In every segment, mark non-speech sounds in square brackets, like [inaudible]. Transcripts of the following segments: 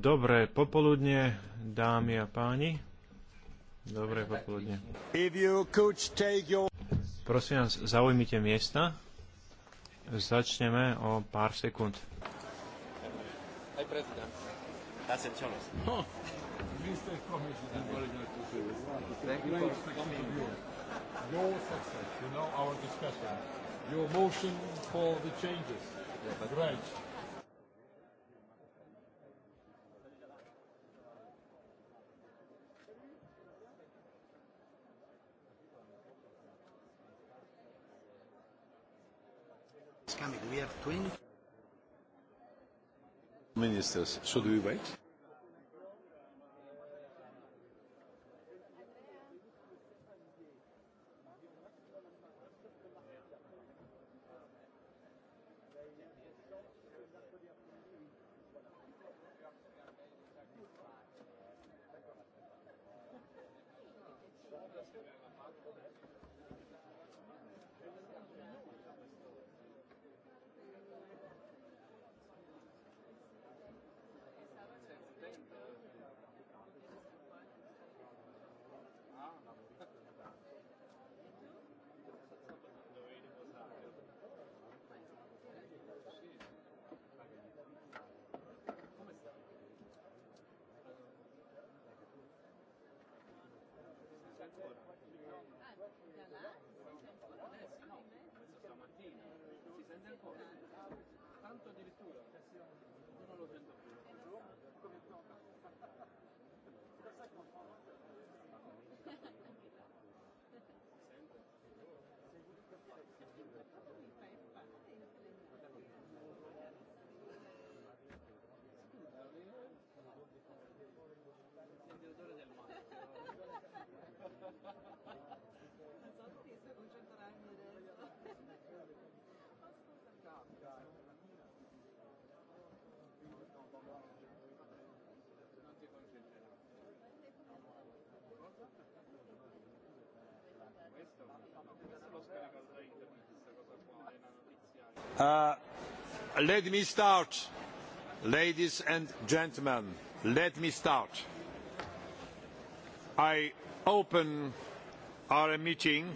Dobré popoludne, dámy a páni. Dobré popoludne. Prosím vás, zaujmite miesta. Začneme o pár sekúnd. Your no success, you know, our discussion, your motion for the changes. Right. coming. We have ministers. Should we wait? Uh, let me start, ladies and gentlemen. Let me start. I open our meeting,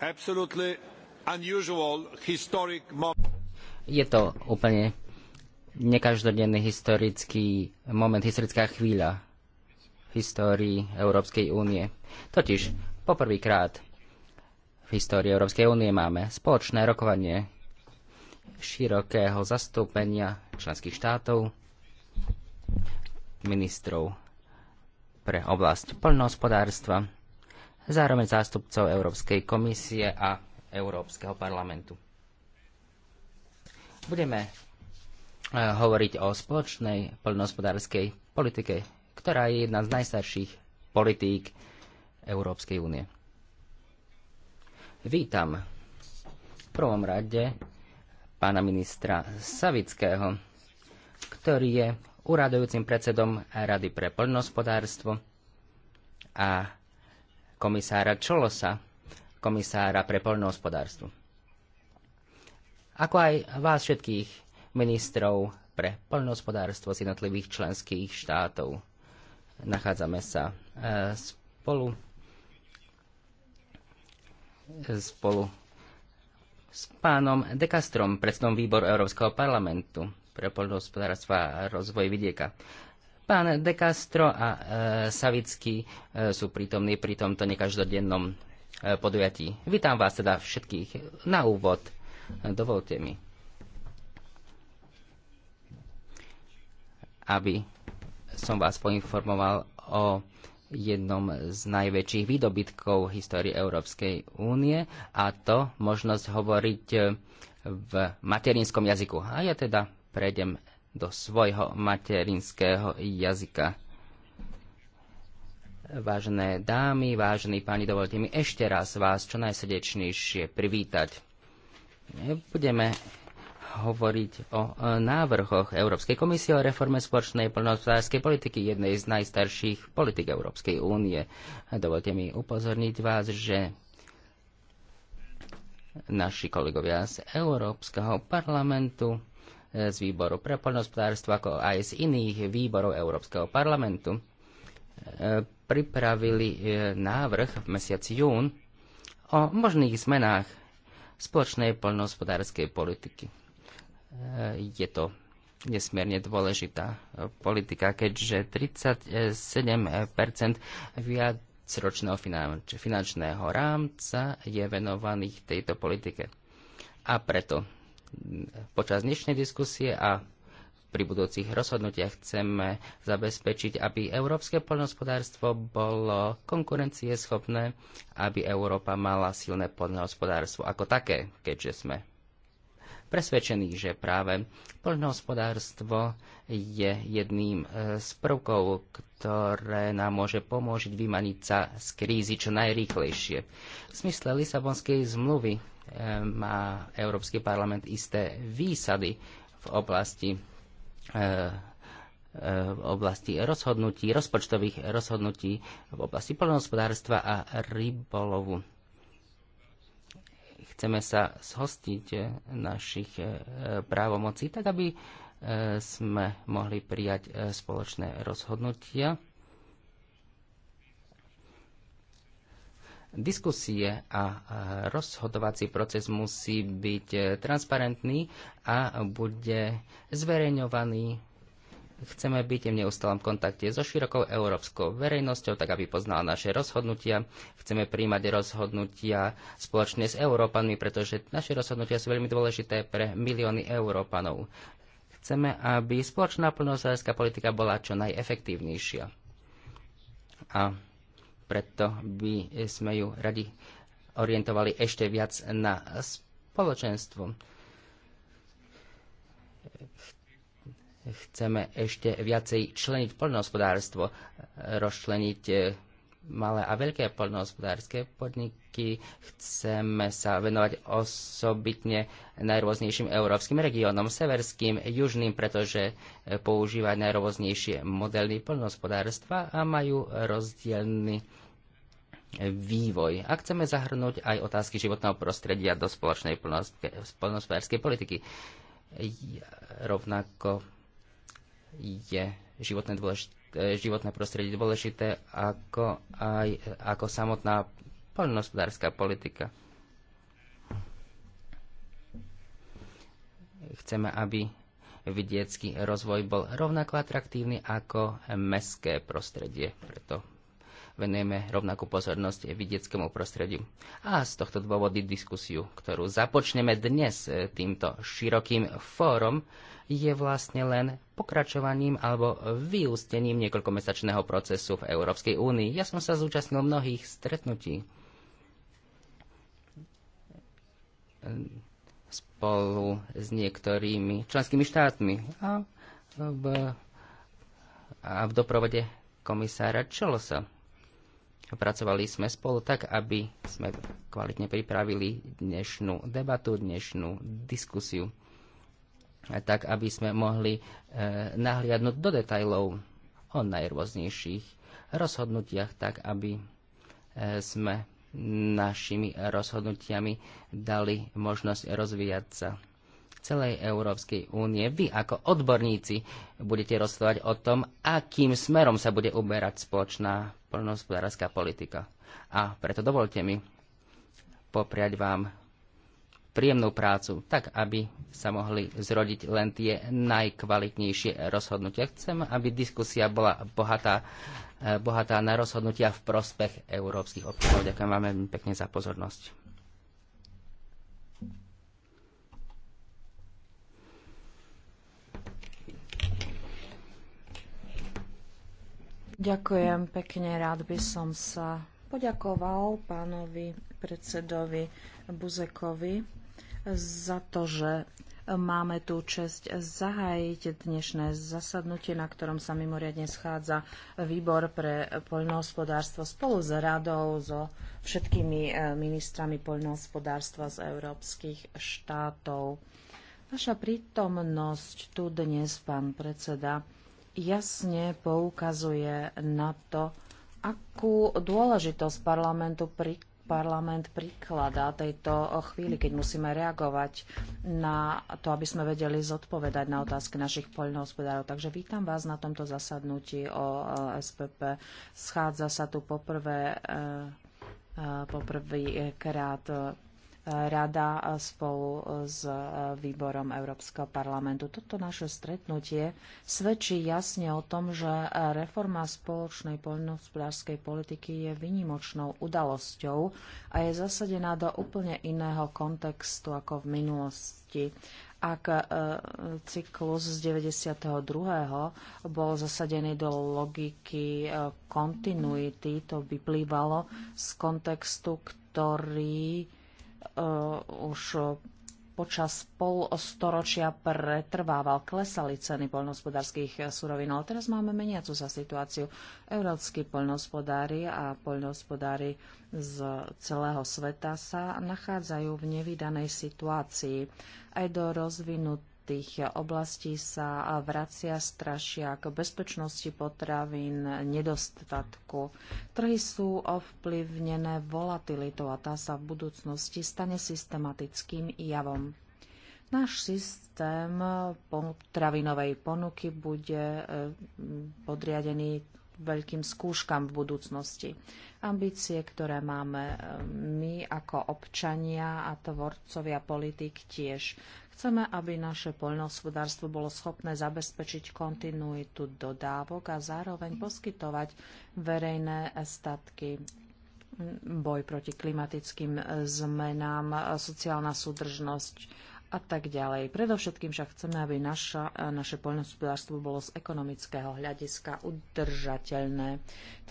absolutely unusual, historic moment. Je to úplne nekaždodenný historický moment, historická chvíľa v histórii Európskej únie. Totiž Poprvýkrát v histórii Európskej únie máme spoločné rokovanie širokého zastúpenia členských štátov, ministrov pre oblasť poľnohospodárstva, zároveň zástupcov Európskej komisie a Európskeho parlamentu. Budeme eh, hovoriť o spoločnej poľnohospodárskej politike, ktorá je jedna z najstarších politík Európskej únie. Vítam v prvom rade pána ministra Savického, ktorý je úradujúcim predsedom Rady pre poľnohospodárstvo a komisára Čolosa, komisára pre poľnohospodárstvo. Ako aj vás všetkých ministrov pre poľnohospodárstvo z jednotlivých členských štátov. Nachádzame sa e, spolu spolu s pánom De Castrom, výboru Európskeho parlamentu pre poľnohospodárstva a rozvoj vidieka. Pán De Castro a e, Savický e, sú prítomní pri tomto nekaždodennom e, podujatí. Vítam vás teda všetkých na úvod. Dovolte mi, aby som vás poinformoval o jednom z najväčších výdobytkov histórie Európskej únie a to možnosť hovoriť eh, v materinskom jazyku. A ja teda prejdem do svojho materinského jazyka. Vážené dámy, vážení páni, dovolte mi ešte raz vás čo najsrdečnejšie privítať. Budeme hovoriť o e, návrhoch Európskej komisie o reforme spoločnej poľnohospodárskej politiky, jednej z najstarších politik Európskej únie. Dovolte mi upozorniť vás, že naši kolegovia z Európskeho parlamentu, e, z výboru pre poľnohospodárstvo, ako aj z iných výborov Európskeho parlamentu, e, pripravili návrh v mesiaci jún o možných zmenách spoločnej poľnohospodárskej politiky. E, je to nesmierne dôležitá e, politika, keďže 37 viacročného finančného rámca je venovaných tejto politike. A preto počas dnešnej diskusie a pri budúcich rozhodnutiach chceme zabezpečiť, aby európske poľnohospodárstvo bolo konkurencieschopné, aby Európa mala silné poľnohospodárstvo ako také, keďže sme presvedčený, že práve poľnohospodárstvo je jedným e, z prvkov, ktoré nám môže pomôcť vymaniť sa z krízy čo najrýchlejšie. V smysle Lisabonskej zmluvy e, má Európsky parlament isté výsady v oblasti e, v oblasti rozhodnutí, rozpočtových rozhodnutí v oblasti poľnohospodárstva a rybolovu chceme sa zhostiť eh, našich eh, právomocí, tak aby eh, sme mohli prijať spoločné rozhodnutia. Diskusie a rozhodovací proces musí byť transparentný a bude zverejňovaný Chceme byť v neustálom kontakte so širokou európskou verejnosťou, tak aby poznala naše rozhodnutia. Chceme príjmať rozhodnutia spoločne s Európanmi, pretože naše rozhodnutia sú veľmi dôležité pre milióny Európanov. Chceme, aby spoločná plnohospodárska politika bola čo najefektívnejšia. A preto by sme ju radi orientovali ešte viac na spoločenstvo Chceme ešte viacej členiť poľnohospodárstvo, rozčleniť e, malé a veľké poľnohospodárske podniky. Chceme sa venovať osobitne najrôznejším európskym regiónom, severským, južným, pretože e, používajú najrôznejšie modely poľnohospodárstva a majú rozdielny vývoj. A chceme zahrnúť aj otázky životného prostredia do spoločnej poľnohospodárskej politiky. Rovnako je životné, dôležité, e, životné prostredie dôležité, ako aj ako samotná poľnohospodárska politika. Chceme, aby vidiecký rozvoj bol rovnako atraktívny ako mestské prostredie. Preto venujeme rovnakú pozornosť vidieckému prostrediu. A z tohto dôvody diskusiu, ktorú započneme dnes e, týmto širokým fórom, je vlastne len pokračovaním alebo vyústením niekoľkomesačného procesu v Európskej únii. Ja som sa zúčastnil mnohých stretnutí spolu s niektorými členskými štátmi a v, a v doprovode komisára Čolosa. Pracovali sme spolu tak, aby sme kvalitne pripravili dnešnú debatu, dnešnú diskusiu, tak aby sme mohli e, nahliadnúť do detajlov o najrôznejších rozhodnutiach, tak aby e, sme našimi rozhodnutiami dali možnosť rozvíjať sa celej Európskej únie. Vy ako odborníci budete rozhodovať o tom, akým smerom sa bude uberať spoločná poľnohospodárska politika. A preto dovolte mi popriať vám príjemnú prácu, tak aby sa mohli zrodiť len tie najkvalitnejšie rozhodnutia. Chcem, aby diskusia bola bohatá, eh, bohatá na rozhodnutia v prospech európskych občanov. Ďakujem vám veľmi pekne za pozornosť. Ďakujem pekne, rád by som sa poďakoval pánovi predsedovi Buzekovi za to, že Máme tu čest zahájiť dnešné zasadnutie, na ktorom sa mimoriadne schádza výbor pre poľnohospodárstvo spolu s radou, so všetkými eh, ministrami poľnohospodárstva z európskych štátov. Vaša prítomnosť tu dnes, pán predseda, jasne poukazuje na to, akú dôležitosť parlamentu pri parlament prikladá tejto chvíli, keď musíme reagovať na to, aby sme vedeli zodpovedať na otázky našich poľnohospodárov. Takže vítam vás na tomto zasadnutí o e, SPP. Schádza sa tu poprvé, e, e, poprvýkrát rada spolu s e, výborom Európskeho parlamentu. Toto naše stretnutie svedčí jasne o tom, že e, reforma spoločnej poľnohospodárskej politiky je vynimočnou udalosťou a je zasadená do úplne iného kontextu ako v minulosti ak e, cyklus z 92. bol zasadený do logiky kontinuity, to vyplývalo z kontextu, ktorý Eh, už počas pol storočia pretrvával, klesali ceny poľnohospodárských surovín. Ale teraz máme meniacu sa situáciu. Európsky poľnohospodári a poľnohospodári z celého sveta sa nachádzajú v nevydanej situácii. Aj do rozvinutých tých oblastí sa vracia strašia k bezpečnosti potravín, nedostatku. Trhy sú ovplyvnené volatilitou a tá sa v budúcnosti stane systematickým javom. Náš systém potravinovej ponuky bude e, podriadený veľkým skúškam v budúcnosti. Ambície, ktoré máme e, my ako občania a tvorcovia politik tiež. Chceme, aby naše poľnohospodárstvo bolo schopné zabezpečiť kontinuitu dodávok a zároveň poskytovať verejné statky boj proti klimatickým zmenám, sociálna súdržnosť a tak ďalej. Predovšetkým však chceme, aby naša, naše poľnohospodárstvo bolo z ekonomického hľadiska udržateľné.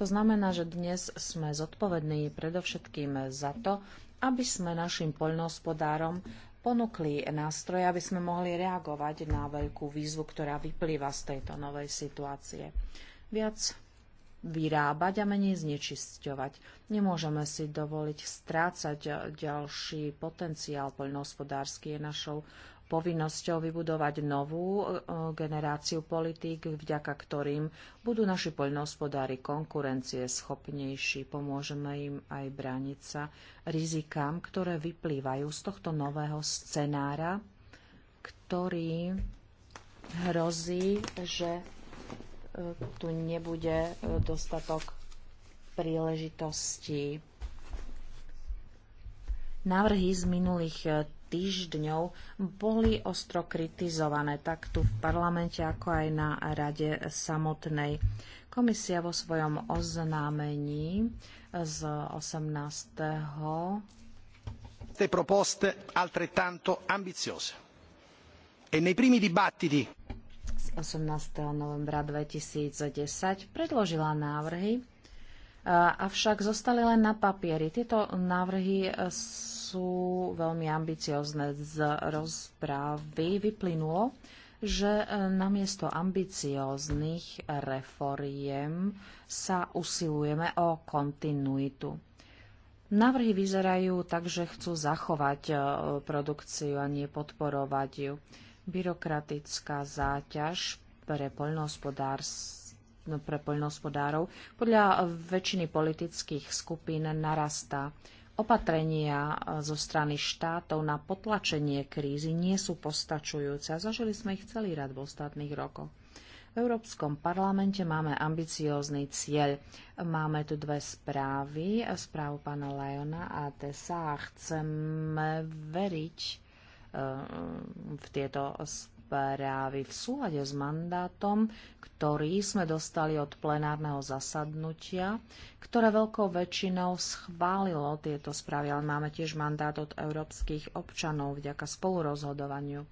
To znamená, že dnes sme zodpovední predovšetkým za to, aby sme našim poľnohospodárom ponúkli nástroje, aby sme mohli reagovať na veľkú výzvu, ktorá vyplýva z tejto novej situácie. Viac vyrábať a menej znečisťovať. Nemôžeme si dovoliť strácať ďalší potenciál poľnohospodársky je našou povinnosťou vybudovať novú e, generáciu politík, vďaka ktorým budú naši poľnohospodári konkurencie schopnejší. Pomôžeme im aj brániť sa rizikám, ktoré vyplývajú z tohto nového scenára, ktorý hrozí, že e, tu nebude e, dostatok príležitostí. Návrhy z minulých týždňov boli ostro kritizované tak tu v parlamente, ako aj na rade samotnej. Komisia vo svojom oznámení z 18. proposte altrettanto ambiziose. E nei primi dibattiti 18. novembra 2010 predložila návrhy, eh, avšak zostali len na papieri. Tieto návrhy sú veľmi ambiciozne. Z rozprávy vyplynulo, že e, namiesto ambicióznych reforiem sa usilujeme o kontinuitu. Návrhy vyzerajú tak, že chcú zachovať e, produkciu a nie podporovať ju. Byrokratická záťaž pre pre poľnohospodárov podľa väčšiny politických skupín narastá. Opatrenia e, zo strany štátov na potlačenie krízy nie sú postačujúce a zažili sme ich celý rad v ostatných rokoch. V Európskom parlamente máme ambiciózny cieľ. Máme tu dve správy, e, správu pána Lajona a Tesa a chceme veriť e, v tieto prejavy v súlade s mandátom, ktorý sme dostali od plenárneho zasadnutia, ktoré veľkou väčšinou schválilo tieto správy, ale máme tiež mandát od európskych občanov vďaka spolurozhodovaniu.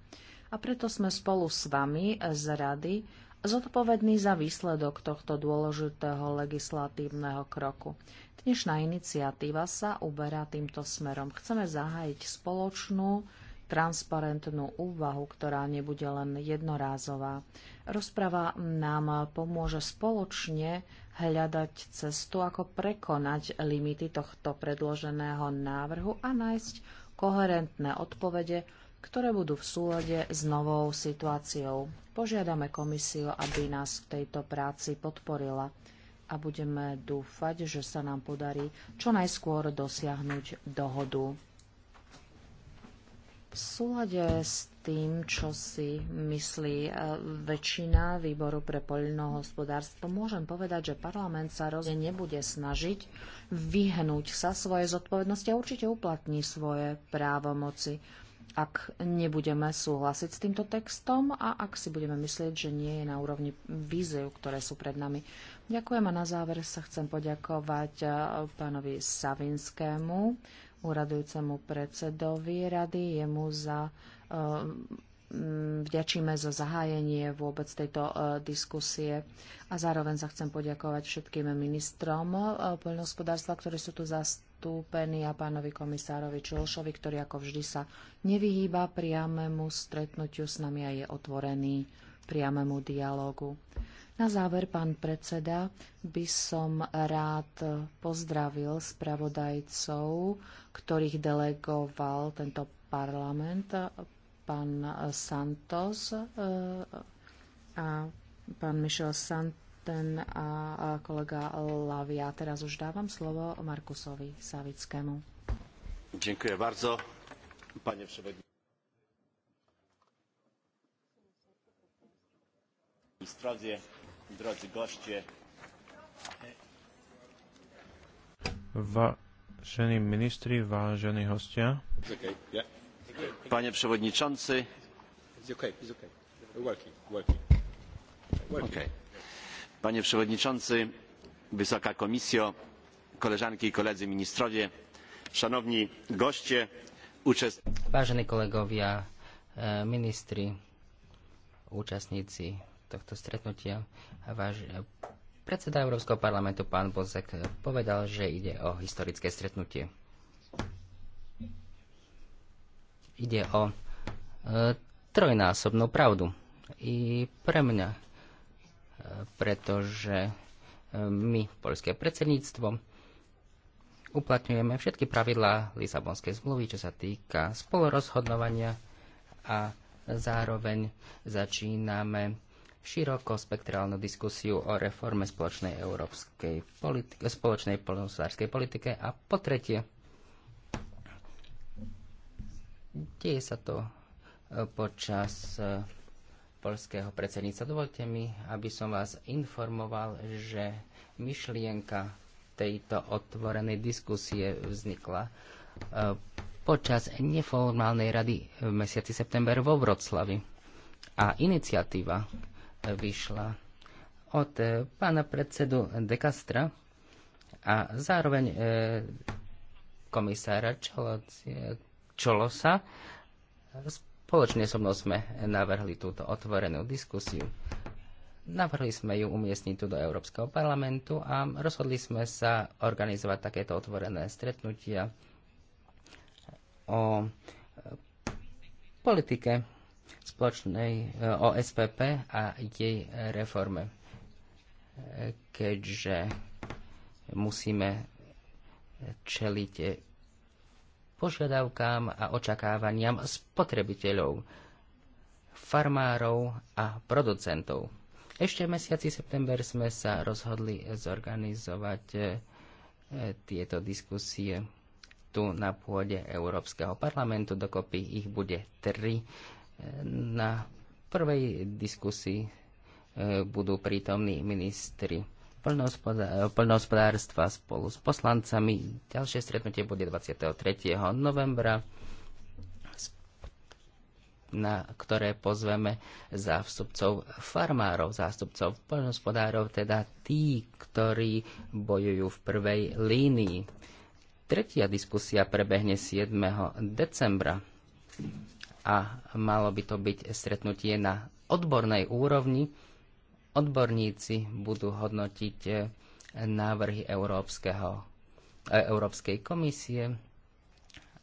A preto sme spolu s vami z Rady zodpovední za výsledok tohto dôležitého legislatívneho kroku. Dnešná iniciatíva sa uberá týmto smerom. Chceme zahájiť spoločnú transparentnú úvahu, ktorá nebude len jednorázová. Rozprava nám pomôže spoločne hľadať cestu, ako prekonať limity tohto predloženého návrhu a nájsť koherentné odpovede, ktoré budú v súlade s novou situáciou. Požiadame komisiu, aby nás v tejto práci podporila a budeme dúfať, že sa nám podarí čo najskôr dosiahnuť dohodu v súlade s tým, čo si myslí e, väčšina výboru pre poľnohospodárstvo, môžem povedať, že parlament sa rozhodne nebude snažiť vyhnúť sa svoje zodpovednosti a určite uplatní svoje právomoci. Ak nebudeme súhlasiť s týmto textom a ak si budeme myslieť, že nie je na úrovni víziev, ktoré sú pred nami. Ďakujem a na záver sa chcem poďakovať e, pánovi Savinskému úradujúcemu predsedovi rady, jemu za eh, vďačíme za zahájenie vôbec tejto eh, diskusie a zároveň sa chcem poďakovať všetkým ministrom eh, poľnohospodárstva, ktorí sú tu zastúpení a pánovi komisárovi Čulšovi, ktorý ako vždy sa nevyhýba priamému stretnutiu s nami a je otvorený priamému dialogu. Na záver, pán predseda, by som rád pozdravil spravodajcov, ktorých delegoval tento parlament, pán Santos e, a pán Michel Santen a kolega Lavia. Teraz už dávam slovo Markusovi Savickému. Ďakujem bardzo, panie przewodniczący drodzy goście. Vážení ministri, vážení hostia. Panie przewodniczący. Panie przewodniczący, wysoka komisjo, koleżanki i koledzy ministrowie, szanowni goście, uczestnicy. Vážení kolegovia, e, ministri, účastníci tohto stretnutia. Váš predseda Európskeho parlamentu, pán Bozek, povedal, že ide o historické stretnutie. Ide o e, trojnásobnú pravdu. I pre mňa, e, pretože e, my, poľské predsedníctvo, uplatňujeme všetky pravidlá Lisabonskej zmluvy, čo sa týka spolorozhodnovania a zároveň začíname širokospektrálnu diskusiu o reforme spoločnej európskej politike, spoločnej poľnohospodárskej politike a po tretie, deje sa to e, počas e, polského predsedníca. Dovolte mi, aby som vás informoval, že myšlienka tejto otvorenej diskusie vznikla e, počas neformálnej rady v mesiaci september vo Vroclavi. A iniciatíva, vyšla od eh, pána predsedu De Castra a zároveň eh, komisára Čolosa. Spoločne so mnou sme navrhli túto otvorenú diskusiu. Navrhli sme ju umiestniť tu do Európskeho parlamentu a rozhodli sme sa organizovať takéto otvorené stretnutia o politike spoločnej e, o SPP a jej reforme. Keďže musíme čeliť požiadavkám a očakávaniam spotrebiteľov, farmárov a producentov. Ešte v mesiaci september sme sa rozhodli zorganizovať e, tieto diskusie tu na pôde Európskeho parlamentu. Dokopy ich bude tri na prvej diskusii e, budú prítomní ministri poľnohospodárstva spolu s poslancami. Ďalšie stretnutie bude 23. novembra, na ktoré pozveme zástupcov farmárov, zástupcov poľnohospodárov, teda tí, ktorí bojujú v prvej línii. Tretia diskusia prebehne 7. decembra a malo by to byť stretnutie na odbornej úrovni. Odborníci budú hodnotiť e, návrhy Európskeho, e, Európskej komisie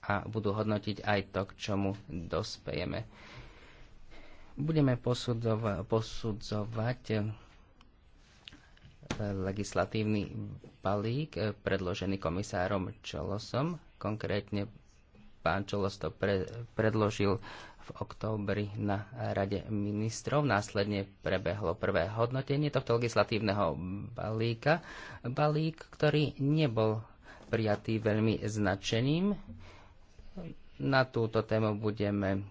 a budú hodnotiť aj to, k čomu dospejeme. Budeme posudzova- posudzovať e, legislatívny balík predložený komisárom Čolosom, konkrétne pán Čolos to pre, predložil v októbri na Rade ministrov. Následne prebehlo prvé hodnotenie tohto legislatívneho balíka. Balík, ktorý nebol prijatý veľmi značením. Na túto tému budeme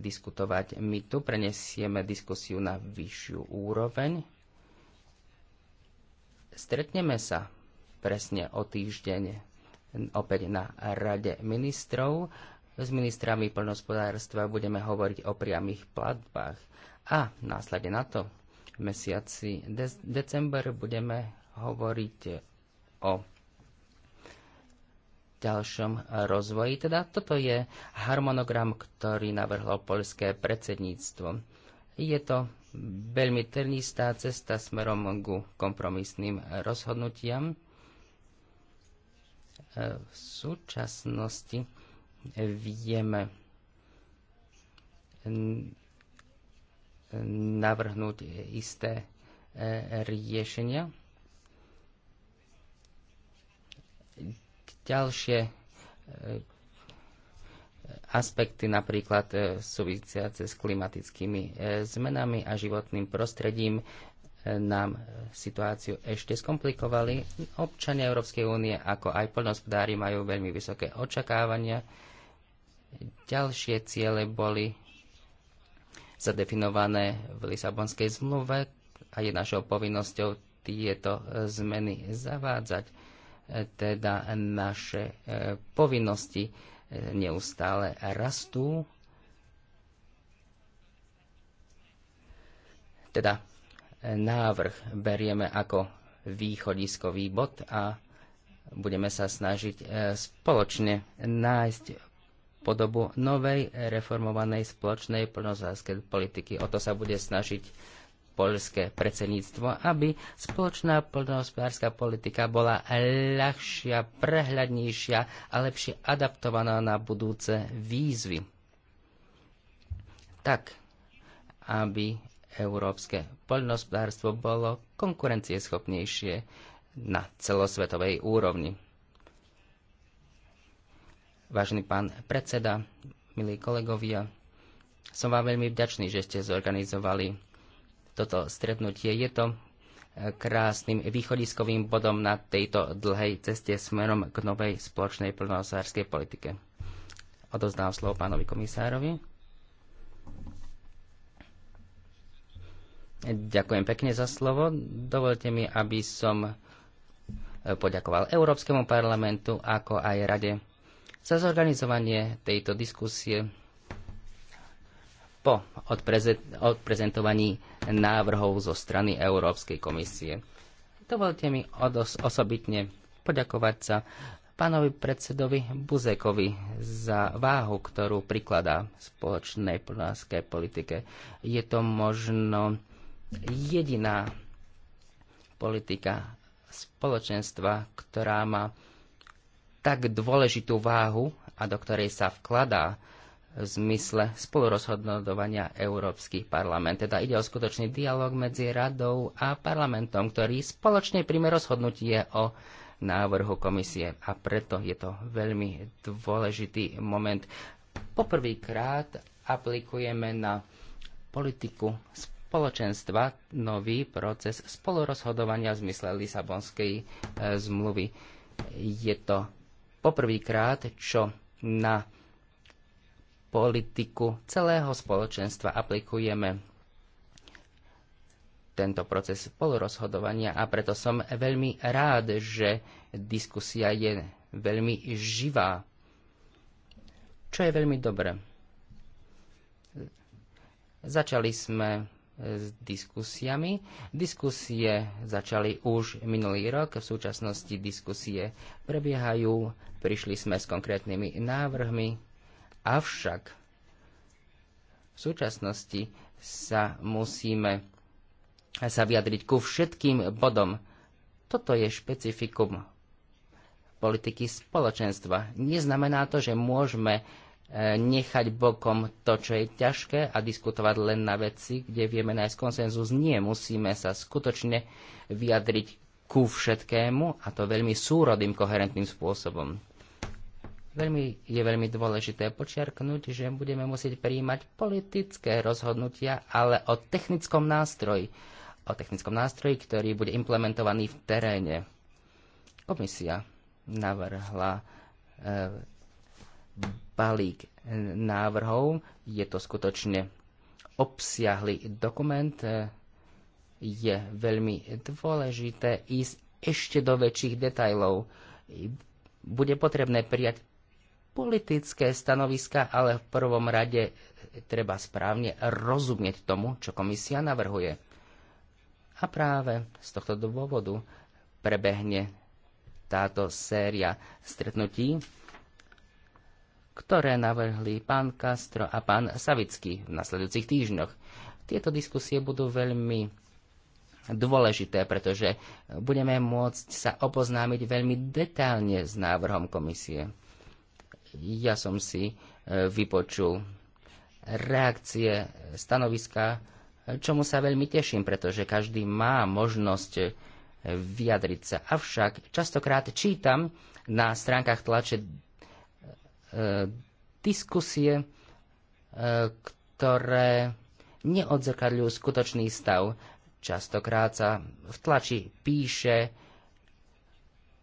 diskutovať my tu. Prenesieme diskusiu na vyššiu úroveň. Stretneme sa presne o týždeň opäť na Rade ministrov. S ministrami plnohospodárstva budeme hovoriť o priamých platbách. A následne na to v mesiaci de- december budeme hovoriť o ďalšom rozvoji. Teda toto je harmonogram, ktorý navrhlo poľské predsedníctvo. Je to veľmi trnistá cesta smerom ku kompromisným rozhodnutiam E, v súčasnosti vieme navrhnúť isté e, riešenia. Ďalšie e, aspekty napríklad súvisiace s klimatickými zmenami a životným prostredím nám situáciu ešte skomplikovali. Občania Európskej únie, ako aj poľnohospodári, majú veľmi vysoké očakávania. Ďalšie ciele boli zadefinované v Lisabonskej zmluve a je našou povinnosťou tieto zmeny zavádzať. Teda naše e, povinnosti e, neustále rastú. Teda návrh berieme ako východiskový bod a budeme sa snažiť e, spoločne nájsť podobu novej reformovanej spoločnej plnozárskej politiky. O to sa bude snažiť poľské predsedníctvo, aby spoločná plnohospodárska politika bola ľahšia, prehľadnejšia a lepšie adaptovaná na budúce výzvy. Tak, aby európske poľnohospodárstvo bolo konkurencieschopnejšie na celosvetovej úrovni. Vážený pán predseda, milí kolegovia, som vám veľmi vďačný, že ste zorganizovali toto stretnutie. Je to krásnym východiskovým bodom na tejto dlhej ceste smerom k novej spoločnej plnohospodárskej politike. Odozdám slovo pánovi komisárovi. Ďakujem pekne za slovo. Dovolte mi, aby som e, poďakoval Európskemu parlamentu, ako aj Rade za zorganizovanie tejto diskusie po odprezentovaní návrhov zo strany Európskej komisie. Dovolte mi osobitne poďakovať sa pánovi predsedovi Buzekovi za váhu, ktorú prikladá spoločnej polárskej politike. Je to možno jediná politika spoločenstva, ktorá má tak dôležitú váhu a do ktorej sa vkladá v zmysle spolurozhodnodovania Európsky parlament. Teda ide o skutočný dialog medzi radou a parlamentom, ktorý spoločne príjme rozhodnutie o návrhu komisie. A preto je to veľmi dôležitý moment. Poprvýkrát aplikujeme na politiku spoločenstva spoločenstva nový proces spolorozhodovania v zmysle Lisabonskej e, zmluvy. Je to poprvýkrát, čo na politiku celého spoločenstva aplikujeme tento proces spolurozhodovania a preto som veľmi rád, že diskusia je veľmi živá, čo je veľmi dobré. Začali sme s diskusiami. Diskusie začali už minulý rok, v súčasnosti diskusie prebiehajú, prišli sme s konkrétnymi návrhmi, avšak v súčasnosti sa musíme sa vyjadriť ku všetkým bodom. Toto je špecifikum politiky spoločenstva. Neznamená to, že môžeme E, nechať bokom to, čo je ťažké a diskutovať len na veci, kde vieme nájsť konsenzus. Nie, musíme sa skutočne vyjadriť ku všetkému a to veľmi súrodým, koherentným spôsobom. Veľmi, je veľmi dôležité počiarknúť, že budeme musieť prijímať politické rozhodnutia, ale o technickom nástroji. O technickom nástroji, ktorý bude implementovaný v teréne. Komisia navrhla e, balík návrhov. Je to skutočne obsiahly dokument. Je veľmi dôležité ísť ešte do väčších detajlov. Bude potrebné prijať politické stanoviska, ale v prvom rade treba správne rozumieť tomu, čo komisia navrhuje. A práve z tohto dôvodu prebehne táto séria stretnutí ktoré navrhli pán Castro a pán Savický v nasledujúcich týždňoch. Tieto diskusie budú veľmi dôležité, pretože budeme môcť sa oboznámiť veľmi detálne s návrhom komisie. Ja som si e, vypočul reakcie, stanoviska, čomu sa veľmi teším, pretože každý má možnosť e, vyjadriť sa. Avšak častokrát čítam na stránkach tlače E, diskusie, e, ktoré neodzrkadľujú skutočný stav. Častokrát sa v tlači píše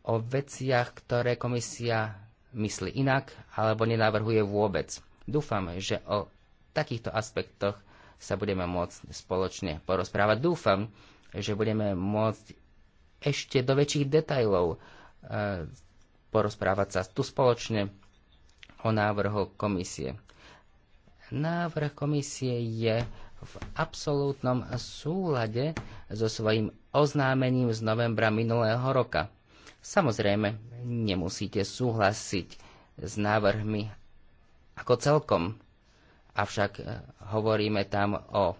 o veciach, ktoré komisia myslí inak alebo nenavrhuje vôbec. Dúfam, že o takýchto aspektoch sa budeme môcť spoločne porozprávať. Dúfam, že budeme môcť ešte do väčších detajlov e, porozprávať sa tu spoločne o návrhu komisie. Návrh komisie je v absolútnom súlade so svojím oznámením z novembra minulého roka. Samozrejme, nemusíte súhlasiť s návrhmi ako celkom, avšak e, hovoríme tam o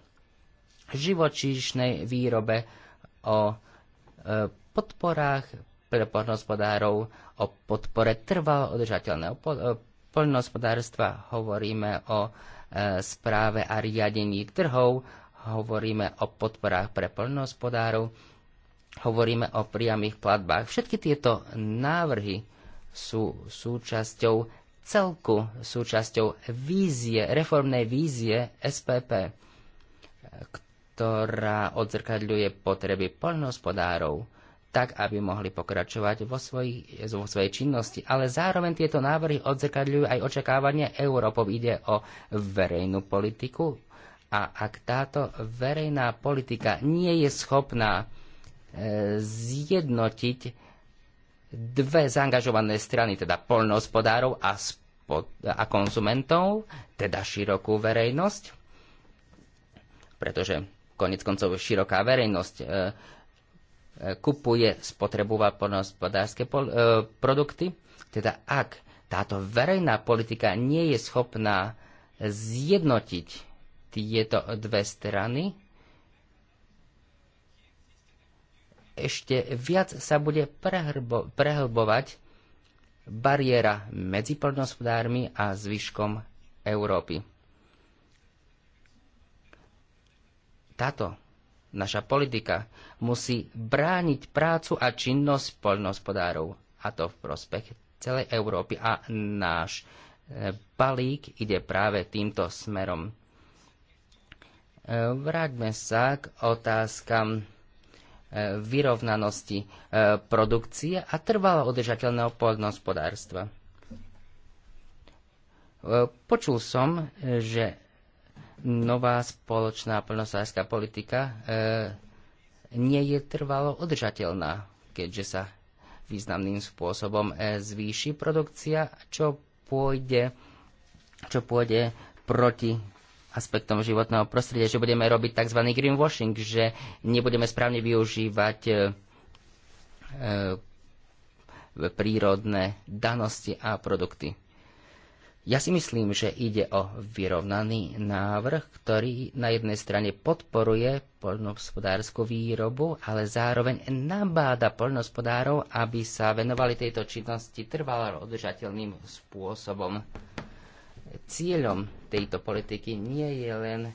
živočíšnej výrobe, o e, podporách pre poľnohospodárov, o podpore trvalo udržateľného e, poľnohospodárstva, hovoríme o e, správe a riadení trhov, hovoríme o podporách pre poľnohospodárov, hovoríme o priamých platbách. Všetky tieto návrhy sú súčasťou celku, súčasťou vízie, reformnej vízie SPP, e, ktorá odzrkadľuje potreby poľnohospodárov tak aby mohli pokračovať vo, svojich, vo svojej činnosti. Ale zároveň tieto návrhy odzrkadľujú aj očakávania Európov. Ide o verejnú politiku a ak táto verejná politika nie je schopná e, zjednotiť dve zaangažované strany, teda poľnohospodárov a, a konzumentov, teda širokú verejnosť, pretože konec koncov široká verejnosť e, E, kupuje spotrebúva poľnohospodárske pol, e, produkty. Teda ak táto verejná politika nie je schopná zjednotiť tieto dve strany, ešte viac sa bude prehrbo, prehlbovať bariéra medzi poľnohospodármi a zvyškom Európy. Táto Naša politika musí brániť prácu a činnosť poľnohospodárov, a to v prospech celej Európy. A náš e, balík ide práve týmto smerom. E, vráťme sa k otázkam e, vyrovnanosti produkcie a trvalo udržateľného poľnohospodárstva. Počul som, že nová spoločná plnosárska politika e, nie je trvalo održateľná, keďže sa významným spôsobom e, zvýši produkcia, čo pôjde, čo pôjde proti aspektom životného prostredia, že budeme robiť tzv. greenwashing, že nebudeme správne využívať e, e prírodné danosti a produkty. Ja si myslím, že ide o vyrovnaný návrh, ktorý na jednej strane podporuje poľnohospodárskú výrobu, ale zároveň nabáda poľnohospodárov, aby sa venovali tejto činnosti trvalo udržateľným spôsobom. Cieľom tejto politiky nie je len e,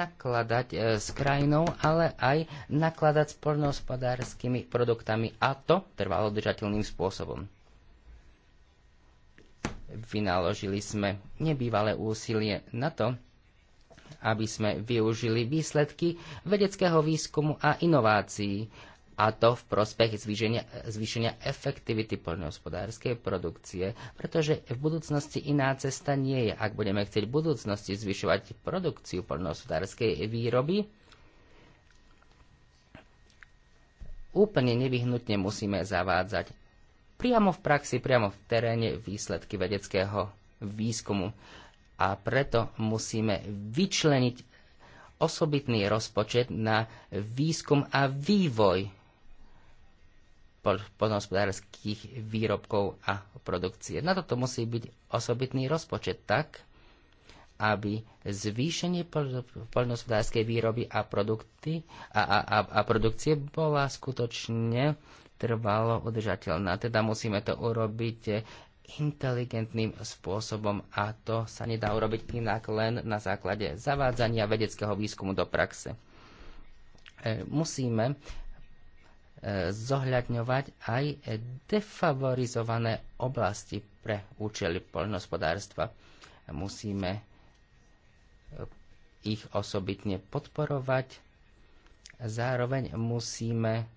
nakladať e, s krajinou, ale aj nakladať s poľnohospodárskymi produktami a to trvalo udržateľným spôsobom. Vynaložili sme nebývalé úsilie na to, aby sme využili výsledky vedeckého výskumu a inovácií, a to v prospech zvýšenia, zvýšenia efektivity poľnohospodárskej produkcie, pretože v budúcnosti iná cesta nie je. Ak budeme chcieť v budúcnosti zvyšovať produkciu poľnohospodárskej výroby, úplne nevyhnutne musíme zavádzať priamo v praxi, priamo v teréne výsledky vedeckého výskumu. A preto musíme vyčleniť osobitný rozpočet na výskum a vývoj poľnohospodárských výrobkov a produkcie. Na toto musí byť osobitný rozpočet tak, aby zvýšenie poľnohospodárskej výroby a, produkty, a, a, a produkcie bola skutočne trvalo udržateľná. Teda musíme to urobiť eh, inteligentným spôsobom a to sa nedá urobiť inak len na základe zavádzania vedeckého výskumu do praxe. Eh, musíme eh, zohľadňovať aj defavorizované oblasti pre účely poľnohospodárstva. Musíme ich osobitne podporovať, zároveň musíme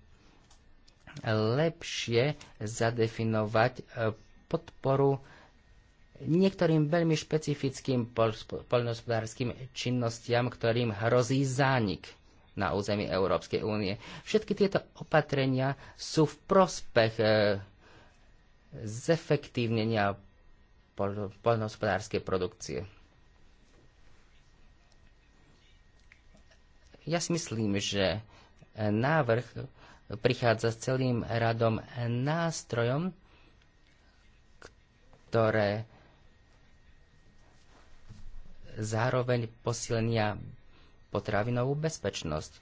lepšie zadefinovať e, podporu niektorým veľmi špecifickým poľnohospodárským činnostiam, ktorým hrozí zánik na území Európskej únie. Všetky tieto opatrenia sú v prospech e, zefektívnenia poľnohospodárskej produkcie. Ja si myslím, že e, návrh prichádza s celým radom nástrojom, ktoré zároveň posilnia potravinovú bezpečnosť.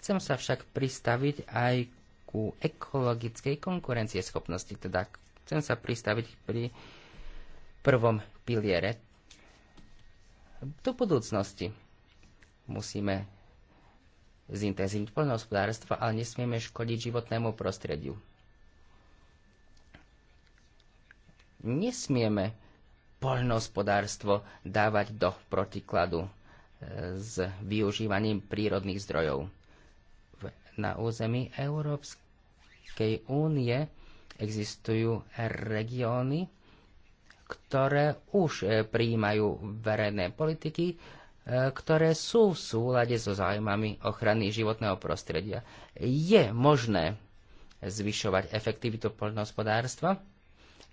Chcem sa však pristaviť aj ku ekologickej konkurencieschopnosti, teda chcem sa pristaviť pri prvom piliere. Do budúcnosti musíme zintenzívniť poľnohospodárstvo, ale nesmieme škodiť životnému prostrediu. Nesmieme poľnohospodárstvo dávať do protikladu e, s využívaním prírodných zdrojov. Na území Európskej únie existujú regióny, ktoré už e, prijímajú verejné politiky ktoré sú v súlade so zájmami ochrany životného prostredia. Je možné zvyšovať efektivitu poľnohospodárstva,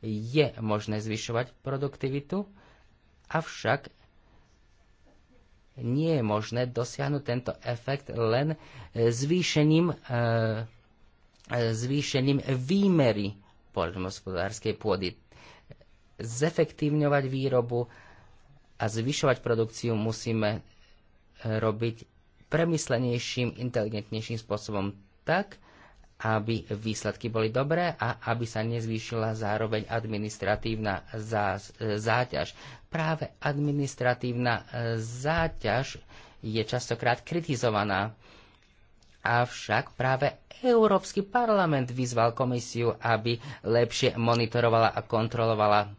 je možné zvyšovať produktivitu, avšak nie je možné dosiahnuť tento efekt len zvýšením, e, e zvýšením výmery poľnohospodárskej pôdy. Zefektívňovať výrobu, a zvyšovať produkciu musíme e, robiť premyslenejším, inteligentnejším spôsobom tak, aby výsledky boli dobré a aby sa nezvýšila zároveň administratívna záťaž. Práve administratívna e, záťaž je častokrát kritizovaná. Avšak práve Európsky parlament vyzval komisiu, aby lepšie monitorovala a kontrolovala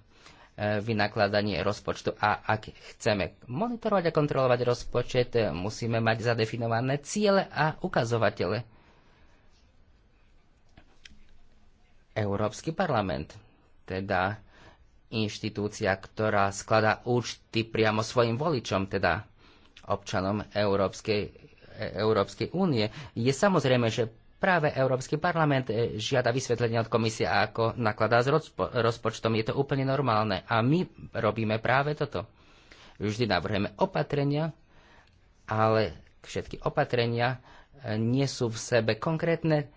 vynakladanie rozpočtu. A ak chceme monitorovať a kontrolovať rozpočet, musíme mať zadefinované ciele a ukazovatele. Európsky parlament, teda inštitúcia, ktorá skladá účty priamo svojim voličom, teda občanom Európskej, Európskej únie. Je samozrejme, že Práve Európsky parlament eh, žiada vysvetlenie od komisie, ako nakladá s rozpočtom. Je to úplne normálne. A my robíme práve toto. Vždy navrhujeme opatrenia, ale všetky opatrenia eh, nie sú v sebe konkrétne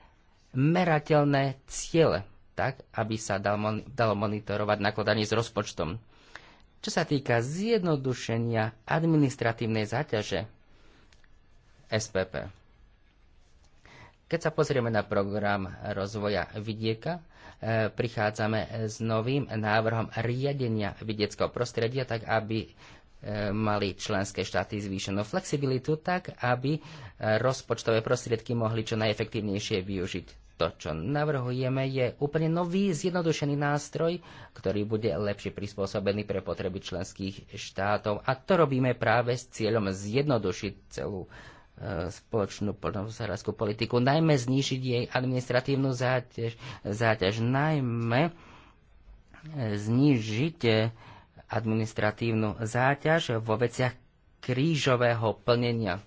merateľné ciele, tak aby sa dal dalo monitorovať nakladanie s rozpočtom. Čo sa týka zjednodušenia administratívnej záťaže SPP, keď sa pozrieme na program rozvoja vidieka, e, prichádzame s novým návrhom riadenia vidieckého prostredia, tak aby e, mali členské štáty zvýšenú flexibilitu, tak aby e, rozpočtové prostriedky mohli čo najefektívnejšie využiť. To, čo navrhujeme, je úplne nový, zjednodušený nástroj, ktorý bude lepšie prispôsobený pre potreby členských štátov. A to robíme práve s cieľom zjednodušiť celú E, spoločnú poľnohospodárskú politiku, najmä znížiť jej administratívnu záťaž, záťaž najmä e, znížiť e, administratívnu záťaž vo veciach krížového plnenia.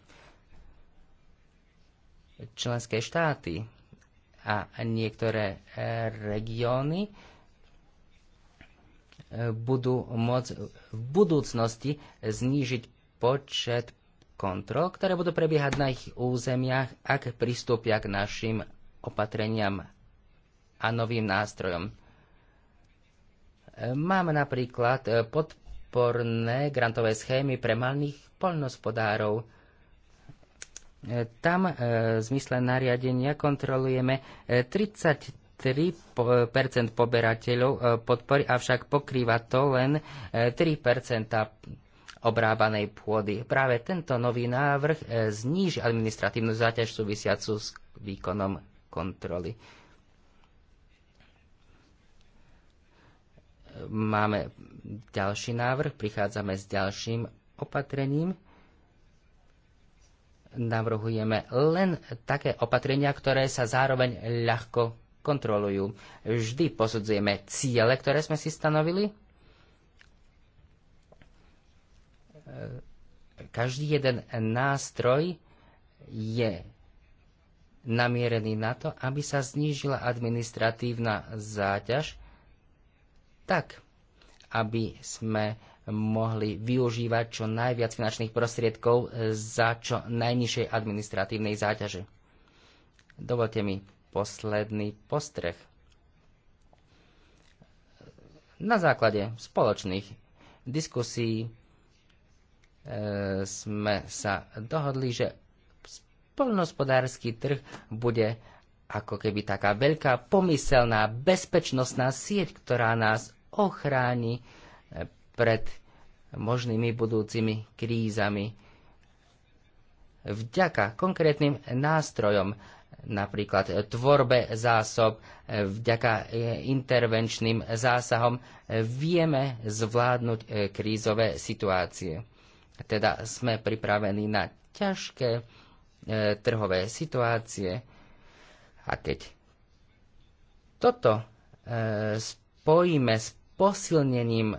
Členské štáty a niektoré regióny budú môcť v budúcnosti znížiť počet kontrol, ktoré budú prebiehať na ich územiach, ak pristúpia k našim opatreniam a novým nástrojom. Máme napríklad eh, podporné grantové schémy pre malých poľnospodárov. Eh, tam eh, v zmysle nariadenia kontrolujeme 33 poberateľov podpory, avšak pokrýva to len 3 obrábanej pôdy. Práve tento nový návrh e, zníži administratívnu záťaž súvisiacu s výkonom kontroly. Máme ďalší návrh, prichádzame s ďalším opatrením navrhujeme len také opatrenia, ktoré sa zároveň ľahko kontrolujú. Vždy posudzujeme ciele, ktoré sme si stanovili každý jeden nástroj je namierený na to, aby sa znížila administratívna záťaž tak, aby sme mohli využívať čo najviac finančných prostriedkov za čo najnižšej administratívnej záťaže. Dovolte mi posledný postreh. Na základe spoločných diskusí E, sme sa dohodli, že poľnohospodársky trh bude ako keby taká veľká pomyselná bezpečnostná sieť, ktorá nás ochráni e, pred možnými budúcimi krízami. Vďaka konkrétnym nástrojom, napríklad tvorbe zásob, e, vďaka intervenčným zásahom, vieme zvládnuť krízové situácie. Teda sme pripravení na ťažké e, trhové situácie a keď toto e, spojíme s posilnením e,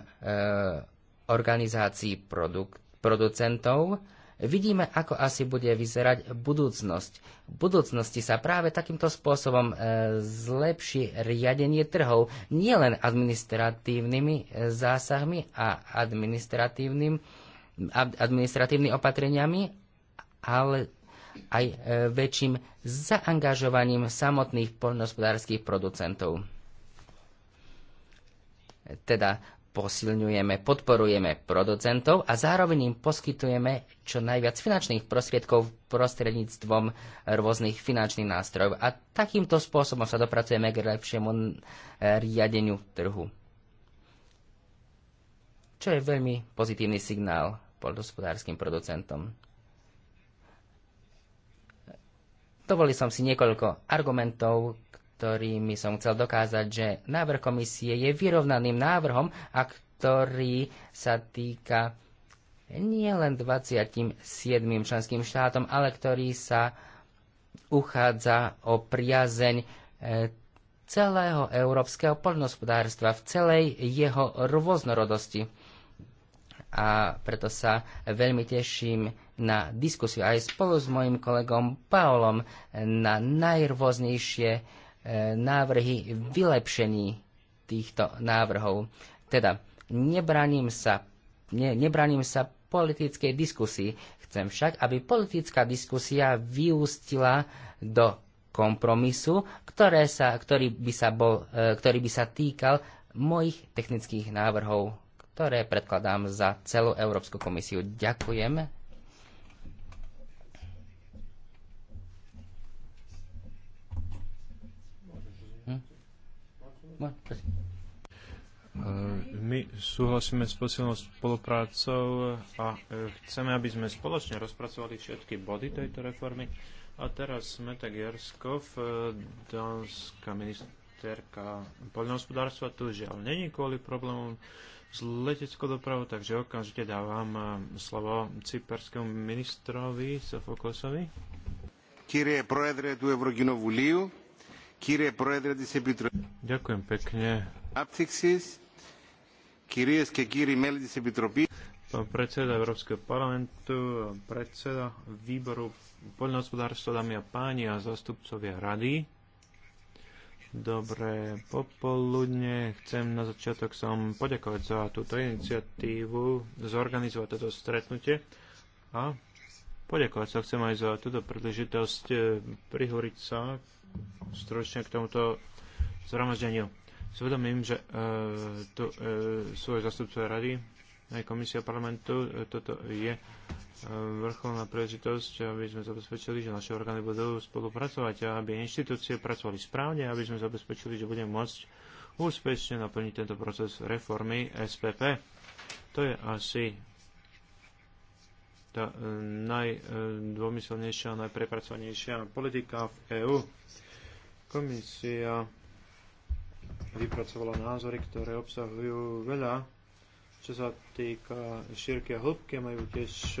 organizácií produk- producentov, vidíme, ako asi bude vyzerať budúcnosť. V budúcnosti sa práve takýmto spôsobom e, zlepší riadenie trhov nielen administratívnymi e, zásahmi a administratívnym administratívnymi opatreniami, ale aj e, väčším zaangažovaním samotných poľnohospodárských producentov. Teda posilňujeme, podporujeme producentov a zároveň im poskytujeme čo najviac finančných prostriedkov prostredníctvom rôznych finančných nástrojov. A takýmto spôsobom sa dopracujeme k lepšiemu e, riadeniu trhu. Čo je veľmi pozitívny signál poľnohospodárským producentom. Dovolil som si niekoľko argumentov, ktorými som chcel dokázať, že návrh komisie je vyrovnaným návrhom a ktorý sa týka nielen 27 členským štátom, ale ktorý sa uchádza o priazeň e, celého európskeho poľnohospodárstva v celej jeho rôznorodosti a preto sa veľmi teším na diskusiu aj spolu s mojim kolegom Paolom na najrôznejšie e, návrhy vylepšení týchto návrhov. Teda nebraním sa, ne, nebraním sa politickej diskusii. Chcem však, aby politická diskusia vyústila do kompromisu, ktoré sa, ktorý, by sa bol, e, ktorý by sa týkal mojich technických návrhov ktoré predkladám za celú Európsku komisiu. Ďakujem. Hm? Hm? My súhlasíme s posilnou spoluprácou a e, chceme, aby sme spoločne rozpracovali všetky body tejto reformy. A teraz tak jerskov, e, dánska ministerka poľnohospodárstva, tu žiaľ není kvôli problémom z leteckou dopravou, takže okamžite dávam eh, slovo cyperskému ministrovi Sofokosovi. Kyrie proedre tu Eurokinovulíu, kyrie proedre tis Επιτροπής. Ďakujem pekne. Aptixis, kyries ke kyri meli tis Επιτροπής. Pán predseda Európskeho parlamentu, predseda výboru poľnohospodárstva, dámy a páni a zastupcovia rady. Dobré popoludne. Chcem na začiatok som poďakovať za túto iniciatívu, zorganizovať toto stretnutie a poďakovať sa chcem aj za túto príležitosť eh, prihoriť sa stručne k tomuto zhromaždeniu. Zvedomím, že e, tu e, eh, svoj zastupcovia rady aj komisia parlamentu. E, toto je e, vrcholná príležitosť, aby sme zabezpečili, že naše orgány budú spolupracovať a aby inštitúcie pracovali správne, aby sme zabezpečili, že budeme môcť úspešne naplniť tento proces reformy SPP. To je asi tá e, najdômyselnejšia a najprepracovanejšia politika v EÚ. Komisia vypracovala názory, ktoré obsahujú veľa čo sa týka šírky a hĺbky, majú tiež e,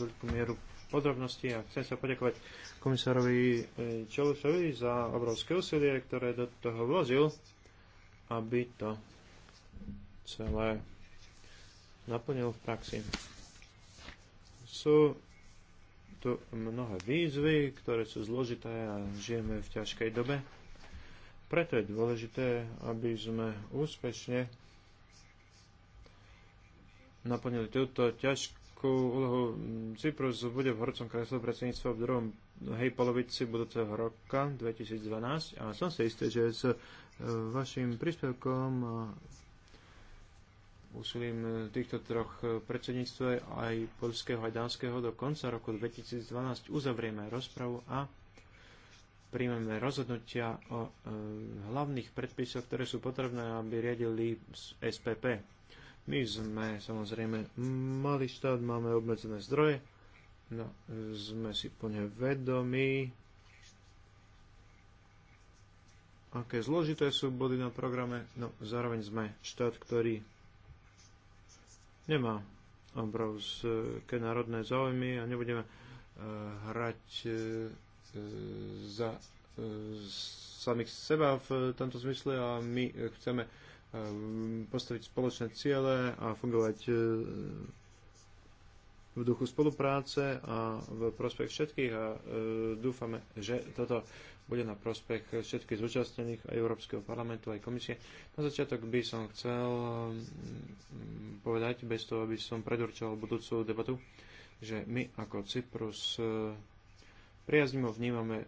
veľkú mieru podrobnosti a chcem sa poďakovať komisárovi e, Čelusovi za obrovské úsilie, ktoré do toho vložil, aby to celé naplnil v praxi. Sú tu mnohé výzvy, ktoré sú zložité a žijeme v ťažkej dobe. Preto je dôležité, aby sme úspešne naplnili túto ťažkú úlohu. Cyprus bude v horcom kresle predsedníctva v druhom hej polovici budúceho roka 2012 a som si istý, že s e, vašim príspevkom úsilím týchto troch predsedníctve aj polského aj dánskeho do konca roku 2012 uzavrieme rozpravu a príjmeme rozhodnutia o e, hlavných predpisoch, ktoré sú potrebné, aby riadili SPP. My sme samozrejme malý štát, máme obmedzené zdroje, no, sme si plne vedomi, aké zložité sú body na programe, no zároveň sme štát, ktorý nemá obrovské národné záujmy a nebudeme eh, hrať eh, za eh, samých seba v tomto zmysle a my chceme Ehm, postaviť spoločné ciele a fungovať e, v duchu spolupráce a v prospech všetkých a e, dúfame, že toto bude na prospech všetkých zúčastnených aj Európskeho parlamentu, aj komisie. Na začiatok by som chcel ehm, povedať, bez toho, aby som predurčoval budúcu debatu, že my ako Cyprus e, priaznivo vnímame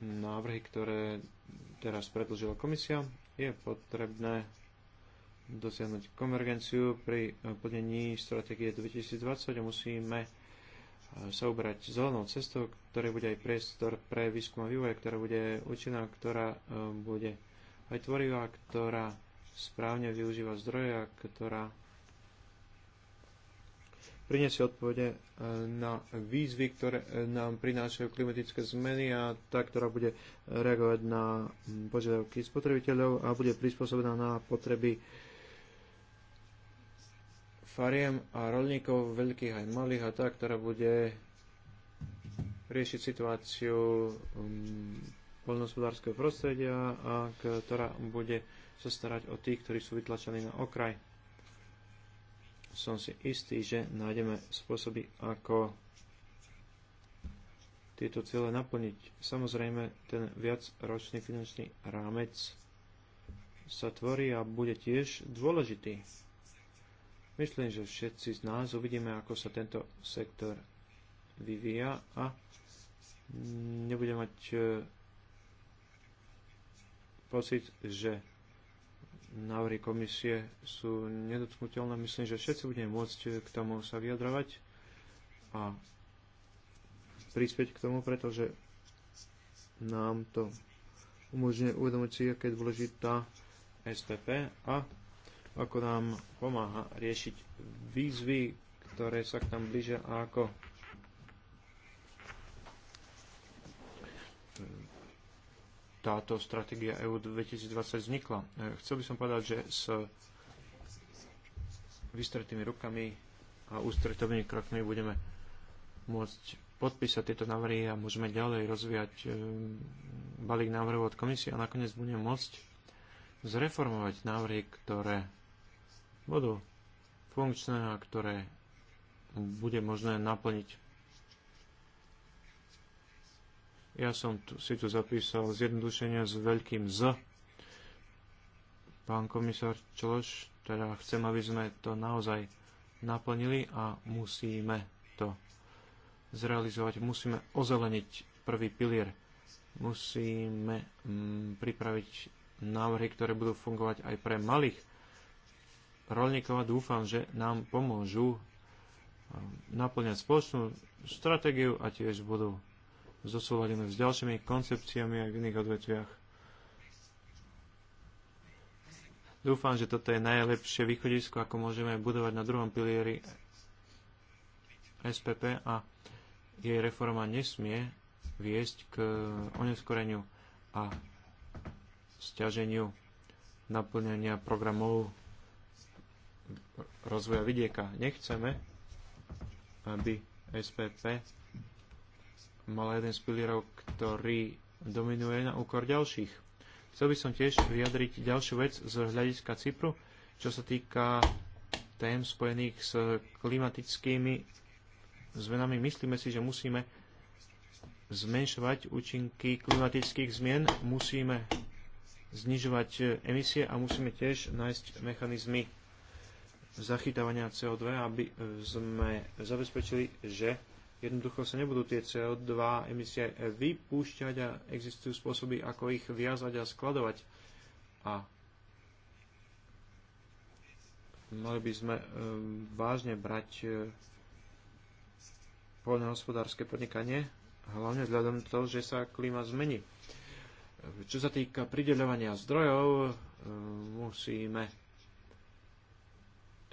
návrhy, ktoré teraz predložila komisia je potrebné dosiahnuť konvergenciu pri plnení stratégie 2020 a musíme eh, sa ubrať zelenou cestou, ktoré bude aj priestor pre výskum a vývoj, ktorá bude účinná, ktorá eh, bude aj tvorivá, ktorá správne využíva zdroje a ktorá priniesie odpovede e, na výzvy, ktoré e, nám prinášajú klimatické zmeny a tá, ktorá bude reagovať na požiadavky spotrebiteľov a bude prispôsobená na potreby fariem a rolníkov veľkých aj malých a tá, ktorá bude riešiť situáciu poľnohospodárskeho prostredia a ktorá bude sa starať o tých, ktorí sú vytlačení na okraj som si istý, že nájdeme spôsoby, ako tieto ciele naplniť. Samozrejme, ten viacročný finančný rámec sa tvorí a bude tiež dôležitý. Myslím, že všetci z nás uvidíme, ako sa tento sektor vyvíja a nebude mať eh, pocit, že návrhy komisie sú nedotknutelné. Myslím, že všetci budeme môcť k tomu sa vyjadrovať a prispieť k tomu, pretože nám to umožňuje uvedomiť si, aké je dôležitá STP a ako nám pomáha riešiť výzvy, ktoré sa k nám blížia a ako táto stratégia EU 2020 vznikla. E, chcel by som povedať, že s vystretými rukami a ústretovými krokmi budeme môcť podpísať tieto návrhy a môžeme ďalej rozvíjať e, balík návrhov od komisie a nakoniec budeme môcť zreformovať návrhy, ktoré budú funkčné a ktoré bude možné naplniť Ja som tu, si tu zapísal zjednodušenia s veľkým Z. Pán komisár Čološ, teda chcem, aby sme to naozaj naplnili a musíme to zrealizovať. Musíme ozeleniť prvý pilier. Musíme mm, pripraviť návrhy, ktoré budú fungovať aj pre malých rolníkov a dúfam, že nám pomôžu ehm, naplňať spoločnú stratégiu a tiež budú zosúladíme s ďalšími koncepciami aj v iných odvetviach. Dúfam, že toto je najlepšie východisko, ako môžeme budovať na druhom pilieri SPP a jej reforma nesmie viesť k oneskoreniu a stiaženiu naplňania programov rozvoja vidieka. Nechceme, aby SPP mala jeden z pilierov, ktorý dominuje na úkor ďalších. Chcel by som tiež vyjadriť ďalšiu vec z hľadiska Cypru, čo sa týka tém spojených s klimatickými zmenami. Myslíme si, že musíme zmenšovať účinky klimatických zmien, musíme znižovať emisie a musíme tiež nájsť mechanizmy zachytávania CO2, aby sme zabezpečili, že jednoducho sa nebudú tie CO2 emisie vypúšťať a existujú spôsoby, ako ich viazať a skladovať. A mali by sme ehm, vážne brať e, poľnohospodárske podnikanie, hlavne vzhľadom toho, že sa klíma zmení. Čo sa týka prideľovania zdrojov, e, musíme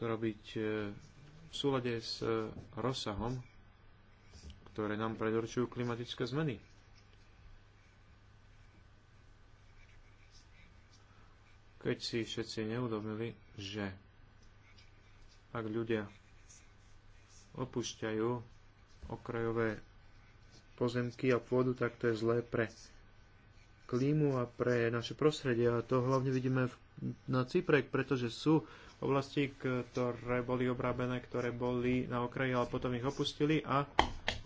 to robiť e, v súlade s rozsahom ktoré nám predurčujú klimatické zmeny. Keď si všetci neudomili, že ak ľudia opúšťajú okrajové pozemky a pôdu, tak to je zlé pre klímu a pre naše prostredie. A to hlavne vidíme na Cypre, pretože sú oblasti, ktoré boli obrábené, ktoré boli na okraji, ale potom ich opustili a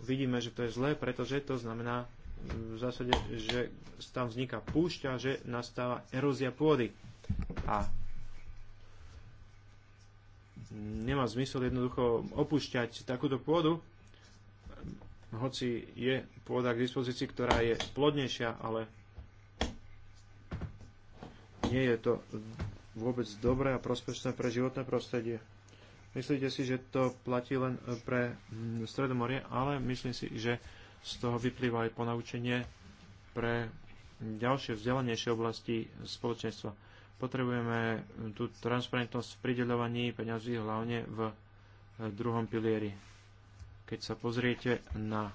vidíme, že to je zlé, pretože to znamená v zásade, že tam vzniká púšťa, že nastáva erózia pôdy. A nemá zmysel jednoducho opúšťať takúto pôdu, hoci je pôda k dispozícii, ktorá je plodnejšia, ale nie je to vôbec dobré a prospešné pre životné prostredie. Myslíte si, že to platí len pre mm, Stredomorie, ale myslím si, že z toho vyplýva aj ponaučenie pre ďalšie vzdelanejšie oblasti spoločenstva. Potrebujeme mm, tú transparentnosť v prideľovaní peňazí hlavne v e, druhom pilieri. Keď sa pozriete na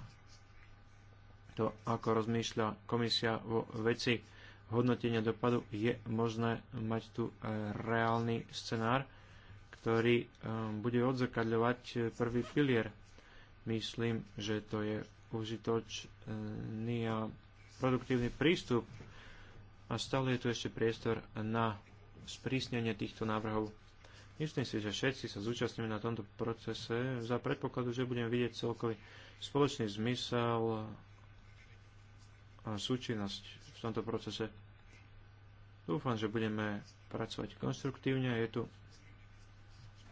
to, ako rozmýšľa komisia vo veci hodnotenia dopadu, je možné mať tu e, reálny scenár, ktorý eh, bude odzrkadľovať eh, prvý pilier. Myslím, že to je užitočný a produktívny prístup a stále je tu ešte priestor na sprísnenie týchto návrhov. Myslím si, že všetci sa zúčastníme na tomto procese za predpokladu, že budeme vidieť celkový spoločný zmysel a súčinnosť v tomto procese. Dúfam, že budeme pracovať konstruktívne. Je tu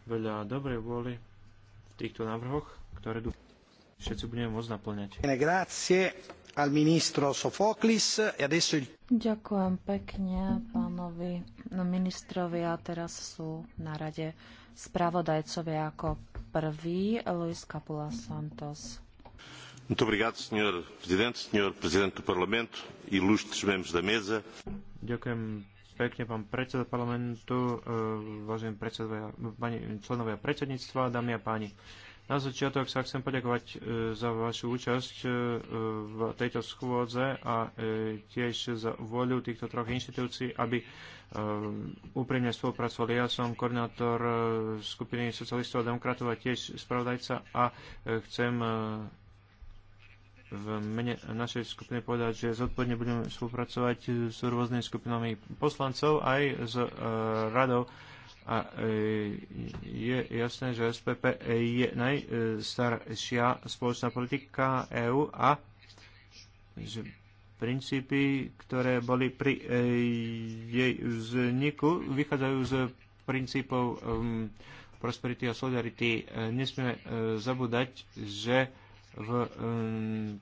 veľa dobrej vôly v týchto návrhoch, ktoré tu všetci budeme môcť naplňať. E Ďakujem pekne pánovi ministrovi a teraz sú na rade spravodajcovia ako prvý Luis Capula Santos. Muito obrigado, Sr. Presidente, Sr. Presidente do Parlamento, ilustres membros da mesa. Ďakujem pekne, pán predseda parlamentu, e, vážení pani, členovia predsedníctva, dámy a páni. Na začiatok sa chcem poďakovať e, za vašu účasť e, v tejto schôdze a tiež za voľu týchto troch inštitúcií, aby úprimne spolupracovali. Ja som koordinátor skupiny socialistov a demokratov a tiež spravodajca a chcem v mene našej skupiny povedať, že zodpovedne budeme spolupracovať s rôznymi skupinami poslancov aj s uh, radou. A e, je jasné, že SPP je najstaršia spoločná politika EÚ a že princípy, ktoré boli pri e, jej vzniku, vychádzajú z princípov um, prosperity a solidarity. E, nesmieme e, zabúdať, že e, v e,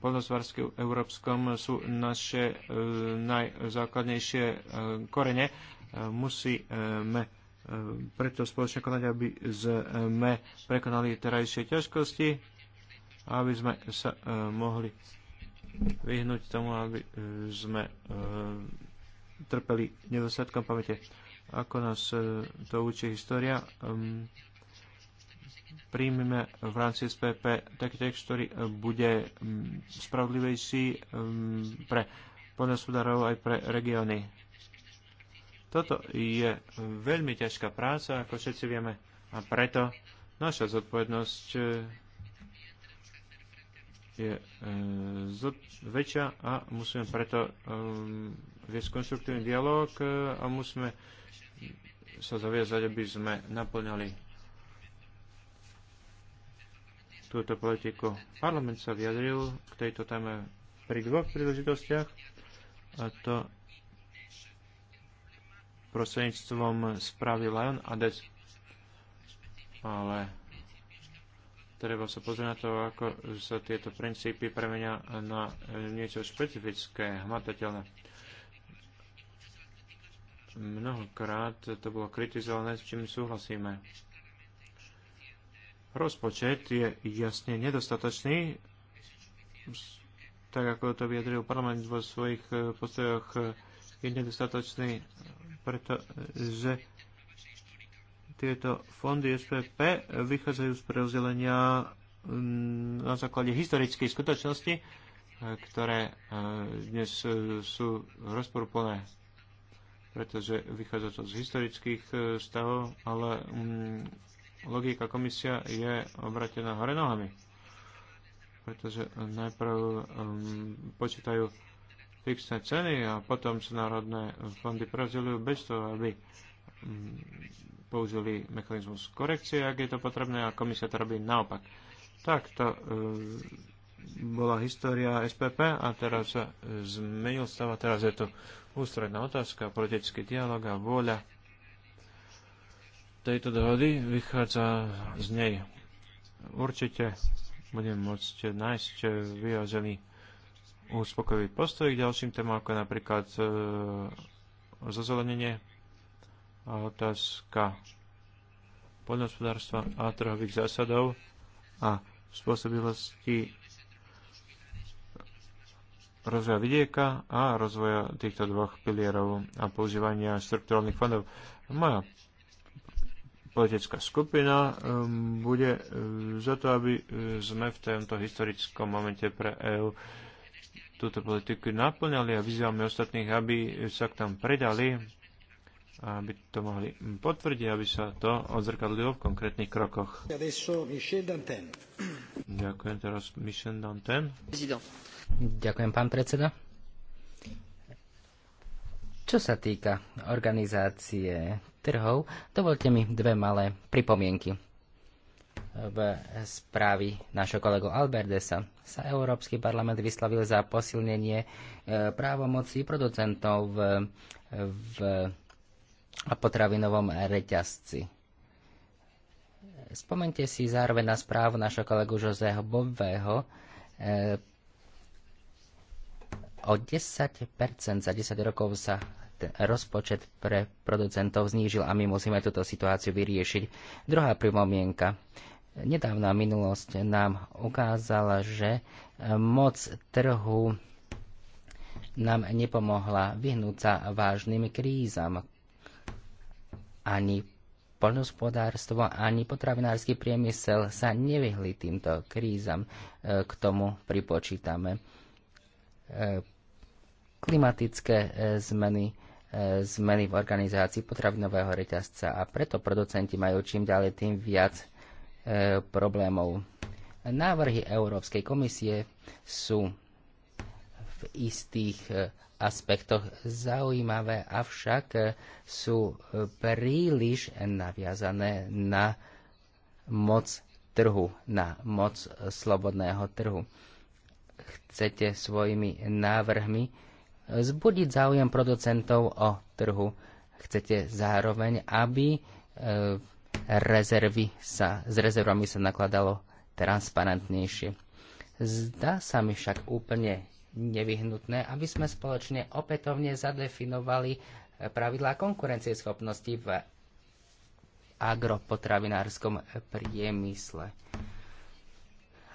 poľnohospodárskom európskom sú naše e, najzákladnejšie e, korene. Musíme preto spoločne konať, aby sme prekonali terajšie ťažkosti a aby sme sa mohli vyhnúť tomu, aby sme trpeli nedostatkom pamäte. Ako nás to učí história, príjmeme v rámci SPP taký text, ktorý e, bude mm, spravodlivejší mm, pre podnospodárov aj pre regióny. Toto je veľmi ťažká práca, ako všetci vieme, a preto naša zodpovednosť e, je e, väčšia a musíme preto viesť konstruktívny dialog a musíme sa zaviazať, aby sme naplňali túto politiku. Parlament sa vyjadril k tejto téme pri dvoch príležitostiach, a to prostredníctvom správy Lion a Des. Ale treba sa pozrieť na to, ako sa tieto princípy premenia na niečo špecifické, hmatateľné. Mnohokrát to bolo kritizované, s čím súhlasíme Rozpočet je jasne nedostatočný, tak ako to vyjadril parlament vo svojich eh, postojoch, eh, je nedostatočný, pretože tieto fondy SPP vychádzajú z preuzelenia mm, na základe historickej skutočnosti, eh, ktoré dnes sú rozporúplné, pretože vychádza to z historických stavov, ale mm, logika komisia je obratená hore nohami. Pretože najprv um, počítajú fixné ceny a potom sú národné fondy prerozdielujú bez toho, aby um, použili mechanizmus korekcie, ak je to potrebné, a komisia to robí naopak. Tak to um, bola história SPP a teraz sa zmenil stav a teraz je to ústredná otázka, politický dialog a vôľa tejto dohody vychádza z nej. Určite budem môcť nájsť vyjazený úspokojivý postoj k ďalším témam, ako napríklad e, zazelenenie a otázka poľnohospodárstva a trhových zásadov a spôsobilosti rozvoja vidieka a rozvoja týchto dvoch pilierov a používania štrukturálnych fondov. Moja politická skupina um, bude um, za to, aby uh, sme v tomto historickom momente pre EÚ túto politiku naplňali a vyzývame ostatných, aby sa k tam predali, aby to mohli um, potvrdiť, aby sa to odzrkadlilo v konkrétnych krokoch. Ďakujem teraz Michel Danten. Ďakujem, pán predseda. Čo sa týka organizácie trhov, dovolte mi dve malé pripomienky. V správy našho kolegu Albertesa sa Európsky parlament vyslavil za posilnenie e, právomocí producentov v, v potravinovom reťazci. Spomente si zároveň na správu našho kolegu Joseho Bobvého, e, o 10% za 10 rokov sa rozpočet pre producentov znížil a my musíme túto situáciu vyriešiť. Druhá pripomienka. Nedávna minulosť nám ukázala, že e, moc trhu nám nepomohla vyhnúť sa vážnym krízam. Ani poľnospodárstvo, ani potravinársky priemysel sa nevyhli týmto krízam. E, k tomu pripočítame e, klimatické zmeny, E, zmeny v organizácii potravinového reťazca a preto producenti majú čím ďalej tým viac e, problémov. Návrhy Európskej komisie sú v istých e, aspektoch zaujímavé, avšak e, sú príliš naviazané na moc trhu, na moc slobodného trhu. Chcete svojimi návrhmi zbudiť záujem producentov o trhu. Chcete zároveň, aby e, rezervy sa, s rezervami sa nakladalo transparentnejšie. Zdá sa mi však úplne nevyhnutné, aby sme spoločne opätovne zadefinovali e, pravidlá konkurencieschopnosti v agropotravinárskom priemysle.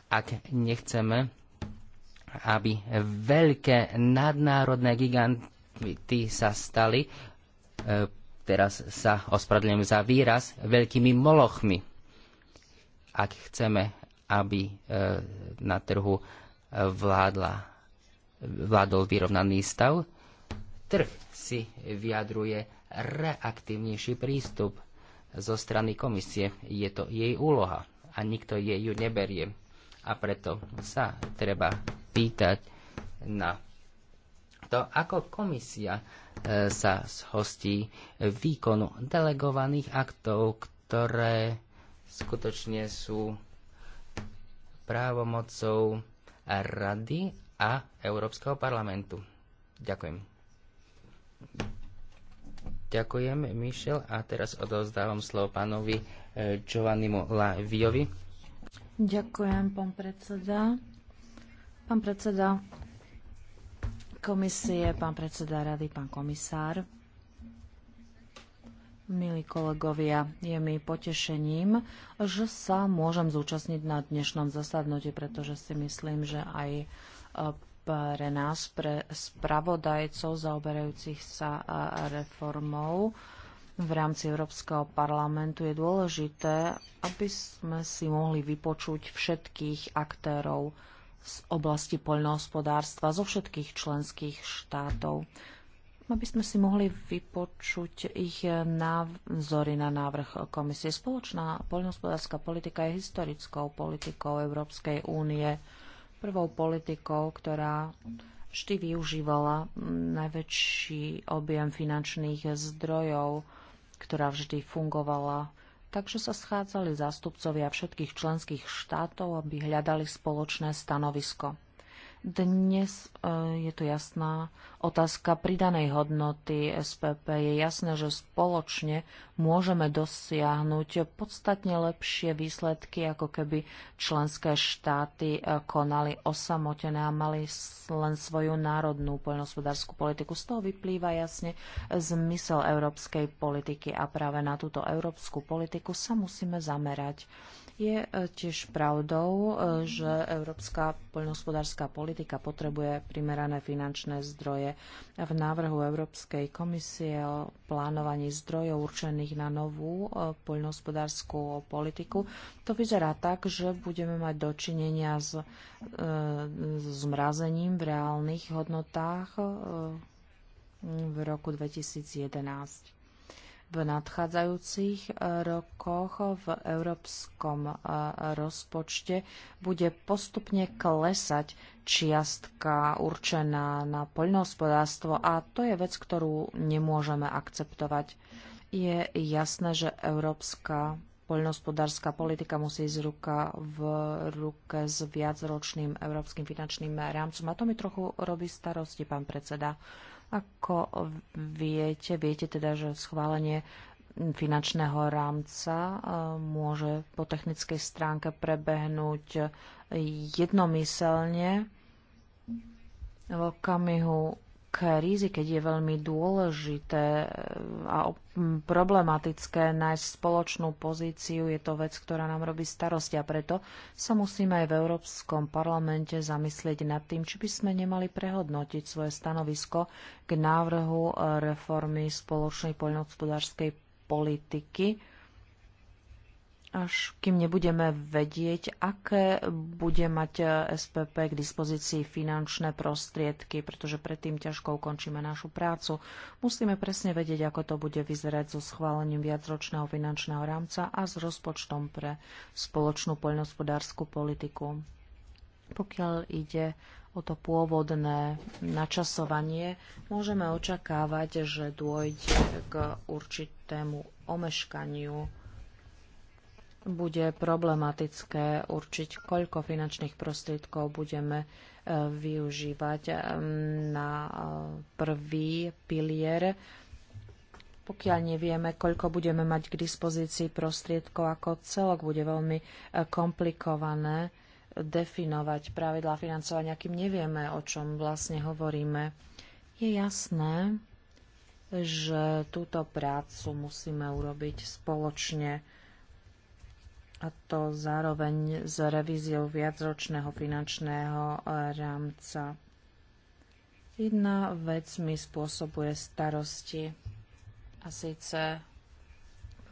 Ak nechceme aby veľké nadnárodné giganty sa stali, e, teraz sa ospravedlňujem za výraz, veľkými molochmi. Ak chceme, aby e, na trhu vládla, vládol vyrovnaný stav, trh si vyjadruje reaktívnejší prístup zo strany komisie. Je to jej úloha a nikto jej ju neberie. A preto sa treba spýtať na to, ako komisia e, sa zhostí výkonu delegovaných aktov, ktoré skutočne sú právomocou Rady a Európskeho parlamentu. Ďakujem. Ďakujem, Michel. A teraz odovzdávam slovo pánovi e, Giovannimu Laviovi. Ďakujem, pán predseda. Pán predseda komisie, pán predseda rady, pán komisár, milí kolegovia, je mi potešením, že sa môžem zúčastniť na dnešnom zasadnutí, pretože si myslím, že aj e, pre nás, pre spravodajcov zaoberajúcich sa e, reformou v rámci Európskeho parlamentu je dôležité, aby sme si mohli vypočuť všetkých aktérov z oblasti poľnohospodárstva zo všetkých členských štátov aby sme si mohli vypočuť ich názory na návrh komisie. Spoločná poľnohospodárska politika je historickou politikou Európskej únie, prvou politikou, ktorá vždy využívala najväčší objem finančných zdrojov, ktorá vždy fungovala takže sa schádzali zástupcovia všetkých členských štátov, aby hľadali spoločné stanovisko. Dnes e, je to jasná otázka pridanej hodnoty SPP. Je jasné, že spoločne môžeme dosiahnuť podstatne lepšie výsledky, ako keby členské štáty e, konali osamotené a mali len svoju národnú poľnohospodárskú politiku. Z toho vyplýva jasne zmysel európskej politiky a práve na túto európsku politiku sa musíme zamerať. Je e, tiež pravdou, e, že európska poľnohospodárska politika potrebuje primerané finančné zdroje. V návrhu Európskej komisie o plánovaní zdrojov určených na novú e, poľnohospodárskú politiku to vyzerá tak, že budeme mať dočinenia s zmrazením v reálnych hodnotách v roku 2011 v nadchádzajúcich eh, rokoch v európskom eh, rozpočte bude postupne klesať čiastka určená na poľnohospodárstvo a to je vec, ktorú nemôžeme akceptovať. Je jasné, že európska poľnohospodárska politika musí ísť ruka v ruke s viacročným európskym finančným rámcom. A to mi trochu robí starosti, pán predseda. Ako viete, viete teda, že schválenie finančného rámca e, môže po technickej stránke prebehnúť jednomyselne v okamihu krízy, keď je veľmi dôležité eh, a problematické nájsť spoločnú pozíciu, je to vec, ktorá nám robí starosti a preto sa musíme aj v Európskom parlamente zamyslieť nad tým, či by sme nemali prehodnotiť svoje stanovisko k návrhu eh, reformy spoločnej poľnohospodárskej politiky až kým nebudeme vedieť, aké bude mať e, SPP k dispozícii finančné prostriedky, pretože predtým ťažko ukončíme našu prácu. Musíme presne vedieť, ako to bude vyzerať so schválením viacročného finančného rámca a s rozpočtom pre spoločnú poľnohospodárskú politiku. Pokiaľ ide o to pôvodné načasovanie, môžeme očakávať, že dôjde k určitému omeškaniu bude problematické určiť, koľko finančných prostriedkov budeme e, využívať e, na e, prvý pilier. Pokiaľ nevieme, koľko budeme mať k dispozícii prostriedkov ako celok, bude veľmi komplikované definovať pravidlá financovania, kým nevieme, o čom vlastne hovoríme. Je jasné, že túto prácu musíme urobiť spoločne a to zároveň s revíziou viacročného finančného eh, rámca. Jedna vec mi spôsobuje starosti a síce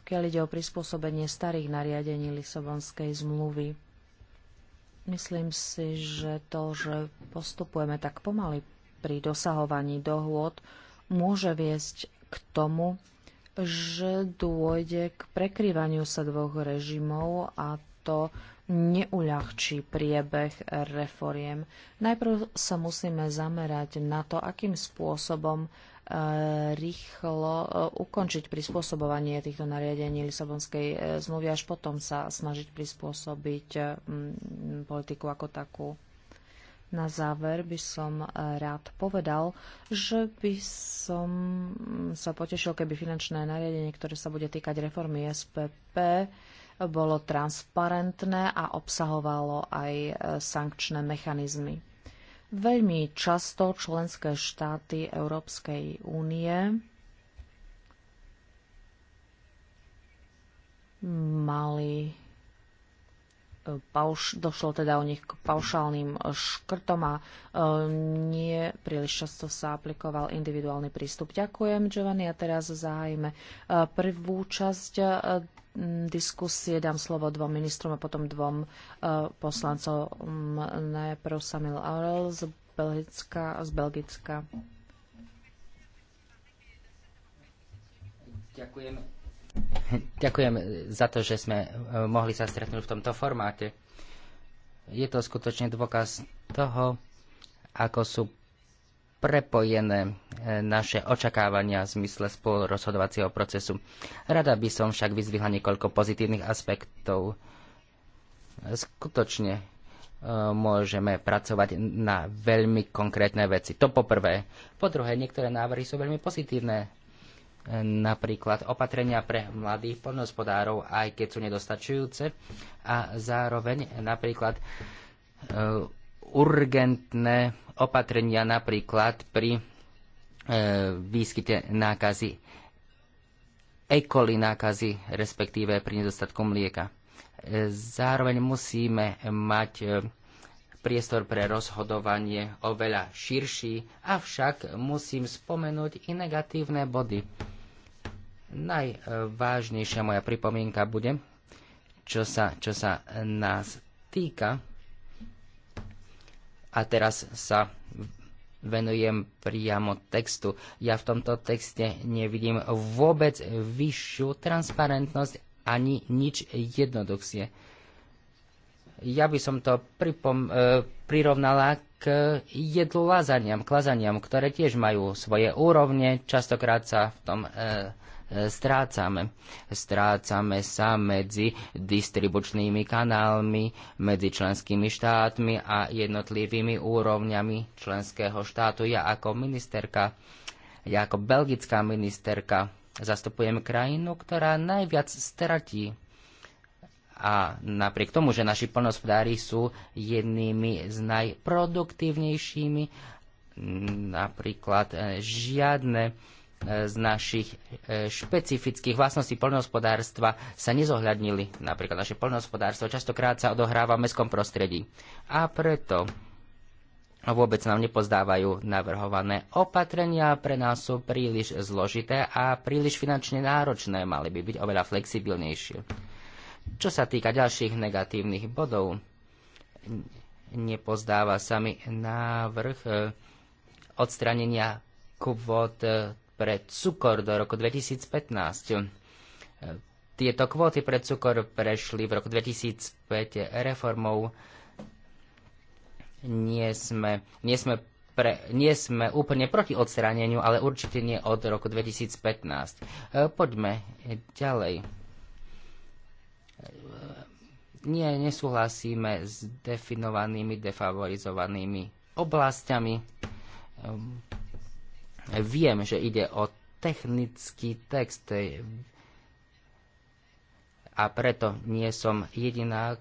pokiaľ ide o prispôsobenie starých nariadení Lisobonskej zmluvy. Myslím si, že to, že postupujeme tak pomaly pri dosahovaní dohôd, môže viesť k tomu, že dôjde k prekrývaniu sa dvoch režimov a to neuľahčí priebeh reforiem. Najprv sa musíme zamerať na to, akým spôsobom e, rýchlo e, ukončiť prispôsobovanie týchto nariadení Lisabonskej e, zmluvy, až potom sa snažiť prispôsobiť politiku ako takú. Na záver by som e, rád povedal, že by som mm, sa potešil, keby finančné nariadenie, ktoré sa bude týkať reformy SPP, bolo transparentné a obsahovalo aj e, sankčné mechanizmy. Veľmi často členské štáty Európskej únie mali pauš, došlo teda o nich k paušálnym škrtom a e, nie príliš často sa aplikoval individuálny prístup. Ďakujem, Giovanni, a teraz zahájime e, prvú časť e, diskusie. Dám slovo dvom ministrom a potom dvom poslancom. Najprv Samil Aurel z Belgická, Z Belgická. Ďakujem. Ďakujem za to, že sme e, mohli sa stretnúť v tomto formáte. Je to skutočne dôkaz toho, ako sú prepojené e, naše očakávania v zmysle spolurozhodovacieho procesu. Rada by som však vyzvihla niekoľko pozitívnych aspektov. Skutočne e, môžeme pracovať na veľmi konkrétne veci. To poprvé. Po druhé, niektoré návrhy sú veľmi pozitívne napríklad opatrenia pre mladých poľnohospodárov, aj keď sú nedostačujúce, a zároveň napríklad e, urgentné opatrenia napríklad pri e, výskyte nákazy E. coli nákazy, respektíve pri nedostatku mlieka. E, zároveň musíme mať priestor pre rozhodovanie oveľa širší, avšak musím spomenúť i negatívne body Najvážnejšia moja pripomienka bude, čo sa, čo sa nás týka, a teraz sa venujem priamo textu. Ja v tomto texte nevidím vôbec vyššiu transparentnosť ani nič jednoduchšie. Ja by som to pripom- e, prirovnala k jedlu lazaniam, k lazaniam, ktoré tiež majú svoje úrovne, častokrát sa v tom e, strácame. Strácame sa medzi distribučnými kanálmi, medzi členskými štátmi a jednotlivými úrovňami členského štátu. Ja ako ministerka, ja ako belgická ministerka zastupujem krajinu, ktorá najviac stratí a napriek tomu, že naši plnospodári sú jednými z najproduktívnejšími, napríklad e, žiadne z našich e, špecifických vlastností poľnohospodárstva sa nezohľadnili. Napríklad naše poľnohospodárstvo častokrát sa odohráva v mestskom prostredí. A preto vôbec nám nepozdávajú navrhované opatrenia, pre nás sú príliš zložité a príliš finančne náročné, mali by byť oveľa flexibilnejšie. Čo sa týka ďalších negatívnych bodov, nepozdáva sa mi návrh e, odstranenia kvót e, pre cukor do roku 2015. E, tieto kvóty pre cukor prešli v roku 2005 reformou. Nie sme, nie sme, pre, nie sme úplne proti odstráneniu, ale určite nie od roku 2015. E, poďme ďalej. E, nie, nesúhlasíme s definovanými, defavorizovanými oblastiami Viem, že ide o technický text a preto nie som jediná,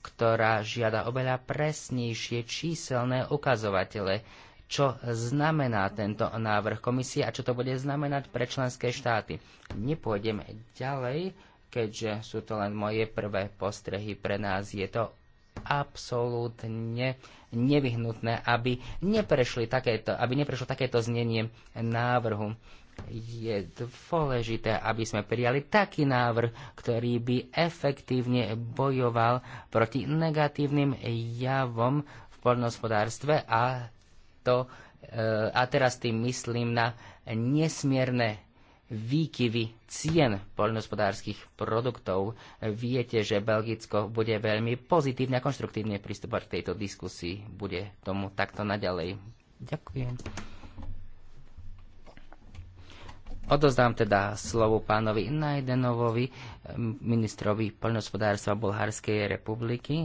ktorá žiada oveľa presnejšie číselné ukazovatele, čo znamená tento návrh komisie a čo to bude znamenať pre členské štáty. Nepôjdeme ďalej, keďže sú to len moje prvé postrehy. Pre nás je to absolútne nevyhnutné, aby, neprešli takéto, aby neprešlo takéto znenie návrhu. Je dôležité, aby sme prijali taký návrh, ktorý by efektívne bojoval proti negatívnym javom v poľnohospodárstve a to e, a teraz tým myslím na nesmierne výkyvy cien poľnohospodárskych produktov. Viete, že Belgicko bude veľmi pozitívne a konštruktívne pristúpať k tejto diskusii. Bude tomu takto naďalej. Ďakujem. Odozdám teda slovo pánovi Najdenovovi, ministrovi poľnohospodárstva Bulharskej republiky.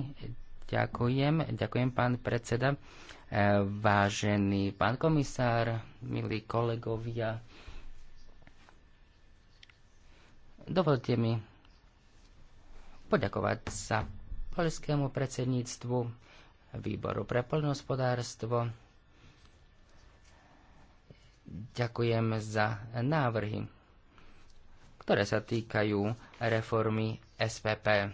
Ďakujem, ďakujem pán predseda, e, vážený pán komisár, milí kolegovia Dovolte mi poďakovať sa polskému predsedníctvu, výboru pre poľnohospodárstvo. Ďakujem za návrhy, ktoré sa týkajú reformy SPP,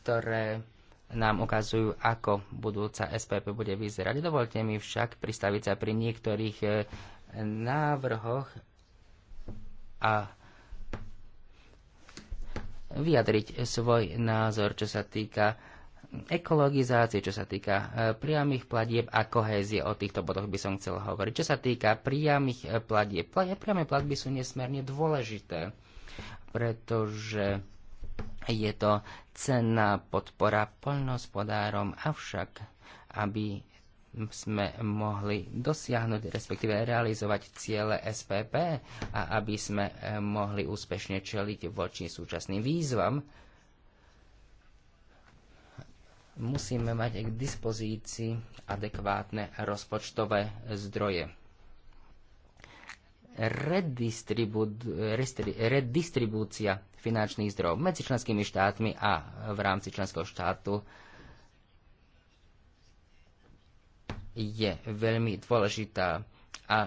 ktoré nám ukazujú, ako budúca SPP bude vyzerať. Dovolte mi však pristaviť sa pri niektorých eh, návrhoch a vyjadriť svoj názor, čo sa týka ekologizácie, čo sa týka e, priamých platieb a kohézie. O týchto bodoch by som chcel hovoriť. Čo sa týka priamých e, platieb, priame platby sú nesmierne dôležité, pretože je to cenná podpora poľnohospodárom, avšak aby sme mohli dosiahnuť, respektíve realizovať ciele SPP a aby sme eh, mohli úspešne čeliť voči súčasným výzvam, musíme mať k dispozícii adekvátne rozpočtové zdroje. redistribúcia finančných zdrojov medzi členskými štátmi a v rámci členského štátu je veľmi dôležitá a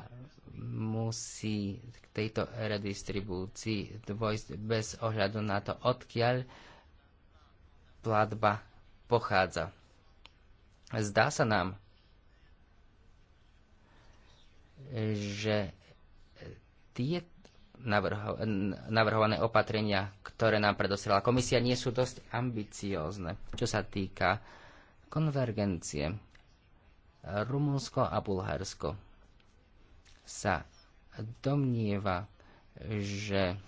musí k tejto redistribúcii dôjsť bez ohľadu na to, odkiaľ platba pochádza. Zdá sa nám, že tie navrho- navrhované opatrenia, ktoré nám predosiela komisia, nie sú dosť ambiciózne, čo sa týka konvergencie Rumunsko a Bulharsko sa domnieva, že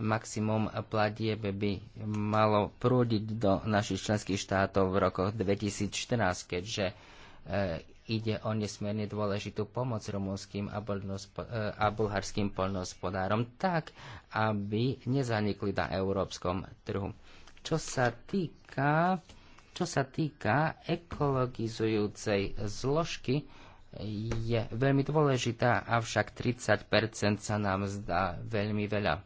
maximum platieb by malo prúdiť do našich členských štátov v rokoch 2014, keďže e, ide o nesmierne dôležitú pomoc rumúnským a, e, a bulharským poľnohospodárom tak, aby nezanikli na európskom trhu. Čo sa týka e, čo sa týka ekologizujúcej zložky, je veľmi dôležitá, avšak 30 sa nám zdá veľmi veľa.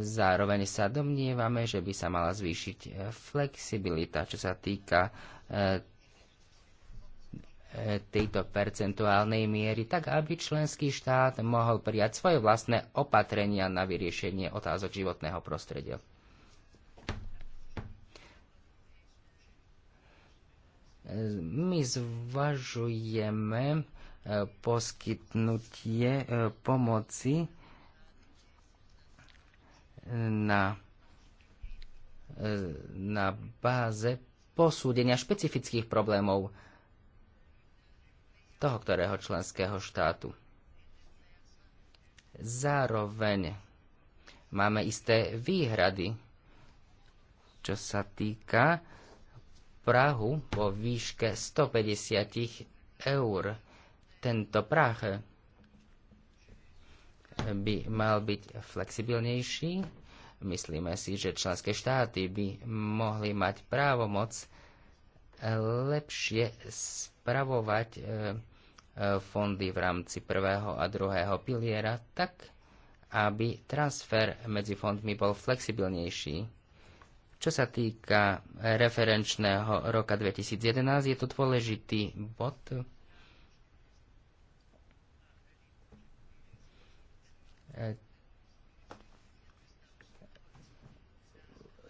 Zároveň sa domnievame, že by sa mala zvýšiť flexibilita, čo sa týka e, e, tejto percentuálnej miery, tak aby členský štát mohol prijať svoje vlastné opatrenia na vyriešenie otázok životného prostredia. My zvažujeme e, poskytnutie e, pomoci e, na, na báze posúdenia špecifických problémov toho ktorého členského štátu. Zároveň máme isté výhrady, čo sa týka Prahu vo výške 150 eur. Tento prah by mal byť flexibilnejší. Myslíme si, že členské štáty by mohli mať právomoc lepšie spravovať e, e, fondy v rámci prvého a druhého piliera tak, aby transfer medzi fondmi bol flexibilnejší. Čo sa týka referenčného roka 2011, je to dôležitý bod.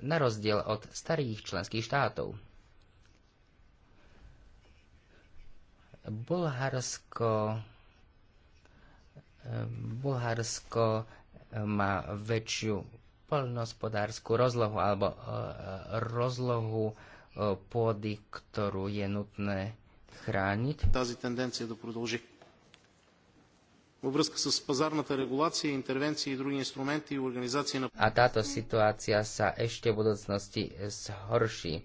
Na rozdiel od starých členských štátov. Bulharsko, Bulharsko má väčšiu poľnohospodárskú rozlohu alebo e, e, rozlohu e, pôdy, ktorú je nutné chrániť. Tazi tendencia do prúdolži. V sú spazárnaté regulácie, intervencie a druhé instrumenty organizácie. Na... A táto situácia sa ešte v budúcnosti zhorší e,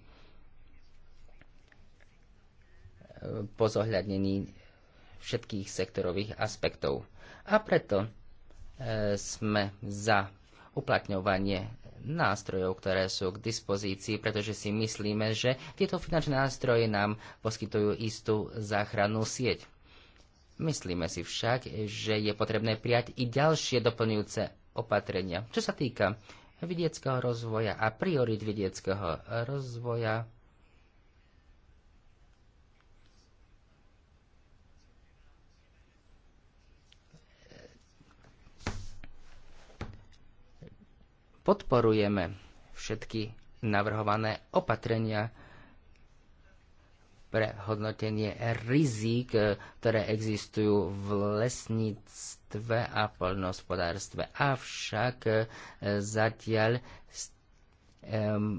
po zohľadnení všetkých sektorových aspektov. A preto e, sme za uplatňovanie nástrojov, ktoré sú k dispozícii, pretože si myslíme, že tieto finančné nástroje nám poskytujú istú záchrannú sieť. Myslíme si však, že je potrebné prijať i ďalšie doplňujúce opatrenia. Čo sa týka vidieckého rozvoja a priorit vidieckého rozvoja, podporujeme všetky navrhované opatrenia pre hodnotenie rizik, e, ktoré existujú v lesníctve a poľnohospodárstve. Avšak e, zatiaľ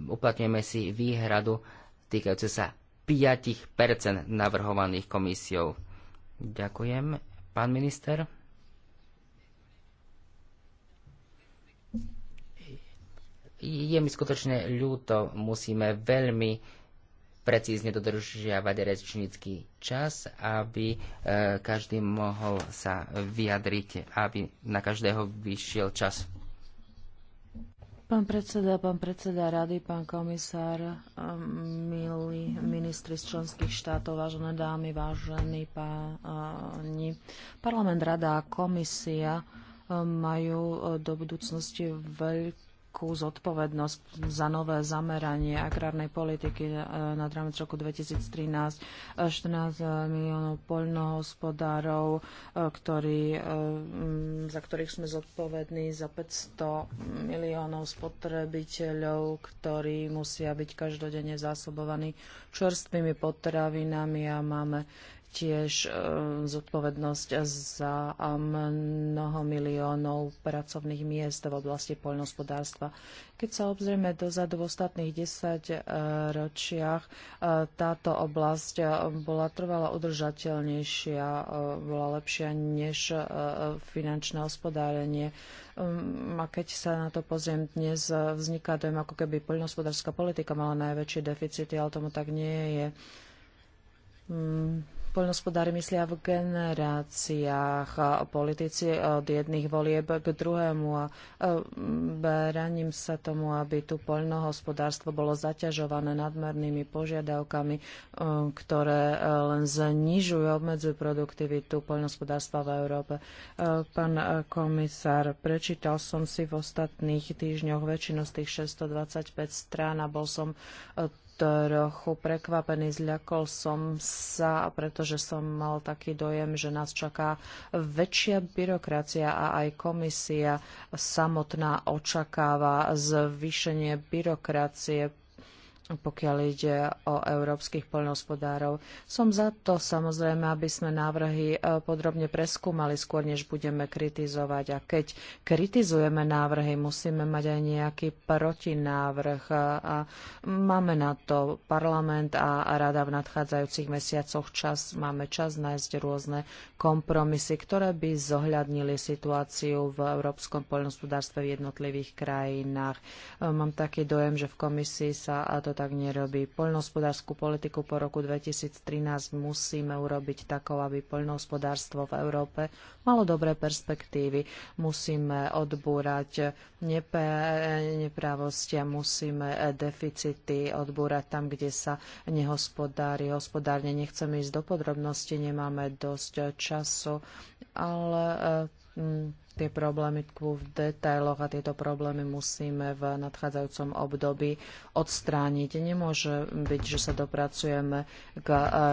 uplatňujeme si výhradu týkajúce sa 5 navrhovaných komisiou. Ďakujem, pán minister. Je mi skutočne ľúto, musíme veľmi precízne dodržiavať rečnícky čas, aby e, každý mohol sa vyjadriť, aby na každého vyšiel čas. Pán predseda, pán predseda rady, pán komisár, e, milí ministri z členských štátov, vážené dámy, vážení páni, parlament, rada a komisia e, majú e, do budúcnosti veľkú veľkú zodpovednosť za nové zameranie agrárnej politiky e, nad rámec roku 2013. 14 e, e, miliónov poľnohospodárov, ktorí, za ktorých sme zodpovední, za 500 miliónov spotrebiteľov, ktorí musia byť každodenne zásobovaní čerstvými potravinami a máme tiež e, zodpovednosť za mnoho miliónov pracovných miest v oblasti poľnohospodárstva. Keď sa obzrieme dozadu v ostatných 10 e, ročiach, e, táto oblasť bola trvala udržateľnejšia, bola lepšia než finančné hospodárenie. Mm, a keď sa na to pozriem dnes, vzniká dojem, ako keby poľnohospodárska politika mala najväčšie deficity, ale tomu tak nie je. Mm, poľnospodári myslia v generáciách. a Politici od jedných volieb k druhému a beraním sa tomu, aby tu poľnohospodárstvo bolo zaťažované nadmernými požiadavkami, ktoré len znižujú, obmedzujú produktivitu poľnohospodárstva v Európe. Pán komisár, prečítal som si v ostatných týždňoch väčšinu z tých 625 strán a bol som trochu prekvapený, zľakol som sa, pretože som mal taký dojem, že nás čaká väčšia byrokracia a aj komisia samotná očakáva zvýšenie byrokracie pokiaľ ide o európskych poľnohospodárov. Som za to samozrejme, aby sme návrhy e, podrobne preskúmali skôr, než budeme kritizovať. A keď kritizujeme návrhy, musíme mať aj nejaký protinávrh. A máme na to parlament a rada v nadchádzajúcich mesiacoch čas. Máme čas nájsť rôzne kompromisy, ktoré by zohľadnili situáciu v európskom poľnohospodárstve v jednotlivých krajinách. E, mám taký dojem, že v komisii sa to tak nerobí. Poľnohospodárskú politiku po roku 2013 musíme urobiť takou, aby poľnohospodárstvo v Európe malo dobré perspektívy. Musíme odbúrať neprávosti a musíme deficity odbúrať tam, kde sa nehospodári. Hospodárne nechcem ísť do podrobnosti, nemáme dosť času, ale eh, tie problémy tkvú v detailoch a tieto problémy musíme v nadchádzajúcom období odstrániť. Nemôže byť, že sa dopracujeme k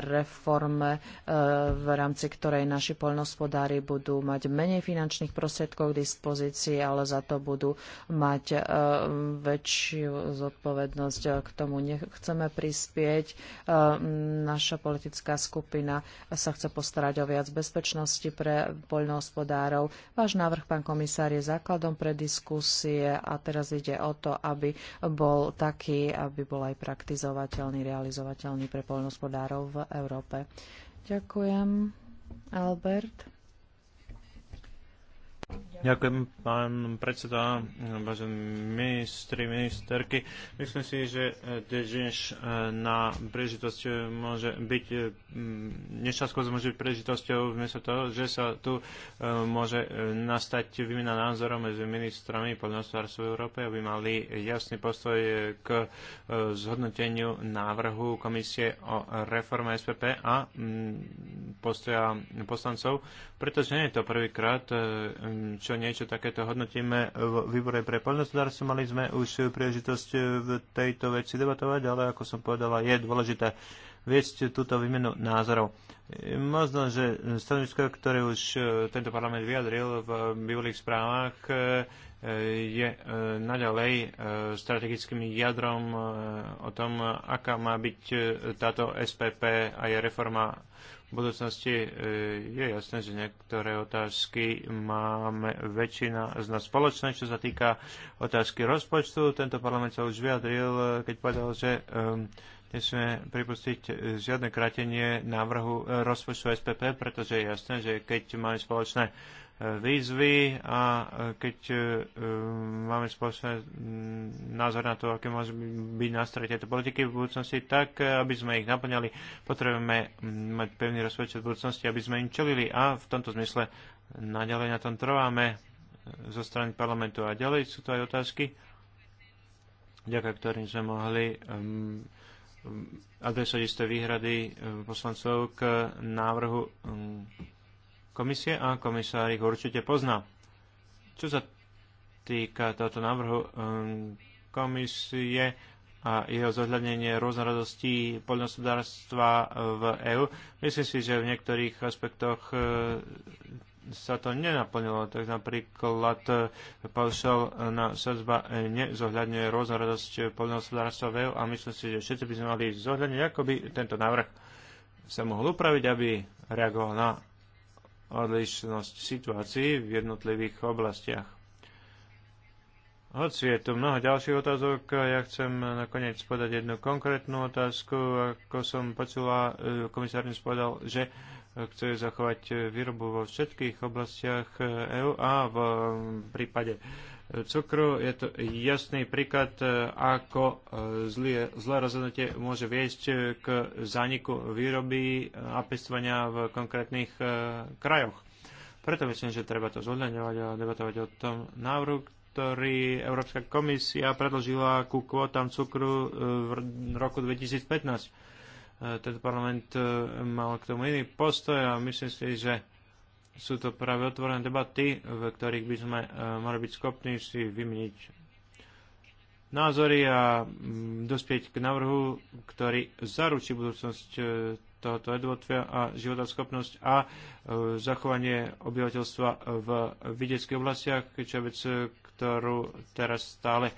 reforme, e, v rámci ktorej naši poľnospodári budú mať menej finančných prostriedkov k dispozícii, ale za to budú mať e, väčšiu zodpovednosť. K tomu nechceme prispieť. E, naša politická skupina sa chce postarať o viac bezpečnosti pre poľnohospodárov. Váš návrh návrh, pán komisár, je základom pre diskusie a teraz ide o to, aby bol taký, aby bol aj praktizovateľný, realizovateľný pre poľnohospodárov v Európe. Ďakujem, Albert. Ďakujem, pán predseda, vážení ministri, ministerky. Myslím si, že dnes eh, na príležitosť môže byť, eh, nešťastnosť môže byť príležitosťou vmiesto toho, že sa tu eh, môže nastať výmena názorov medzi ministrami podnostvárstva Európy, aby mali jasný postoj k zhodnoteniu návrhu komisie o reforme SPP a mm, postoja poslancov, pretože nie je to prvýkrát, čo niečo takéto hodnotíme v výbore pre poľnohospodárstvo. Mali sme už príležitosť v tejto veci debatovať, ale ako som povedala, je dôležité viesť túto výmenu názorov. Možno, že stanovisko, ktoré už tento parlament vyjadril v bývalých správach, je naďalej strategickým jadrom o tom, aká má byť táto SPP a je reforma v budúcnosti e, je jasné, že niektoré otázky máme väčšina z nás spoločné, čo sa týka otázky rozpočtu. Tento parlament sa už vyjadril, keď povedal, že e, nesmieme pripustiť e, žiadne kratenie návrhu rozpočtu SPP, pretože je jasné, že keď máme spoločné výzvy a e, keď e, e, máme spoločné mm, názor na to, aké môžu byť nástroje tejto politiky v budúcnosti, tak aby sme ich naplňali, potrebujeme mm, mať pevný rozpočet v budúcnosti, aby sme im čelili a v tomto zmysle naďalej na tom trváme zo strany parlamentu a ďalej sú to aj otázky, ďaká ktorým sme mohli um, adresovať isté výhrady poslancov k návrhu um, komisie a komisár ich určite pozná. Čo sa týka tohto návrhu um, komisie a jeho zohľadnenie rôznorodosti poľnohospodárstva v EÚ, myslím si, že v niektorých aspektoch uh, sa to nenaplnilo. Tak napríklad uh, paušal na sadzba uh, nezohľadňuje rôznorodosť poľnohospodárstva v EU a myslím si, že všetci by sme mali zohľadniť, ako by tento návrh sa mohol upraviť, aby reagoval na odlišnosť situácií v jednotlivých oblastiach. Hoci je tu mnoho ďalších otázok, ja chcem nakoniec podať jednu konkrétnu otázku. Ako som počula, eh, komisár dnes povedal, že chce zachovať výrobu vo všetkých oblastiach EÚ eh, e a v eh, prípade cukru. Je to jasný príklad, e, ako e, zlé, zlé rozhodnutie môže viesť e, k zániku výroby a pestovania v konkrétnych krajoch. Preto myslím, že treba to zohľadňovať a debatovať o tom návrhu, ktorý Európska komisia predložila ku kvotám cukru v roku 2015 tento parlament mal k tomu iný postoj a myslím si, že sú to práve otvorené debaty, v ktorých by sme e, mali byť schopní si vymeniť názory a mm, dospieť k návrhu, ktorý zaručí budúcnosť e, tohoto edvotvia a životoschopnosť a e, zachovanie obyvateľstva v vidieckých oblastiach, čo je vec, ktorú teraz stále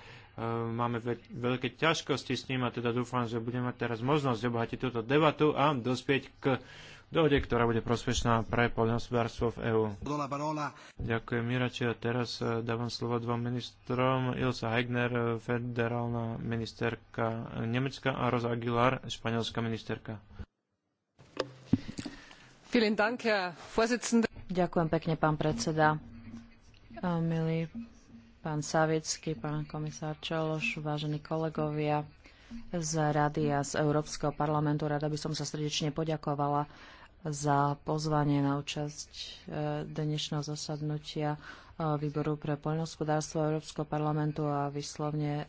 máme veľké ťažkosti s ním a teda dúfam, že budeme mať teraz možnosť obohatiť túto debatu a dospieť k dohode, ktorá bude prospešná pre poľnohospodárstvo v EÚ. Ďakujem, Mirače. a teraz e, dávam slovo dvom ministrom. Ilsa Heigner, e, federálna ministerka e, Nemecka a Rosa Aguilar, španielská ministerka. Ďakujem pekne, pán predseda. Milý pán Savický, pán komisár Čološ, vážení kolegovia, z Rady a z Európskeho parlamentu. Rada by som sa srdečne poďakovala za pozvanie na účasť e, dnešného zasadnutia e, Výboru pre poľnohospodárstvo Európskeho parlamentu a vyslovne e,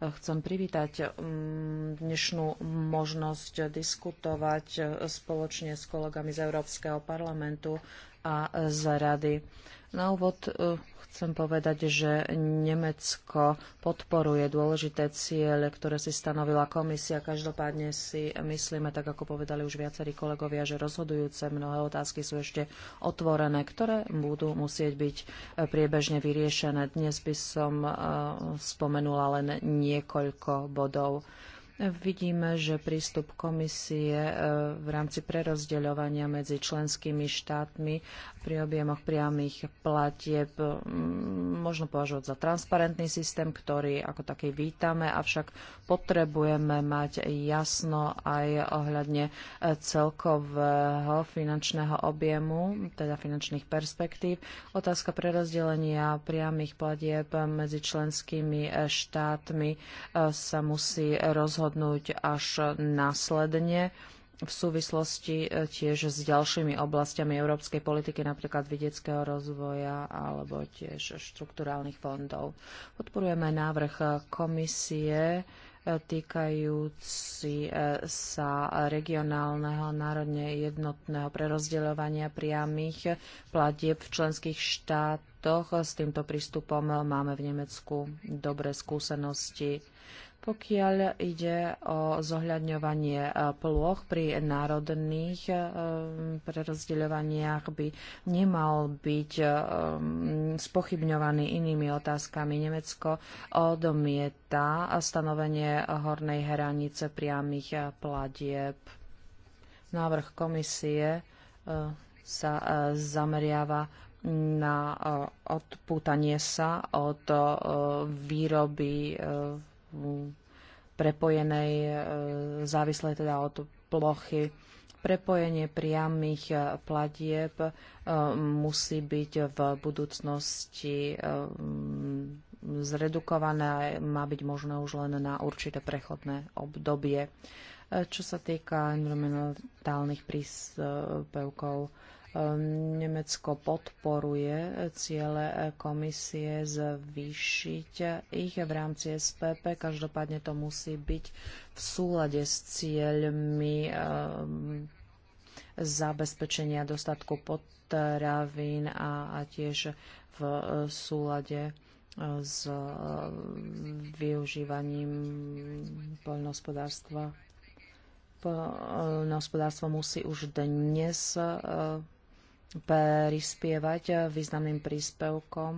chcem privítať mm, dnešnú možnosť diskutovať spoločne s kolegami z Európskeho parlamentu a z Rady. Na úvod Chcem povedať, že Nemecko podporuje dôležité ciele, ktoré si stanovila komisia. Každopádne si myslíme, tak ako povedali už viacerí kolegovia, že rozhodujúce mnohé otázky sú ešte otvorené, ktoré budú musieť byť priebežne vyriešené. Dnes by som eh, spomenula len niekoľko bodov. Vidíme, že prístup komisie e, v rámci prerozdeľovania medzi členskými štátmi pri objemoch priamých platieb možno považovať za transparentný systém, ktorý ako taký vítame, avšak potrebujeme mať jasno aj ohľadne e, celkového finančného objemu, teda finančných perspektív. Otázka prerozdelenia priamých platieb medzi členskými e, štátmi sa musí rozhodnúť rozhodnúť až následne v súvislosti e, tiež s ďalšími oblastiami európskej politiky, napríklad vidieckého rozvoja alebo tiež štrukturálnych fondov. Podporujeme návrh komisie e, týkajúci e, sa regionálneho národne jednotného prerozdeľovania priamých platieb v členských štátoch. S týmto prístupom máme v Nemecku dobré skúsenosti. Pokiaľ ide o zohľadňovanie e, plôch pri národných e, prerozdeľovaniach, by nemal byť e, spochybňovaný inými otázkami. Nemecko odmieta stanovenie hornej hranice priamých platieb. Návrh komisie sa zameriava na odpútanie sa od výroby prepojenej, e, závislej teda od plochy. Prepojenie priamých e, platieb e, musí byť v budúcnosti zredukované, a má byť možné už len na určité prechodné obdobie. Čo sa týka environmentálnych príspevkov, Ehm, Nemecko podporuje ciele komisie zvýšiť ich v rámci SPP. Každopádne to musí byť v súlade s cieľmi ehm, zabezpečenia dostatku potravín a, tiež v súlade ehm, s využívaním poľnohospodárstva. Poľnohospodárstvo musí už dnes prispievať významným príspevkom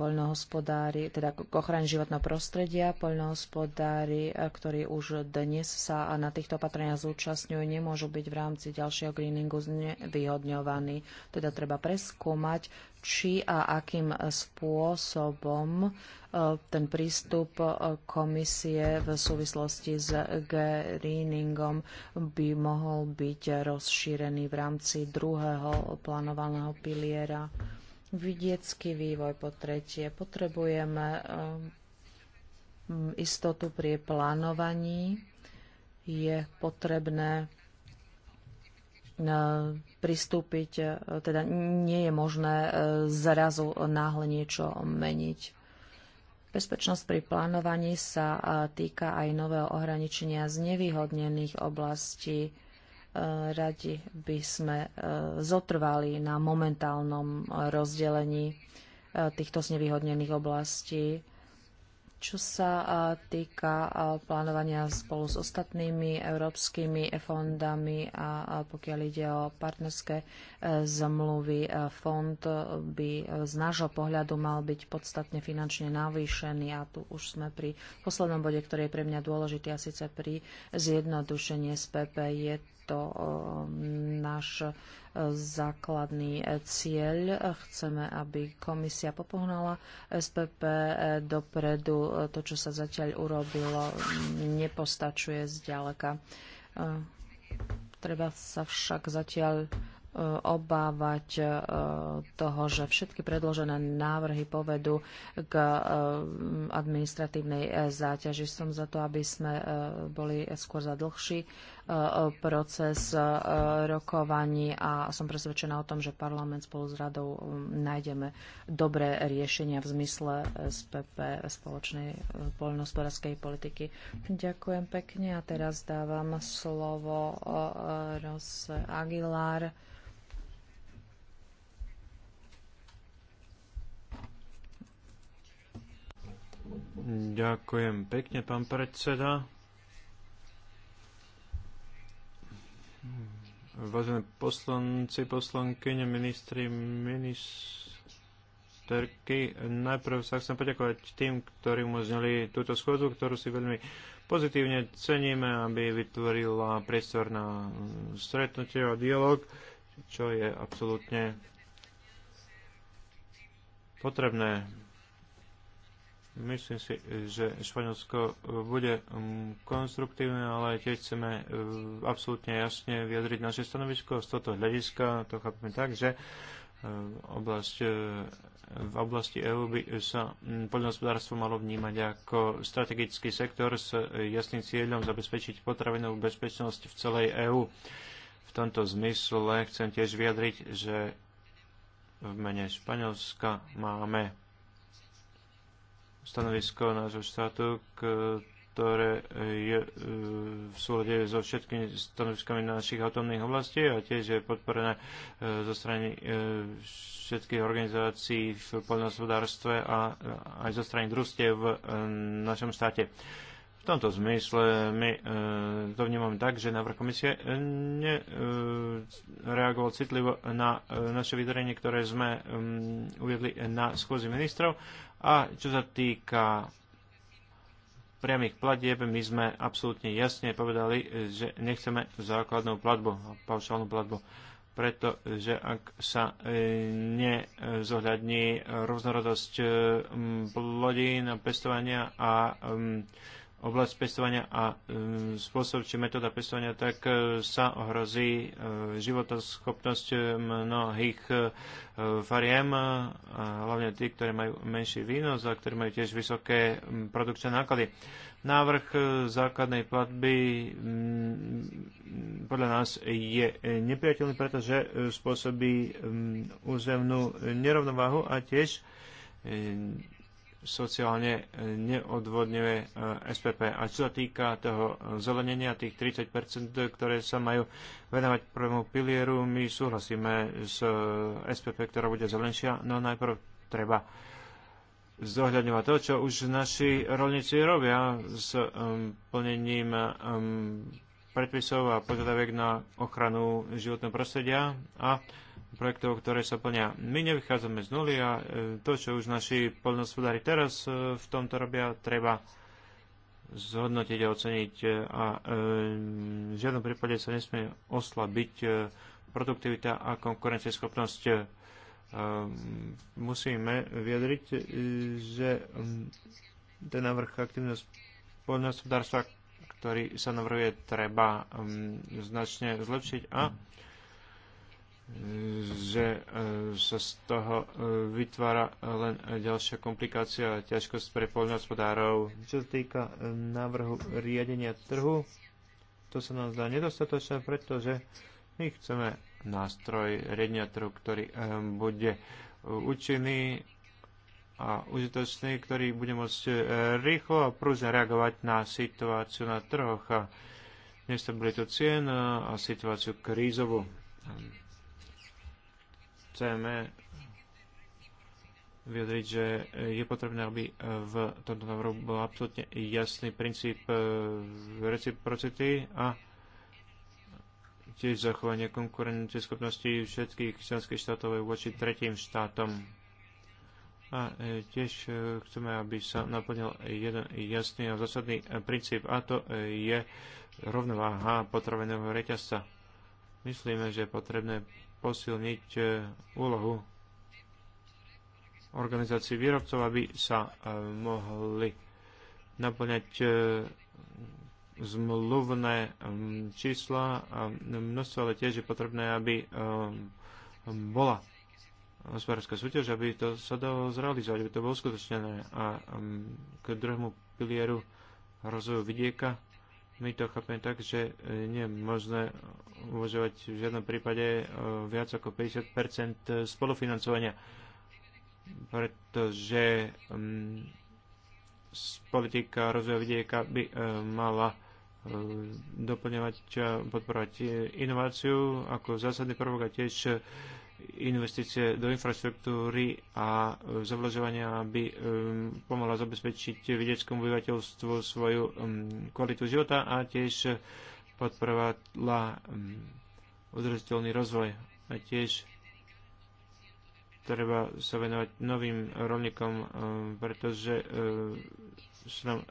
poľnohospodári, teda k ochrane životného prostredia, poľnohospodári, eh, ktorí už dnes sa na týchto opatreniach zúčastňujú, nemôžu byť v rámci ďalšieho greeningu vyhodňovaní. Teda treba preskúmať, či a akým spôsobom eh, ten prístup eh, komisie v súvislosti s greeningom by mohol byť rozšírený v rámci druhého plánovaného piliera vidiecký vývoj. Po tretie, potrebujeme um, istotu pri plánovaní. Je potrebné uh, pristúpiť, uh, teda nie je možné uh, zrazu náhle niečo meniť. Bezpečnosť pri plánovaní sa týka aj nového ohraničenia znevýhodnených oblastí. Radi by sme e, zotrvali na momentálnom rozdelení e, týchto znevýhodnených oblastí. Čo sa e, týka plánovania spolu s ostatnými európskymi fondami a pokiaľ ide o partnerské zmluvy, fond by z nášho pohľadu mal byť podstatne finančne navýšený a tu už sme pri poslednom bode, ktorý je pre mňa dôležitý a síce pri zjednodušení SPP je to um, náš uh, základný uh, cieľ. Chceme, aby komisia popohnala SPP uh, dopredu. To, čo sa zatiaľ urobilo, nepostačuje zďaleka. Treba sa však zatiaľ obávať toho, že všetky predložené návrhy povedú k administratívnej záťaži. Som za to, aby sme boli skôr za dlhší Eh, proces eh, rokovaní a som presvedčená o tom, že parlament spolu s radou mm, nájdeme dobré riešenia v zmysle SPP, spoločnej eh, poľnohospodárskej politiky. Ďakujem pekne a teraz dávam slovo Ros Aguilar. Ďakujem pekne, pán predseda. Vážené poslanci, poslankyne, ministri, ministerky, najprv sa chcem poďakovať tým, ktorí umožnili túto schôdzu, ktorú si veľmi pozitívne ceníme, aby vytvorila priestor na stretnutie a dialog, čo je absolútne potrebné Myslím si, že Španielsko bude mm, konstruktívne, ale tiež chceme e, absolútne jasne vyjadriť naše stanovisko. Z tohto hľadiska to chápeme tak, že e, oblasť, e, v oblasti EÚ by sa mm, poľnohospodárstvo malo vnímať ako strategický sektor s jasným cieľom zabezpečiť potravinovú bezpečnosť v celej EÚ. V tomto zmysle chcem tiež vyjadriť, že v mene Španielska máme stanovisko nášho štátu, ktoré je e, v súlade so všetkými stanoviskami našich atomných oblastí a tiež je podporené e, zo strany e, všetkých organizácií v poľnohospodárstve a aj zo strany družstie v našom štáte. V tomto zmysle my e, to vnímame tak, že návrh komisie nereagoval e, citlivo na e, naše vydarenie, ktoré sme e, uviedli na schôzi ministrov a čo sa týka priamých platieb, my sme absolútne jasne povedali, že nechceme základnú platbu, paušálnu platbu pretože ak sa e, nezohľadní rôznorodosť e, plodín, pestovania a oblasť pestovania a e, spôsob či metóda pestovania, tak e, sa ohrozí e, životoschopnosť mnohých fariem, hlavne tí, ktoré majú menší výnos a ktoré majú tiež vysoké produkčné náklady. Návrh základnej platby podľa nás je nepriateľný, pretože spôsobí územnú nerovnováhu a tiež sociálne e, neodvodňuje e, SPP. A čo sa týka toho zelenenia, tých 30%, ktoré sa majú venovať prvému pilieru, my súhlasíme s e, SPP, ktorá bude zelenšia, no najprv treba zohľadňovať to, čo už naši rolníci robia s um, plnením um, predpisov a požiadaviek na ochranu životného prostredia a projektov, ktoré sa plnia. My nevychádzame z nuly a e, to, čo už naši poľnospodári teraz e, v tomto robia, treba zhodnotiť a oceniť e, a v žiadnom prípade sa nesmie oslabiť produktivita a konkurencieschopnosť. Musíme vyjadriť, že mm, ten návrh aktívneho poľnohospodárstva, ktorý sa navrhuje, treba mm, značne zlepšiť a že e, sa z toho e, vytvára e, len ďalšia komplikácia a ťažkosť pre poľnohospodárov. Čo sa týka návrhu riadenia trhu, to sa nám zdá nedostatočné, pretože my chceme nástroj riadenia trhu, ktorý bude účinný a užitočný, ktorý bude môcť rýchlo a prúžne reagovať na situáciu na trhoch a nestabilitu cien a situáciu krízovú chceme vyjadriť, že je potrebné, aby v tomto návrhu bol absolútne jasný princíp e, reciprocity a tiež zachovanie konkurencieschopnosti všetkých členských štátov e voči tretím štátom. A e, tiež chceme, aby sa naplnil jeden jasný a zásadný princíp, a to je rovnováha potraveného reťazca. Myslíme, že je potrebné posilniť e, úlohu organizácií výrobcov, aby sa e, mohli naplňať e, zmluvné čísla a množstvo, ale tiež je potrebné, aby bola hospodárska súťaž, aby to sa dalo zrealizovať, aby to bolo skutočnené. A k druhému pilieru rozvoju vidieka my to chápeme tak, že e, nie je možné uvažovať v žiadnom prípade e, viac ako 50 spolufinancovania, pretože mm, politika rozvoja vidieka by e, mala doplňovať a podporovať inováciu ako zásadný prvok a tiež investície do infraštruktúry a e, zavlažovania aby e, pomohla zabezpečiť vidieckom obyvateľstvu svoju kvalitu života a tiež podporovala udržiteľný rozvoj a tiež treba sa venovať novým rolníkom, eh, pretože eh, sa nám eh,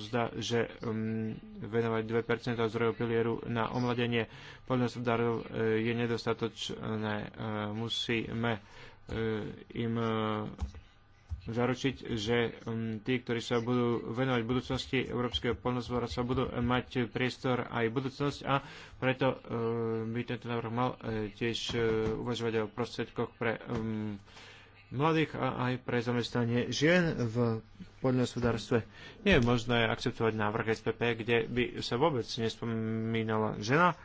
zdá, že mm, venovať 2% zdrojov pilieru na omladenie poľnohospodárov je nedostatočné. Musíme im zaručiť, že um, tí, ktorí sa budú venovať budúcnosti európskeho polnospodárstva, budú mať priestor aj budúcnosť a preto um, by tento návrh mal e, tiež e, uvažovať o prostriedkoch pre um, mladých a aj pre zamestnanie žien v poľnohospodárstve. Nie je možné akceptovať návrh SPP, kde by sa vôbec nespomínala žena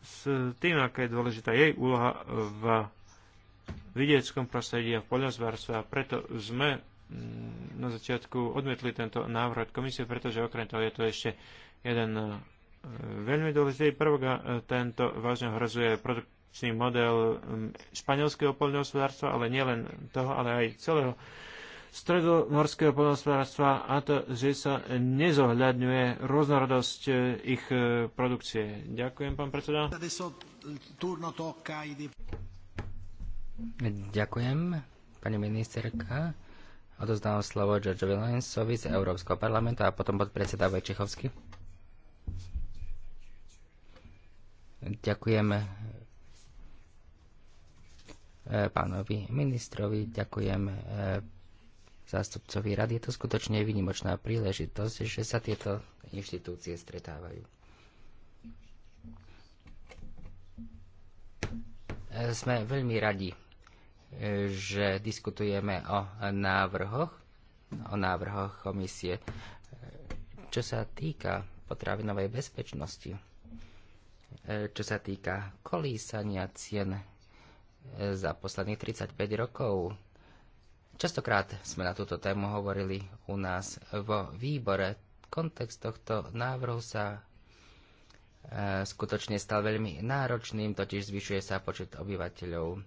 s tým, aká je dôležitá jej úloha v vidieckom prostredí a v poľnozvárstve a preto sme mm, na začiatku odmietli tento návrh komisie, pretože okrem toho je to ešte jeden e, veľmi dôležitý prvok a e, tento vážne hrozuje produkčný model španielského poľnohospodárstva, ale nielen toho, ale aj celého stredomorského poľnohospodárstva a to, že sa nezohľadňuje rôznorodosť e, ich produkcie. Ďakujem, pán predseda. Ďakujem, pani ministerka. Odozdávam slovo Georgeovi Lensovi z Európskeho parlamentu a potom podpredseda Vojčechovský. Ďakujem eh, pánovi ministrovi, ďakujem eh, zástupcovi rady. Je to skutočne výnimočná príležitosť, že sa tieto inštitúcie stretávajú. Eh, sme veľmi radi, že diskutujeme o návrhoch, o návrhoch komisie, čo sa týka potravinovej bezpečnosti, čo sa týka kolísania cien za posledných 35 rokov. Častokrát sme na túto tému hovorili u nás vo výbore. Kontext tohto návrhu sa e, skutočne stal veľmi náročným, totiž zvyšuje sa počet obyvateľov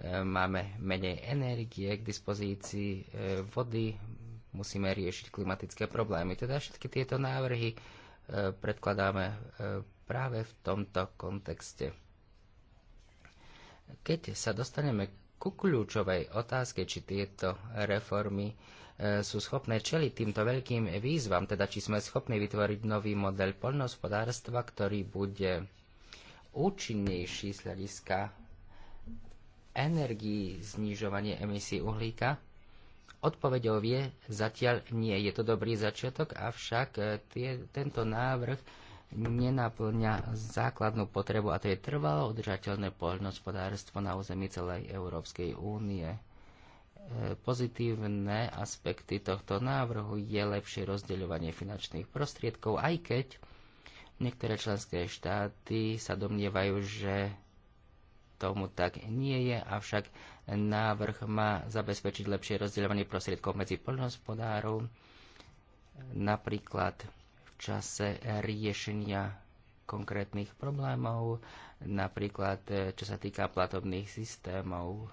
E, máme menej energie k dispozícii e, vody, musíme riešiť klimatické problémy. Teda všetky tieto návrhy e, predkladáme práve v tomto kontexte. Keď sa dostaneme ku kľúčovej otázke, či tieto reformy sú schopné čeliť týmto veľkým výzvam, teda či sme schopní vytvoriť nový model poľnohospodárstva, ktorý bude účinnejší z hľadiska energii znižovanie emisí uhlíka? Odpovedou je, zatiaľ nie. Je to dobrý začiatok, avšak e, tie, tento návrh nenaplňa základnú potrebu a to je trvalo udržateľné poľnohospodárstvo na území celej Európskej únie. E, pozitívne aspekty tohto návrhu je lepšie rozdeľovanie finančných prostriedkov, aj keď niektoré členské štáty sa domnievajú, že tomu tak nie je, avšak návrh má zabezpečiť lepšie rozdeľovanie prostriedkov medzi poľnohospodárov, napríklad v čase riešenia konkrétnych problémov, napríklad eh, čo sa týka platobných systémov.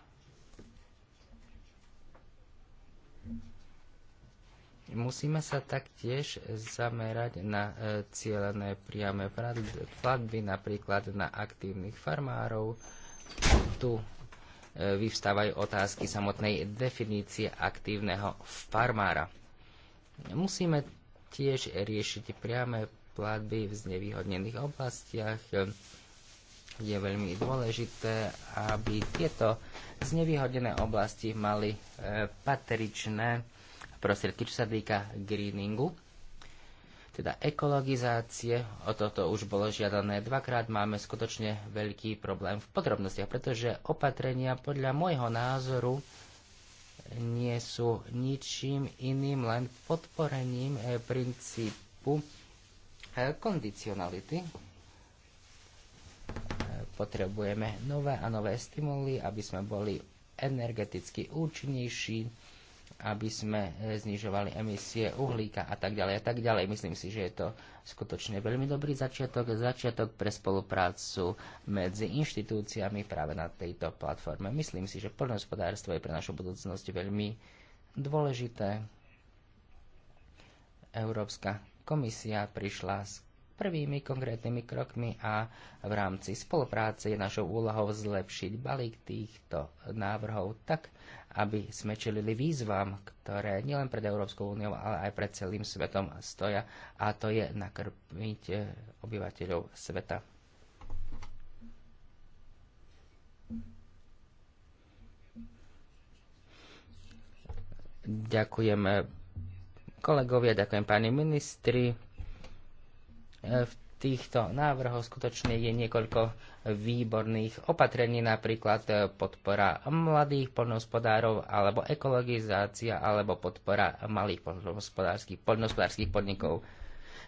Musíme sa taktiež zamerať na eh, cieľené priame platby, napríklad na aktívnych farmárov, tu e, vyvstávajú otázky samotnej definície aktívneho farmára. Musíme tiež riešiť priame platby v znevýhodnených oblastiach. Je veľmi dôležité, aby tieto znevýhodnené oblasti mali e, patričné prostriedky, čo sa týka greeningu teda ekologizácie, o toto už bolo žiadané dvakrát, máme skutočne veľký problém v podrobnostiach, pretože opatrenia podľa môjho názoru nie sú ničím iným, len podporením eh, princípu eh, kondicionality. Eh, potrebujeme nové a nové stimuly, aby sme boli energeticky účinnejší, aby sme eh, znižovali emisie uhlíka a tak ďalej a tak ďalej. Myslím si, že je to skutočne veľmi dobrý začiatok, začiatok pre spoluprácu medzi inštitúciami práve na tejto platforme. Myslím si, že poľnohospodárstvo je pre našu budúcnosť veľmi dôležité. Európska komisia prišla s prvými konkrétnymi krokmi a v rámci spolupráce je našou úlohou zlepšiť balík týchto návrhov tak, aby sme čelili výzvam, ktoré nielen pred Európskou úniou, ale aj pred celým svetom stoja, a to je nakrmiť e, obyvateľov sveta. Ďakujem e, kolegovia, ďakujem pani ministri. E, v týchto návrhov skutočne je niekoľko výborných opatrení, napríklad e, podpora mladých poľnohospodárov alebo ekologizácia alebo podpora malých poľnohospodárskych, poľnohospodárskych podnikov.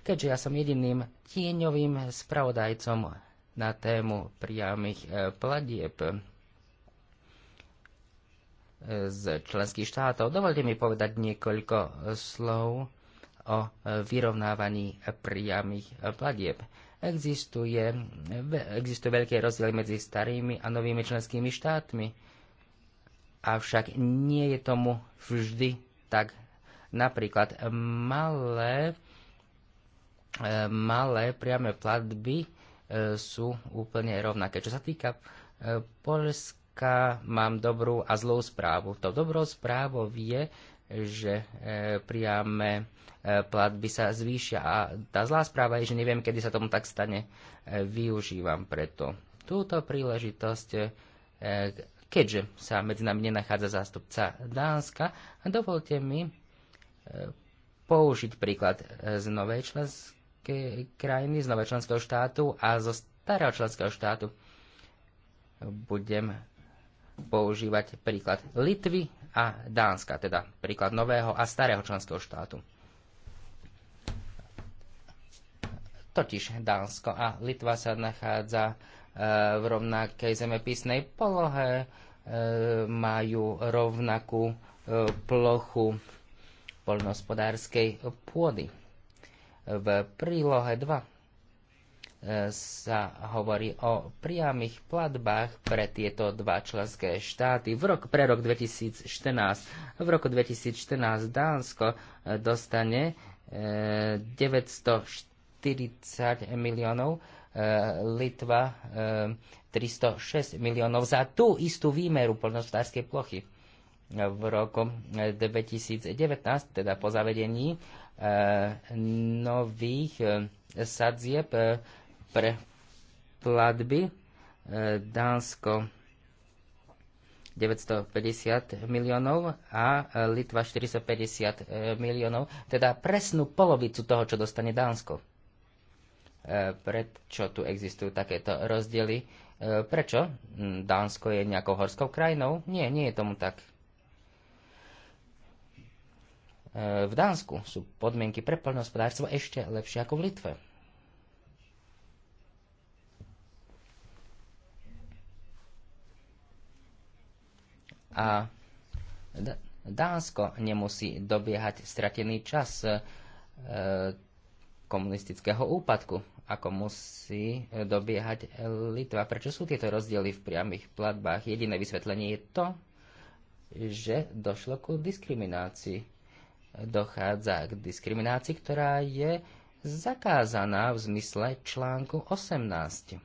Keďže ja som jediným tieňovým spravodajcom na tému priamých e, platieb e, z členských štátov, dovolte mi povedať niekoľko slov o vyrovnávaní priamých platieb. Existuje, existuje veľký rozdiel medzi starými a novými členskými štátmi, avšak nie je tomu vždy tak. Napríklad malé, e, malé priame platby e, sú úplne rovnaké. Čo sa týka Polska, e, Polska mám dobrú a zlú správu. To dobrou správou je, že e, priame e, platby sa zvýšia. A tá zlá správa je, že neviem, kedy sa tomu tak stane. E, využívam preto túto príležitosť, keďže sa medzi nami nenachádza zástupca Dánska. Dovolte mi použiť príklad z novej členskej krajiny, z novej členského štátu a zo starého členského štátu. Budem používať príklad Litvy a Dánska, teda príklad nového a starého členského štátu. Totiž Dánsko a Litva sa nachádza e, v rovnakej zemepisnej polohe, e, majú rovnakú e, plochu poľnohospodárskej pôdy. V prílohe 2 E, sa hovorí o priamých platbách pre tieto dva členské štáty. V rok, pre rok 2014. V roku 2014 Dánsko e, dostane 940 e, miliónov, Litva 306 miliónov za tú istú výmeru poľnohospodárskej plochy. V roku 2019, teda po zavedení nových sadzieb pre platby. E, Dánsko 950 miliónov a e, Litva 450 e, miliónov, teda presnú polovicu toho, čo dostane Dánsko. Prečo tu existujú takéto rozdiely? Prečo? Hm, Dánsko je nejakou horskou krajinou? Nie, nie je tomu tak. V Dánsku sú podmienky pre plnohospodárstvo ešte lepšie ako v Litve a Dánsko nemusí dobiehať stratený čas e, komunistického úpadku, ako musí dobiehať Litva. Prečo sú tieto rozdiely v priamých platbách? Jediné vysvetlenie je to, že došlo ku diskriminácii. Dochádza k diskriminácii, ktorá je zakázaná v zmysle článku 18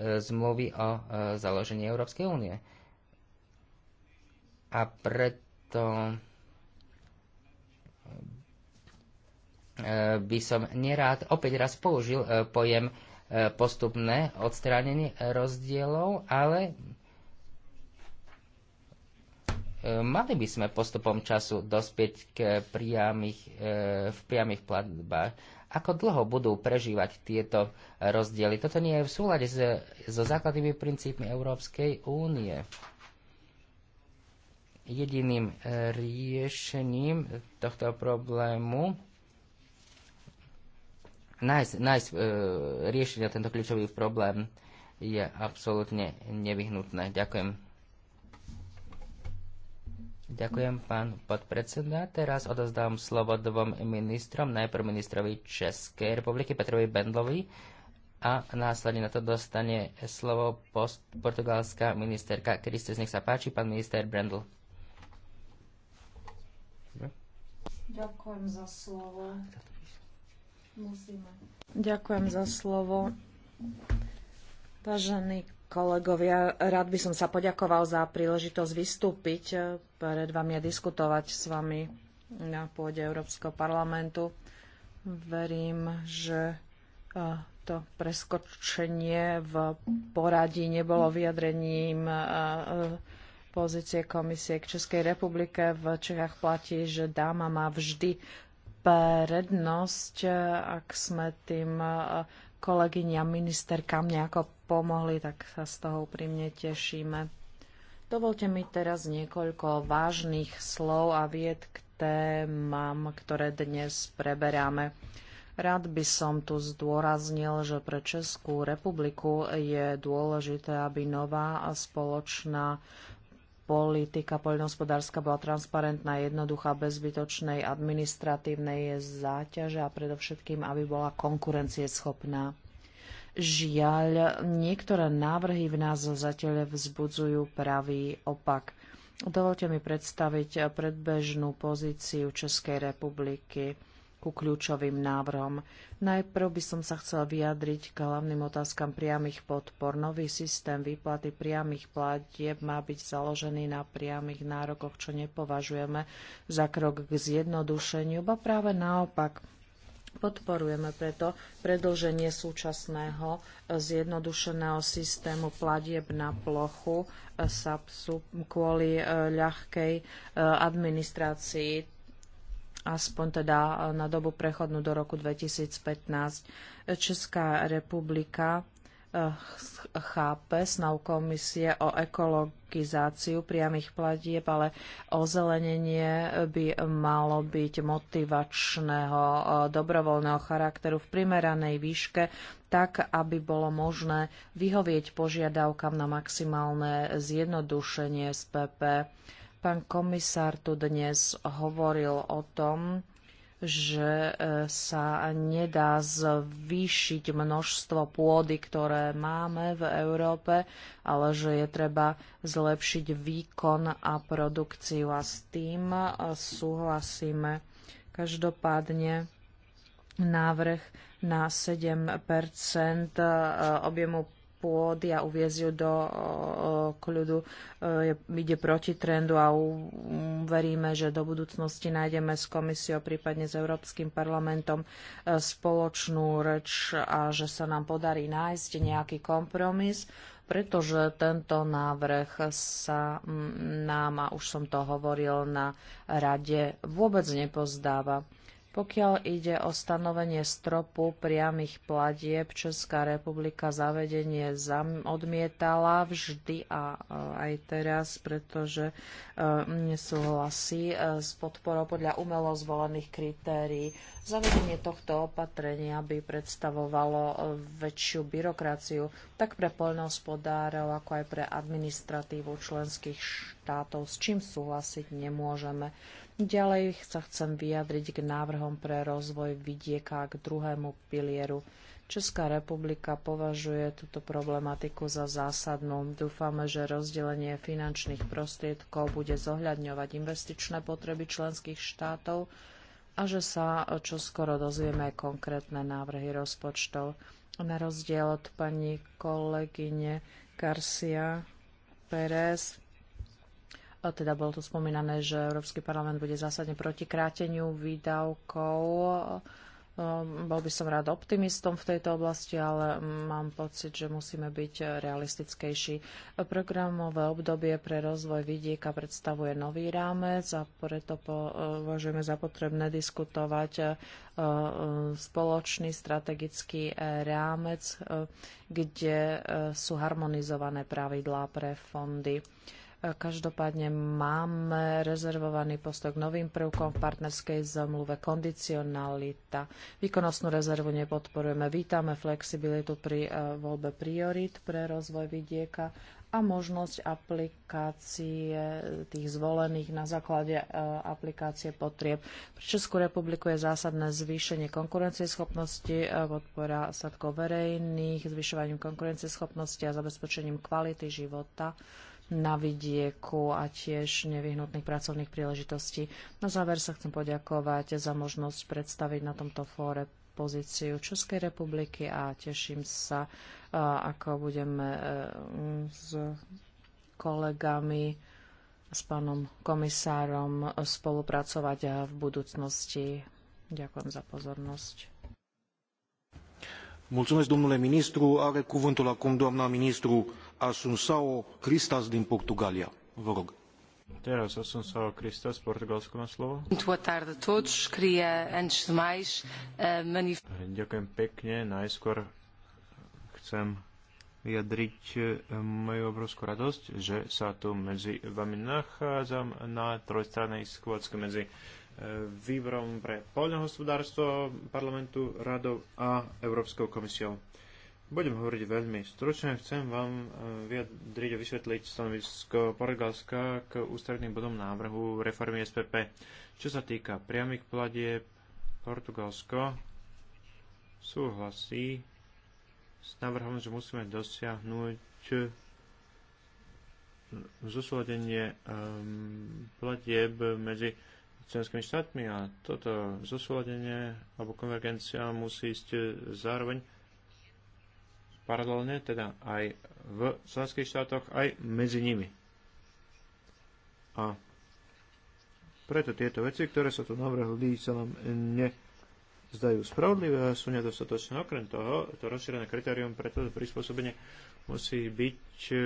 E, zmluvy o e, založení Európskej únie. A preto e, by som nerád opäť raz použil pojem postupné odstránenie rozdielov, ale mali by sme postupom času dospieť k priamých, v priamých platbách ako dlho budú prežívať tieto rozdiely. Toto nie je v súlade s, so základnými princípmi Európskej únie. Jediným e, riešením tohto problému nájsť, nájsť e, riešenie tento kľúčový problém je absolútne nevyhnutné. Ďakujem. Ďakujem, pán podpredseda. Teraz odozdám slovo dvom ministrom, najprv ministrovi Českej republiky Petrovi Bendlovi a následne na to dostane slovo portugalská ministerka Kristes. Nech sa páči, pán minister Brendl. Ďakujem za slovo. Musíme. Ďakujem za slovo. Vážený kolegovia, rád by som sa poďakoval za príležitosť vystúpiť e, pred vami a diskutovať s vami na pôde Európskeho parlamentu. Verím, že e, to preskočenie v poradí nebolo vyjadrením e, pozície komisie k Českej republike. V Čechách platí, že dáma má vždy prednosť, ak sme tým kolegyňa ministerkám nejako pomohli, tak sa z toho úprimne tešíme. Dovolte mi teraz niekoľko vážnych slov a vied k témam, ktoré dnes preberáme. Rád by som tu zdôraznil, že pre Českú republiku je dôležité, aby nová spoločná politika poľnohospodárska bola transparentná, jednoduchá, bez zbytočnej administratívnej záťaže a predovšetkým, aby bola konkurencieschopná. Žiaľ, niektoré návrhy v nás zatiaľ vzbudzujú pravý opak. Dovolte mi predstaviť predbežnú pozíciu Českej republiky ku kľúčovým návrhom. Najprv by som sa chcela vyjadriť k hlavným otázkam priamých podpor. Nový systém výplaty priamých platieb má byť založený na priamých nárokoch, čo nepovažujeme za krok k zjednodušeniu, ba práve naopak. Podporujeme preto predlženie súčasného zjednodušeného systému platieb na plochu eh, SAPSu kvôli eh, ľahkej eh, administrácii aspoň teda e, na dobu prechodnú do roku 2015. Česká republika e, chápe snahu komisie o ekologizáciu priamých platieb, ale ozelenenie by malo byť motivačného, e, dobrovoľného charakteru v primeranej výške, tak aby bolo možné vyhovieť požiadavkám na maximálne zjednodušenie z PP. Pán komisár tu dnes hovoril o tom, že e, sa nedá zvýšiť množstvo pôdy, ktoré máme v Európe, ale že je treba zlepšiť výkon a produkciu. A s tým e, súhlasíme. Každopádne návrh na 7 e, objemu pôdy a uviezť ju do kľudu e, ide proti trendu a veríme, že do budúcnosti nájdeme s komisiou, prípadne s Európskym parlamentom e, spoločnú reč a že sa nám podarí nájsť nejaký kompromis pretože tento návrh sa nám, a už som to hovoril na rade, vôbec nepozdáva. Pokiaľ ide o stanovenie stropu priamých platieb, Česká republika zavedenie odmietala vždy a aj teraz, pretože e, nesúhlasí e, s podporou podľa umelo zvolených kritérií. Zavedenie tohto opatrenia by predstavovalo e, väčšiu byrokraciu tak pre poľnohospodárov, ako aj pre administratívu členských štátov, s čím súhlasiť nemôžeme. Ďalej sa chcem vyjadriť k návrhom pre rozvoj vidieka k druhému pilieru. Česká republika považuje túto problematiku za zásadnú. Dúfame, že rozdelenie finančných prostriedkov bude zohľadňovať investičné potreby členských štátov a že sa čoskoro dozvieme aj konkrétne návrhy rozpočtov. Na rozdiel od pani kolegyne Garcia Pérez teda bolo to spomínané, že Európsky parlament bude zásadne proti kráteniu výdavkov. Um, bol by som rád optimistom v tejto oblasti, ale mám pocit, že musíme byť realistickejší. Programové obdobie pre rozvoj vidieka predstavuje nový rámec a preto považujeme za potrebné diskutovať uh, uh, spoločný strategický uh, rámec, kde sú harmonizované pravidlá pre fondy. Každopádne máme rezervovaný postoj k novým prvkom v partnerskej zmluve kondicionalita. Výkonnostnú rezervu nepodporujeme. Vítame flexibilitu pri e, voľbe priorit pre rozvoj vidieka a možnosť aplikácie tých zvolených na základe e, aplikácie potrieb. Pre Českú republiku je zásadné zvýšenie konkurencieschopnosti, e, podpora sadkov verejných, zvyšovaním konkurencieschopnosti a zabezpečením kvality života na vidieku a tiež nevyhnutných pracovných príležitostí. Na záver sa chcem poďakovať za možnosť predstaviť na tomto fóre pozíciu Českej republiky a teším sa, e, ako budeme e, s kolegami, s pánom komisárom spolupracovať v budúcnosti. Ďakujem za pozornosť. Mulțumesc, domnule ministru. Are cuvântul acum doamna ministru Asunsao Cristas din Portugalia. Vă rog. Teraz Boa tarde a todos. Queria, antes de mais, eh, manifestar... Eh, Najskôr chcem vyjadriť eh, moju obrovskú radosť, že sa tu medzi vami nachádzam na trojstrannej schôdzke medzi výborom pre poľnohospodárstvo, parlamentu, radov a Európskou komisiou. Budem hovoriť veľmi stručne. Chcem vám eh, vyjadriť a vysvetliť stanovisko Portugalska k ústredným bodom návrhu reformy SPP. Čo sa týka priamých platieb, Portugalsko súhlasí s návrhom, že musíme dosiahnuť zosúladenie um, platieb medzi členskými štátmi a toto zosúladenie alebo konvergencia musí ísť zároveň paralelne, teda aj v členských štátoch, aj medzi nimi. A preto tieto veci, ktoré sa tu navrhli, sa nám nezdajú spravodlivé a sú nedostatočné. Okrem toho, to rozšírené kritérium pre toto prispôsobenie musí byť e,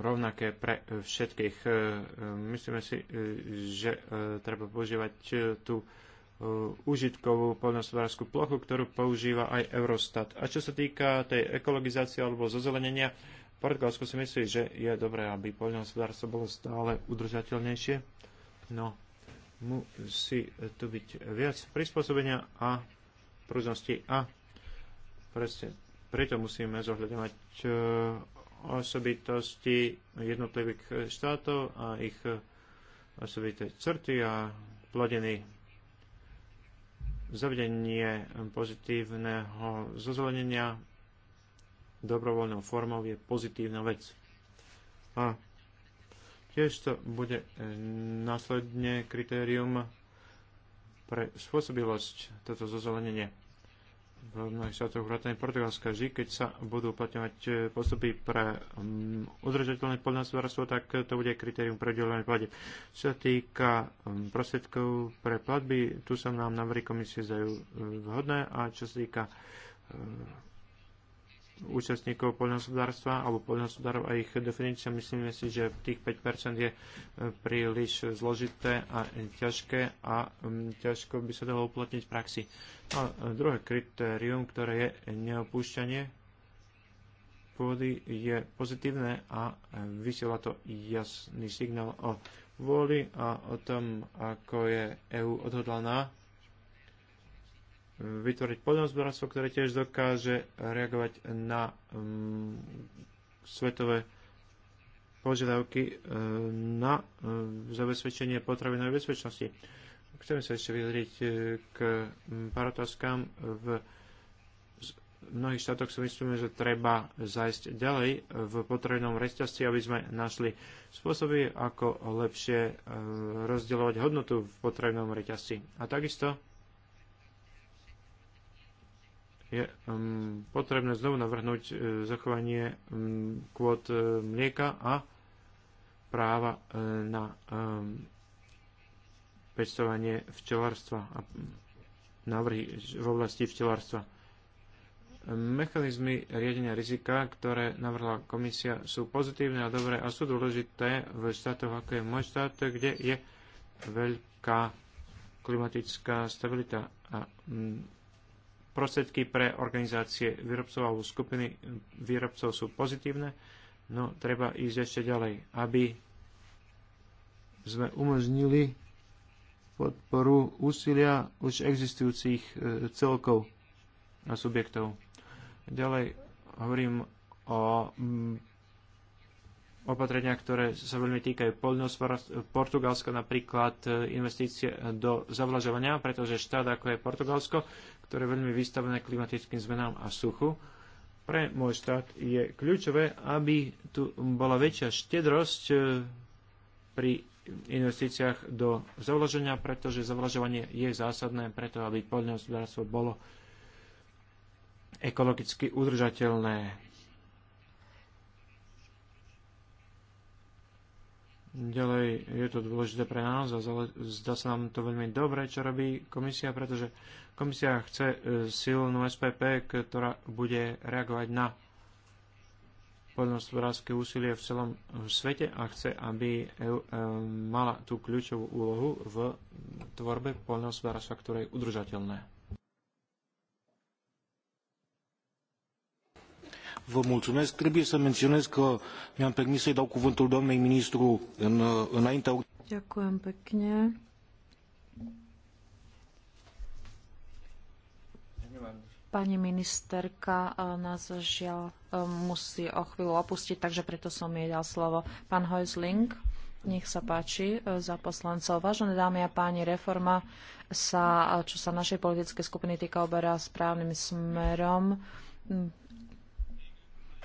rovnaké pre všetkých. E, e, myslíme si, že treba používať tú Eh, užitkovú poľnohospodárskú plochu, ktorú používa aj Eurostat. A čo sa týka tej ekologizácie alebo zozelenenia, Portugalsko si myslí, že je dobré, aby poľnohospodárstvo bolo stále udržateľnejšie. No, musí tu byť viac prispôsobenia a prúznosti a presne preto musíme zohľadňovať eh, osobitosti jednotlivých štátov a ich eh, osobité crty a plodiny zavedenie pozitívneho zozvolenia dobrovoľnou formou je pozitívna vec. A tiež to bude následne kritérium pre spôsobilosť toto zozelenenie v mnohých štátoch vrátane Portugalska vždy, keď sa budú uplatňovať e, postupy pre mm, udržateľné poľnohospodárstvo, tak to bude kritérium pre udelenie platieb. Čo sa týka mm, prostriedkov pre platby, tu sa nám návrhy komisie zdajú e, vhodné a čo sa týka e, účastníkov poľnohospodárstva alebo poľnohospodárov a ich definícia. Myslíme si, že tých 5% je e, príliš zložité a ťažké a ťažko by sa dalo uplatniť v praxi. A no, e, druhé kritérium, ktoré je neopúšťanie pôdy, je pozitívne a e, vysiela to jasný signál o vôli a o tom, ako je EÚ odhodlaná vytvoriť poľnohospodárstvo, ktoré tiež dokáže reagovať na um, svetové požiadavky e, na e, zabezpečenie potravinovej bezpečnosti. Chceme sa ešte vyjadriť e, k pár V mnohých štátoch si myslíme, že treba zajsť ďalej v potravinom reťazci, aby sme našli spôsoby, ako lepšie rozdeľovať hodnotu v potrebnom reťazci. A takisto je um, potrebné znovu navrhnúť e, zachovanie um, kvót e, mlieka a práva e, na um, pestovanie včelárstva a návrhy v oblasti včelárstva. Mechanizmy riadenia rizika, ktoré navrhla komisia, sú pozitívne a dobré a sú dôležité v štátoch, ako je môj štát, kde je veľká klimatická stabilita a mm, prostriedky pre organizácie výrobcov alebo skupiny výrobcov sú pozitívne, no treba ísť ešte ďalej, aby sme umožnili podporu úsilia už existujúcich e, celkov a subjektov. Ďalej hovorím o mm, opatrenia, ktoré sa veľmi týkajú Portugalska, napríklad e, investície do zavlažovania, pretože štát ako je Portugalsko ktoré je veľmi vystavené klimatickým zmenám a suchu. Pre môj štát je kľúčové, aby tu bola väčšia štedrosť e, pri investíciách do zavlaženia, pretože zavlažovanie je zásadné preto, aby poľnohospodárstvo bolo ekologicky udržateľné. Ďalej je to dôležité pre nás a zdá sa nám to veľmi dobre, čo robí komisia, pretože komisia chce e, silnú SPP, ktorá bude reagovať na poľnohospodárske úsilie v celom e, svete a chce, aby EU e, mala tú kľúčovú úlohu v tvorbe poľnohospodárstva, ktoré je udržateľné. Trebuie să menionez că mi-am permis să-i dau cuvântul doamnei ministru în, înaintea... Ďakujem pekne. Pani ministerka eh, nás žiaľ eh, musí o chvíľu opustiť, takže preto som jej dal slovo. Pán Hojzling, nech sa páči eh, za poslancov. Vážené dámy a páni, reforma sa, čo sa našej politickej skupiny týka, oberá správnym smerom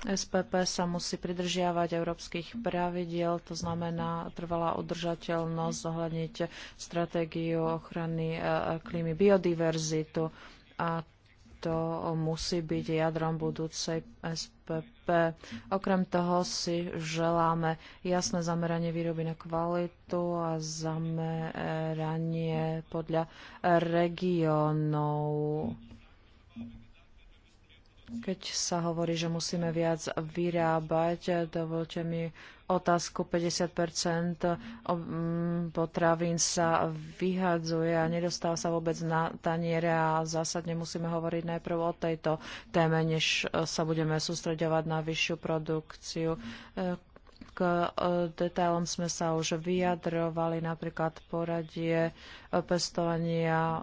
SPP sa musí pridržiavať európskych pravidiel, to znamená trvalá udržateľnosť, zohľadniť stratégiu ochrany e, e, klímy, biodiverzitu a to musí byť jadrom budúcej SPP. Okrem toho si želáme jasné zameranie výroby na kvalitu a zameranie podľa regiónov keď sa hovorí, že musíme viac vyrábať, dovolte mi otázku 50 mm, potravín sa vyhadzuje a nedostáva sa vôbec na taniere a zásadne musíme hovoriť najprv o tejto téme, než e, sa budeme sústreďovať na vyššiu produkciu. E, k e, detailom sme sa už vyjadrovali, napríklad poradie pestovania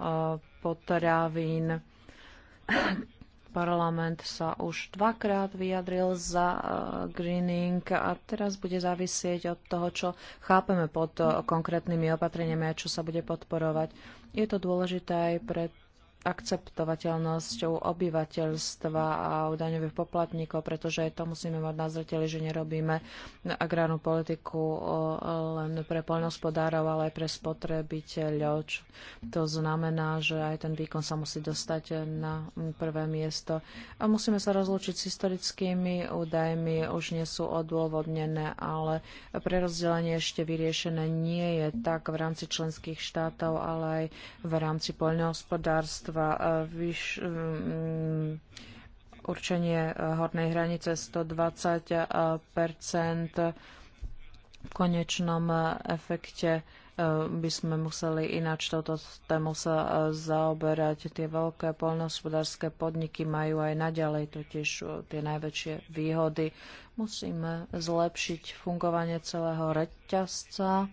potravín parlament sa už dvakrát vyjadril za e, greening a teraz bude závisieť od toho, čo chápeme pod e, konkrétnymi opatreniami a čo sa bude podporovať. Je to dôležité aj pre akceptovateľnosťou obyvateľstva a daňových poplatníkov, pretože to musíme mať na zreteli, že nerobíme agrárnu politiku eh, len pre poľnohospodárov, ale aj pre spotrebiteľov. To znamená, že aj ten výkon sa musí dostať na prvé miesto. A musíme sa rozlúčiť s historickými údajmi, už nie sú odôvodnené, ale prerozdelenie ešte vyriešené nie je tak v rámci členských štátov, ale aj v rámci poľnohospodárstva rybárstva, vyš, um, určenie e, hornej hranice 120 e, v konečnom e, efekte by sme museli ináč toto tému sa zaoberať. Tie veľké poľnohospodárske podniky majú aj naďalej totiž tie najväčšie výhody. Musíme zlepšiť fungovanie celého reťazca,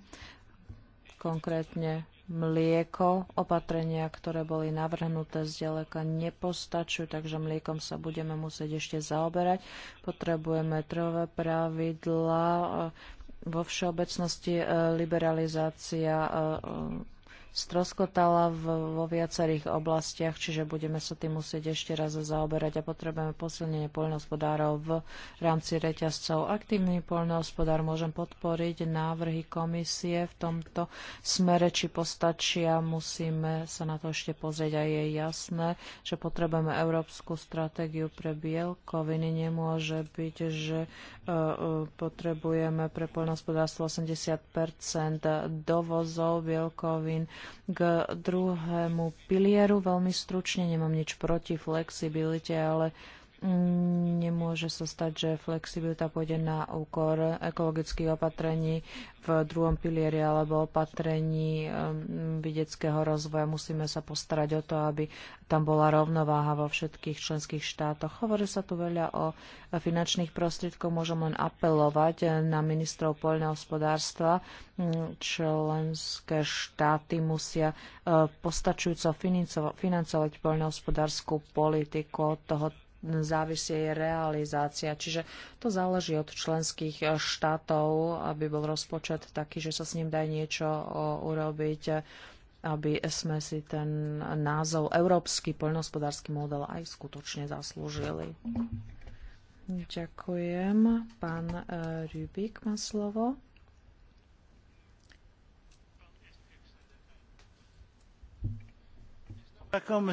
konkrétne mlieko. Opatrenia, ktoré boli navrhnuté, zďaleka nepostačujú, takže mliekom sa budeme musieť ešte zaoberať. Potrebujeme trhové pravidla, eh, vo všeobecnosti eh, liberalizácia eh, stroskotala vo viacerých oblastiach, čiže budeme sa tým musieť ešte raz zaoberať a potrebujeme posilnenie poľnohospodárov v rámci reťazcov. Aktívny poľnohospodár môžem podporiť návrhy komisie v tomto smere, či postačia. Musíme sa na to ešte pozrieť a je jasné, že potrebujeme európsku stratégiu pre bielkoviny. Nemôže byť, že e, e, potrebujeme pre poľnohospodárstvo 80 dovozov bielkovín k druhému pilieru veľmi stručne nemám nič proti flexibilite, ale Mm, nemôže sa stať, že flexibilita pôjde na úkor ekologických opatrení v druhom pilieri alebo opatrení um, vedeckého rozvoja. Musíme sa postarať o to, aby tam bola rovnováha vo všetkých členských štátoch. Hovorí sa tu veľa o finančných prostriedkoch. Môžem len apelovať na ministrov poľnohospodárstva. Mm, členské štáty musia uh, postačujúco financovať poľnohospodárskú politiku od toho závisí jej realizácia. Čiže to záleží od členských štátov, aby bol rozpočet taký, že sa s ním dá niečo urobiť aby sme si ten názov Európsky poľnohospodársky model aj skutočne zaslúžili. Ďakujem. Pán e, Rubik má slovo. Acum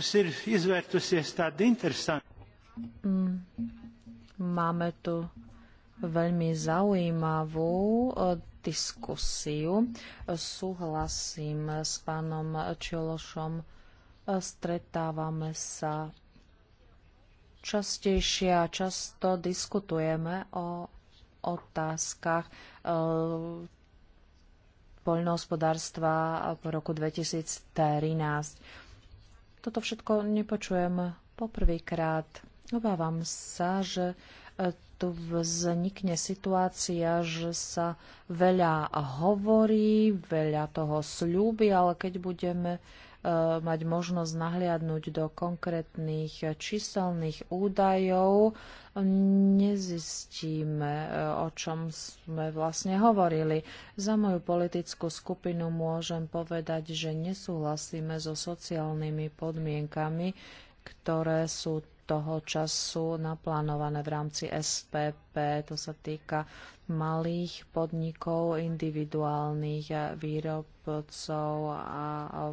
Mm. Máme tu veľmi zaujímavú e, diskusiu. Súhlasím s pánom Čološom. E, Stretávame sa častejšie a často diskutujeme o otázkach e, poľnohospodárstva v roku 2013. Toto všetko nepočujem poprvýkrát. Obávam sa, že e, tu vznikne situácia, že sa veľa hovorí, veľa toho slúbi, ale keď budeme e, mať možnosť nahliadnúť do konkrétnych číselných údajov, nezistíme, e, o čom sme vlastne hovorili. Za moju politickú skupinu môžem povedať, že nesúhlasíme so sociálnymi podmienkami, ktoré sú toho času naplánované v rámci SPP. To sa týka malých podnikov, individuálnych výrobcov a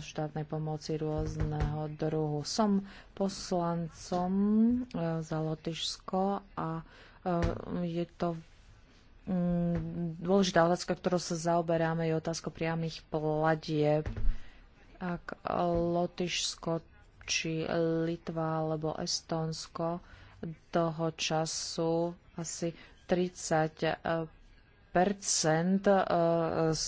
štátnej pomoci rôzneho druhu. Som poslancom e, za Lotyšsko a e, je to mm, dôležitá otázka, ktorou sa zaoberáme, je otázka priamých platieb. Ak Lotyšsko či Litva alebo Estónsko toho času asi 30 eh, percent eh, z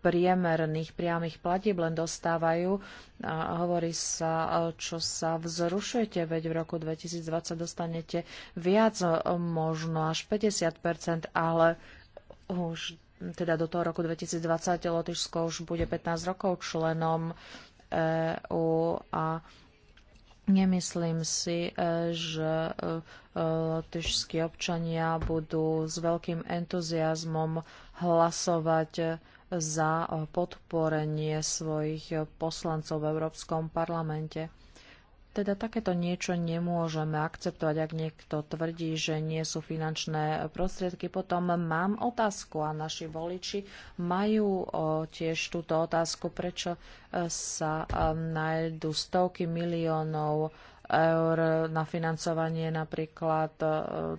priemerných priamých platieb len dostávajú. A hovorí sa, eh, čo sa vzrušujete, veď v roku 2020 dostanete viac, možno až 50 ale už teda do toho roku 2020 Lotyšsko už bude 15 rokov členom EU e a Nemyslím si, e, že e, latišskí občania budú s veľkým entuziasmom hlasovať e, za podporenie svojich poslancov v Európskom parlamente. Teda takéto niečo nemôžeme akceptovať, ak niekto tvrdí, že nie sú finančné prostriedky. Potom mám otázku a naši voliči majú tiež túto otázku, prečo e, sa e, nájdu stovky miliónov eur na financovanie napríklad e,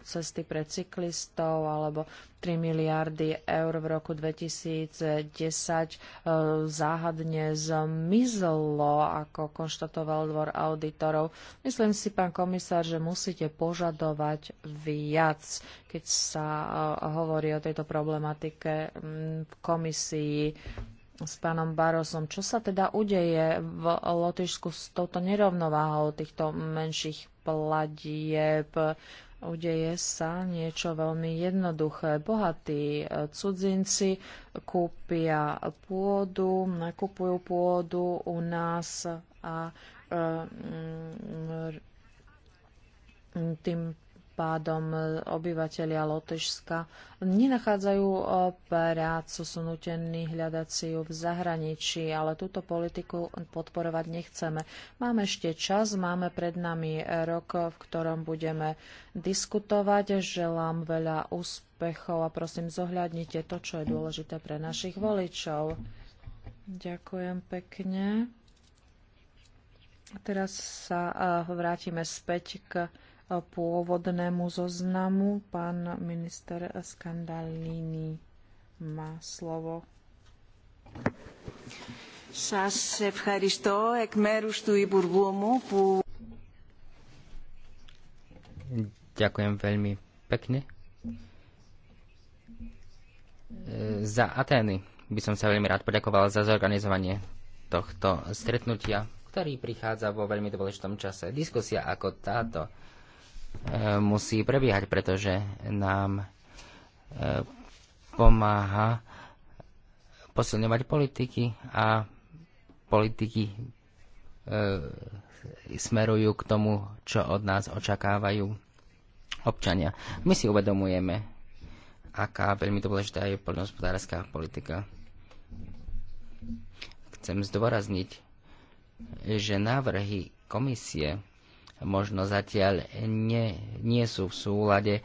cesty pre cyklistov alebo 3 miliardy eur v roku 2010 e, záhadne zmizlo, ako konštatoval dvor auditorov. Myslím si, pán komisár, že musíte požadovať viac, keď sa e, hovorí o tejto problematike v komisii s pánom Barosom. Čo sa teda udeje v Lotyšsku s touto nerovnováhou týchto menších pladieb? Udeje sa niečo veľmi jednoduché. Bohatí e, cudzinci kúpia pôdu, nakupujú pôdu u nás a e, tým pádom e, obyvateľia Lotyšska nenachádzajú e, prácu, sú nutení hľadať si ju v zahraničí, ale túto politiku podporovať nechceme. Máme ešte čas, máme pred nami rok, v ktorom budeme diskutovať. Želám veľa úspechov a prosím zohľadnite to, čo je dôležité pre našich voličov. Ďakujem pekne. teraz sa e, vrátime späť k pôvodnému zoznamu. Pán minister Skandalini má slovo. Ďakujem veľmi pekne. E, za Atény by som sa veľmi rád poďakoval za zorganizovanie tohto stretnutia, ktorý prichádza vo veľmi dôležitom čase. Diskusia ako táto E, musí prebiehať, pretože nám e, pomáha posilňovať politiky a politiky e, smerujú k tomu, čo od nás očakávajú občania. My si uvedomujeme, aká veľmi dôležitá je poľnohospodárska politika. Chcem zdôrazniť, že návrhy komisie možno zatiaľ nie, nie sú v súlade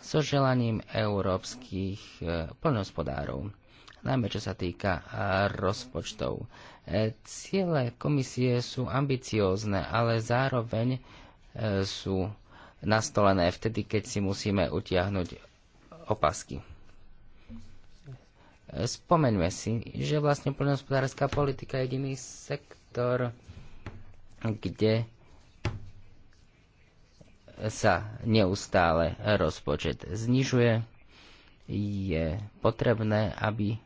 so želaním európskych e, poľnohospodárov. najmä čo sa týka e, rozpočtov. E, ciele komisie sú ambiciózne, ale zároveň sú nastolené vtedy, keď si musíme utiahnuť opasky. Spomeňme si, že vlastne poľnohospodárska politika je jediný sektor, kde sa neustále rozpočet znižuje, je potrebné, aby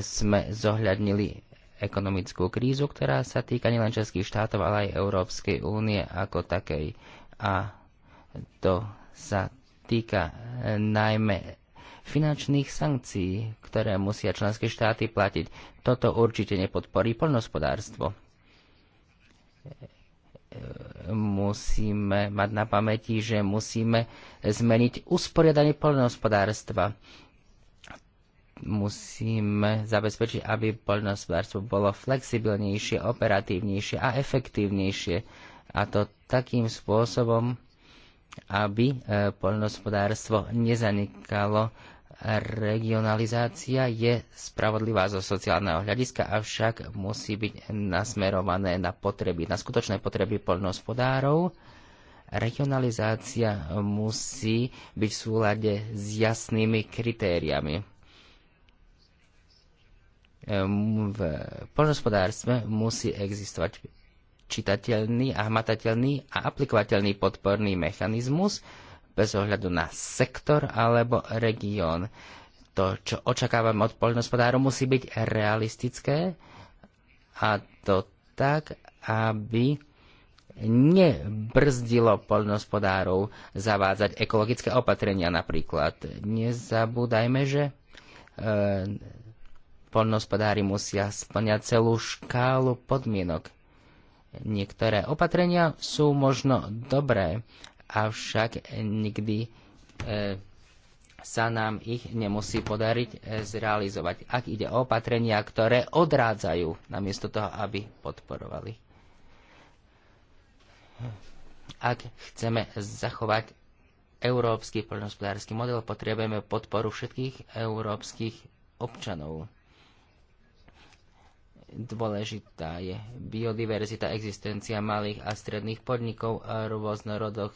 sme zohľadnili ekonomickú krízu, ktorá sa týka nielen Českých štátov, ale aj Európskej únie ako takej. A to sa týka najmä finančných sankcií, ktoré musia členské štáty platiť. Toto určite nepodporí poľnohospodárstvo musíme mať na pamäti, že musíme zmeniť usporiadanie poľnohospodárstva. Musíme zabezpečiť, aby poľnohospodárstvo bolo flexibilnejšie, operatívnejšie a efektívnejšie. A to takým spôsobom, aby e, poľnohospodárstvo nezanikalo Regionalizácia je spravodlivá zo sociálneho hľadiska, avšak musí byť nasmerované na potreby, na skutočné potreby poľnohospodárov. Regionalizácia musí byť v súlade s jasnými kritériami. Ehm, v poľnohospodárstve musí existovať čitateľný a hmatateľný a aplikovateľný podporný mechanizmus, bez ohľadu na sektor alebo región. To, čo očakávame od poľnohospodárov, musí byť realistické a to tak, aby nebrzdilo poľnohospodárov zavádzať ekologické opatrenia napríklad. Nezabúdajme, že e, poľnohospodári musia splňať celú škálu podmienok. Niektoré opatrenia sú možno dobré, avšak nikdy e, sa nám ich nemusí podariť e, zrealizovať, ak ide o opatrenia, ktoré odrádzajú, namiesto toho, aby podporovali. Ak chceme zachovať európsky poľnohospodársky model, potrebujeme podporu všetkých európskych občanov. Dôležitá je biodiverzita, existencia malých a stredných podnikov a rôznorodoch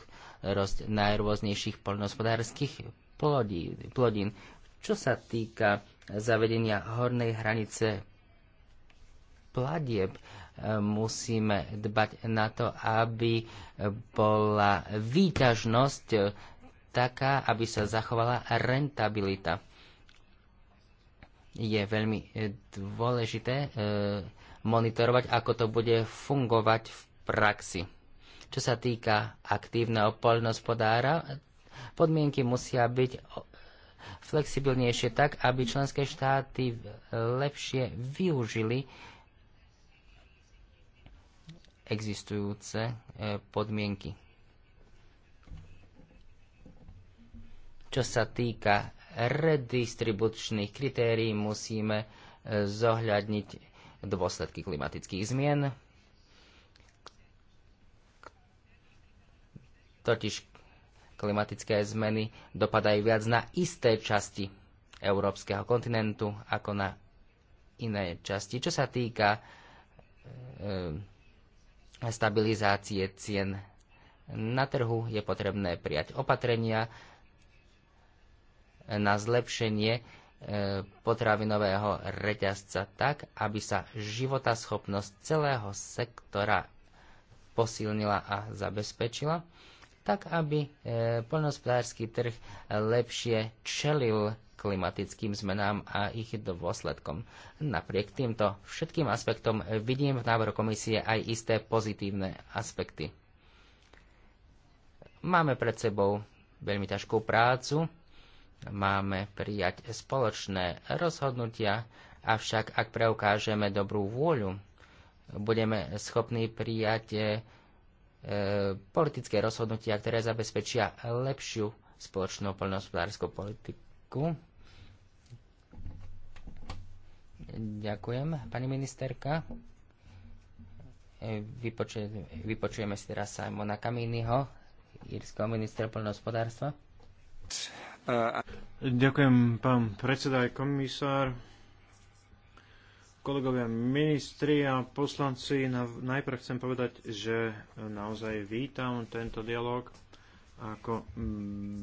najrôznejších poľnohospodárskych plodí, plodín. Čo sa týka zavedenia hornej hranice pladieb, musíme dbať na to, aby bola výťažnosť taká, aby sa zachovala rentabilita je veľmi e, dôležité e, monitorovať, ako to bude fungovať v praxi. Čo sa týka aktívneho poľnohospodára, podmienky musia byť e, flexibilnejšie tak, aby členské štáty lepšie využili existujúce podmienky. Čo sa týka redistribučných kritérií musíme e, zohľadniť dôsledky klimatických zmien, totiž klimatické zmeny dopadajú viac na isté časti európskeho kontinentu ako na iné časti. Čo sa týka e, stabilizácie cien na trhu, je potrebné prijať opatrenia, na zlepšenie e, potravinového reťazca tak, aby sa životaschopnosť celého sektora posilnila a zabezpečila, tak aby e, poľnohospodársky trh lepšie čelil klimatickým zmenám a ich dôsledkom. Napriek týmto všetkým aspektom vidím v návrhu komisie aj isté pozitívne aspekty. Máme pred sebou veľmi ťažkú prácu, Máme prijať spoločné rozhodnutia, avšak ak preukážeme dobrú vôľu, budeme schopní prijať e, politické rozhodnutia, ktoré zabezpečia lepšiu spoločnú poľnohospodárskú politiku. Ďakujem, pani ministerka. E, vypočujeme, vypočujeme si teraz Simona Kamínyho, írskeho ministra poľnohospodárstva. Ďakujem, pán predseda aj komisár. Kolegovia ministri a poslanci, najprv chcem povedať, že naozaj vítam tento dialog. Ako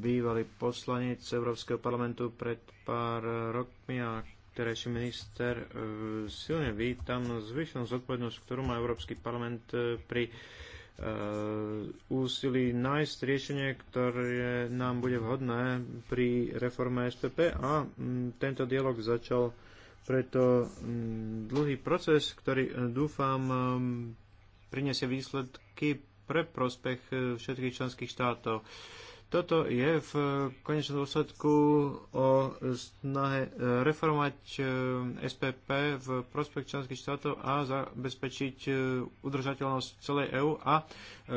bývalý poslanec Európskeho parlamentu pred pár rokmi a terajší minister, e, silne vítam zvyšnú zodpovednosť, ktorú má Európsky parlament e, pri E, úsilí nájsť riešenie, ktoré nám bude vhodné pri reforme SPP a mm, tento dialog začal preto mm, dlhý proces, ktorý e, dúfam e, priniesie výsledky pre prospech všetkých členských štátov. Toto je v konečnom dôsledku o snahe e, reformovať e, SPP v prospech členských štátov a zabezpečiť e, udržateľnosť celej EÚ a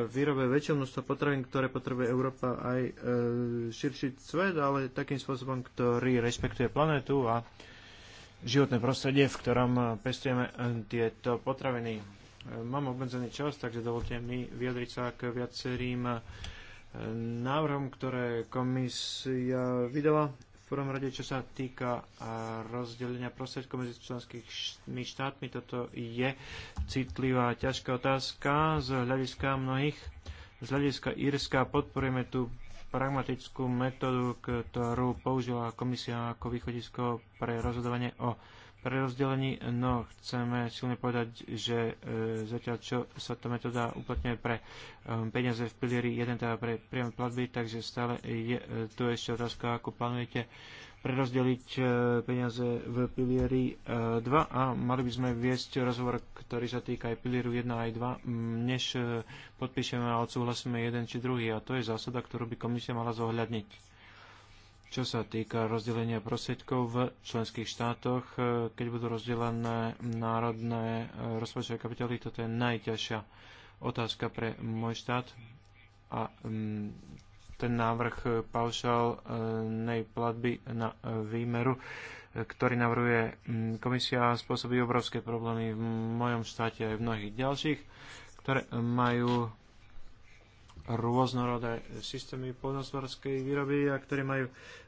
výrobe väčšie množstva potravín, ktoré potrebuje Európa aj širší svet, ale takým spôsobom, ktorý rešpektuje planetu a životné prostredie, v ktorom pestujeme tieto potraviny. Mám obmedzený čas, takže dovolte mi vyjadriť sa k viacerým návrhom, ktoré komisia vydala. V prvom rade, čo sa týka rozdelenia prostriedkov medzi členskými štátmi, toto je citlivá, ťažká otázka z hľadiska mnohých. Z hľadiska Írska podporujeme tú pragmatickú metódu, ktorú použila komisia ako východisko pre rozhodovanie o prerozdelení, no chceme silne povedať, že e, zatiaľ čo sa tá metóda uplatňuje pre e, peniaze v pilieri 1, teda pre priame platby, takže stále je e, tu ešte otázka, ako plánujete prerozdeliť e, peniaze v pilieri e, 2 a mali by sme viesť rozhovor, ktorý sa týka aj pilieru 1 aj 2, než e, podpíšeme a odsúhlasíme jeden či druhý a to je zásada, ktorú by komisia mala zohľadniť čo sa týka rozdelenia prostriedkov v členských štátoch, e, keď budú rozdelené národné e, rozpočtové kapitály, toto je najťažšia otázka pre môj štát. A mm, ten návrh e, paušálnej platby na výmeru, ktorý navrhuje mm, komisia, spôsobí obrovské problémy v mojom štáte aj v mnohých ďalších, ktoré majú rôznorodé systémy poľnohospodárskej výroby, a ktoré majú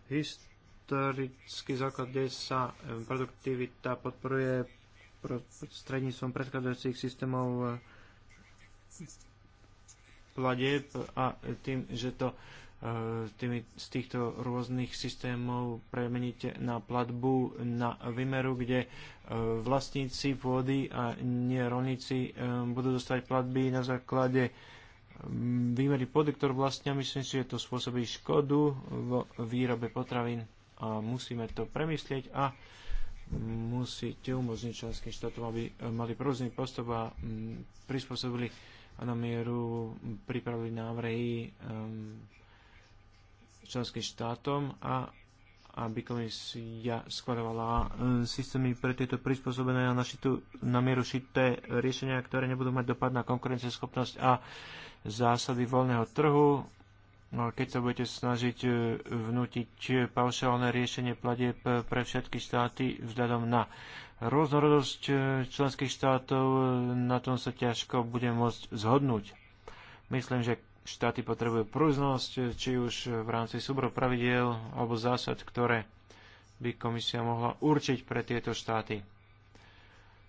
historický základ, kde sa eh, produktivita podporuje prostredníctvom predchádzajúcich systémov eh, pladieb a tým, že to eh, tými, z týchto rôznych systémov premeníte na platbu, na výmeru, kde vlastníci pôdy a nie rolníci budú dostať platby na základe výmery pôdy, ktorú vlastne myslím si, že to spôsobí škodu v výrobe potravín a musíme to premyslieť a musíte umožniť členským štátom, aby mali prvozný postup a mm, prispôsobili a na mieru pripravili návrhy mm, členským štátom a aby komisia skladovala mm, systémy pre tieto prispôsobené a naši na mieru šité riešenia, ktoré nebudú mať dopad na konkurencieschopnosť a zásady voľného trhu. No, keď sa budete snažiť e, vnútiť paušálne riešenie platieb e, pre všetky štáty vzhľadom na rôznorodosť e, členských štátov, na tom sa ťažko bude môcť zhodnúť. Myslím, že štáty potrebujú prúznosť, či už v rámci súboru pravidiel alebo zásad, ktoré by komisia mohla určiť pre tieto štáty.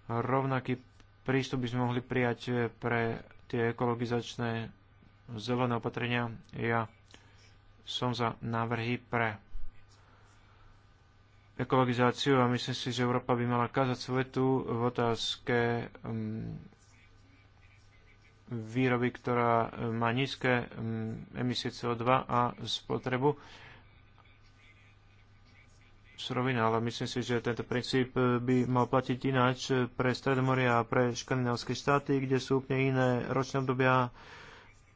Rovnaký prístup by sme mohli prijať pre tie ekologizačné zelené opatrenia. Ja som za návrhy pre ekologizáciu a myslím si, že Európa by mala kázať svetu v otázke mm, výroby, ktorá má nízke mm, emisie CO2 a spotrebu surovina, ale myslím si, že tento princíp e, by mal platiť ináč e, pre Stredomoria a pre škandinávské štáty, kde sú úplne iné ročné obdobia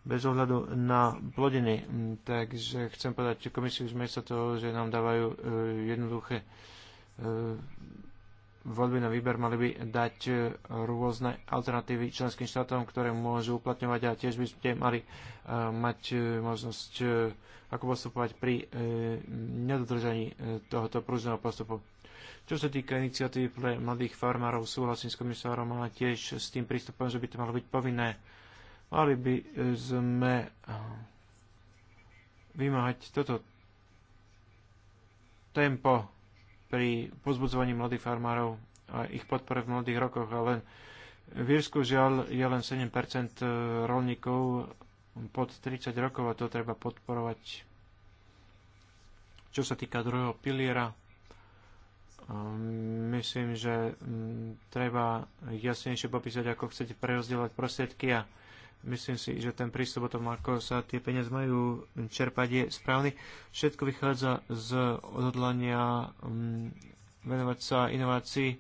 bez ohľadu na plodiny. Mm, Takže chcem povedať komisiu z mesta toho, že nám dávajú e, jednoduché voľby na výber mali by dať e, rôzne alternatívy členským štátom, ktoré môžu uplatňovať a tiež by ste mali e, mať e, možnosť ako postupovať pri nedodržaní tohoto prúžneho postupu. Čo sa týka iniciatívy pre mladých farmárov, súhlasím s komisárom a tiež s tým prístupom, že by to malo byť povinné. Mali by sme vymáhať toto tempo pri pozbudzovaní mladých farmárov a ich podpore v mladých rokoch, ale v Írsku žiaľ je len 7% e, rolníkov pod 30 rokov a to treba podporovať. Čo sa týka druhého piliera, e, myslím, že treba jasnejšie popísať, ako chcete prerozdeľovať prostriedky a Myslím si, že ten prístup o tom, ako sa tie peniaze majú čerpať, je správny. Všetko vychádza z odhodlania mm, venovať sa inovácii e,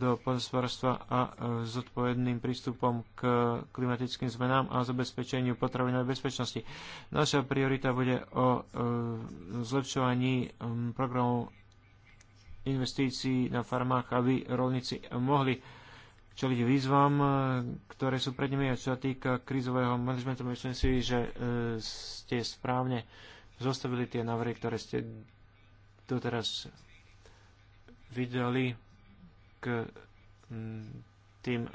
do podhospodárstva a e, zodpovedným prístupom k klimatickým zmenám a zabezpečeniu potravinovej bezpečnosti. Naša priorita bude o e, zlepšovaní mm, programov investícií na farmách, aby rolníci mohli čeliť výzvam, e, ktoré sú pred nimi. A čo sa týka krízového manažmentu, myslím si, že e, ste správne zostavili tie návrhy, ktoré ste doteraz videli k tým e,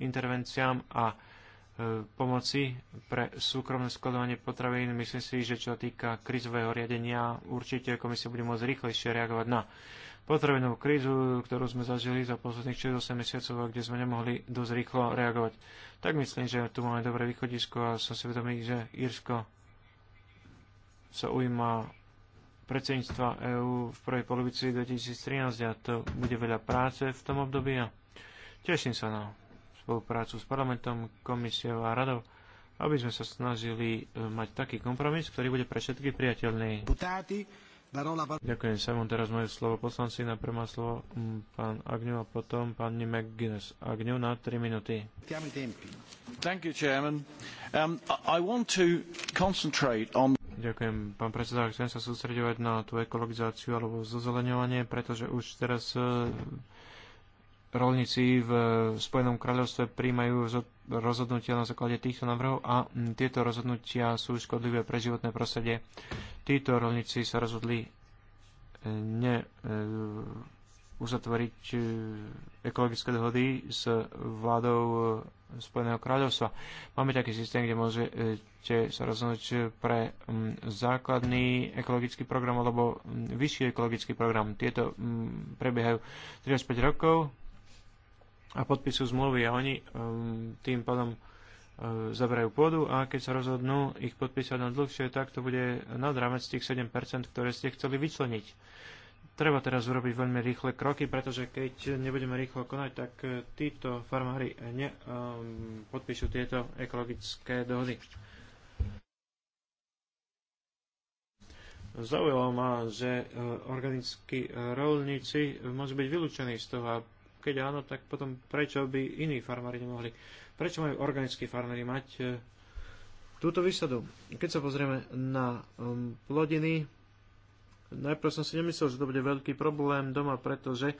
intervenciám a pomoci pre súkromné skladovanie potravín. Myslím si, že čo sa týka krizového riadenia, určite komisia bude môcť rýchlejšie reagovať na potravinovú krízu, ktorú sme zažili za posledných 6-8 mesiacov, kde sme nemohli dosť rýchlo reagovať. Tak myslím, že tu máme dobré východisko a som si vedomý, že Írsko sa ujíma predsedníctva EÚ v prvej polovici 2013 a to bude veľa práce v tom období a teším sa na spoluprácu s parlamentom, komisiou a radou, aby sme sa snažili e, mať taký kompromis, ktorý bude pre všetky priateľný. Putáty. Ďakujem, Simon. Teraz moje slovo poslanci. na má slovo mm, pán Agňo a potom pani McGuinness. Agňo na 3 minúty. Thank you, Chairman. Um, I want to concentrate on... Ďakujem, pán predseda. Chcem sa sústredovať na tú ekologizáciu alebo zozeleňovanie, pretože už teraz uh, rolníci v Spojenom kráľovstve príjmajú zod rozhodnutia na základe týchto návrhov a tieto rozhodnutia sú škodlivé pre životné prostredie. Títo rolníci sa rozhodli e, ne e, uzatvoriť e, ekologické dohody s vládou Spojeného kráľovstva. Máme taký systém, kde môžete sa rozhodnúť pre základný ekologický program alebo vyšší ekologický program. Tieto prebiehajú 35 rokov, a podpisu zmluvy a oni um, tým pádom uh, zaberajú pôdu a keď sa rozhodnú ich podpísať na dlhšie, tak to bude nad rámec tých 7%, ktoré ste chceli vyčleniť. Treba teraz urobiť veľmi rýchle kroky, pretože keď nebudeme rýchlo konať, tak uh, títo farmári ne, um, podpíšu tieto ekologické dohody. Zaujalo ma, že uh, organickí uh, rolníci môžu byť vylúčení z toho a keď áno, tak potom prečo by iní farmári nemohli? Prečo majú organickí farmári mať e, túto výsadu? Keď sa pozrieme na um, plodiny, Najprv som si nemyslel, že to bude veľký problém doma, pretože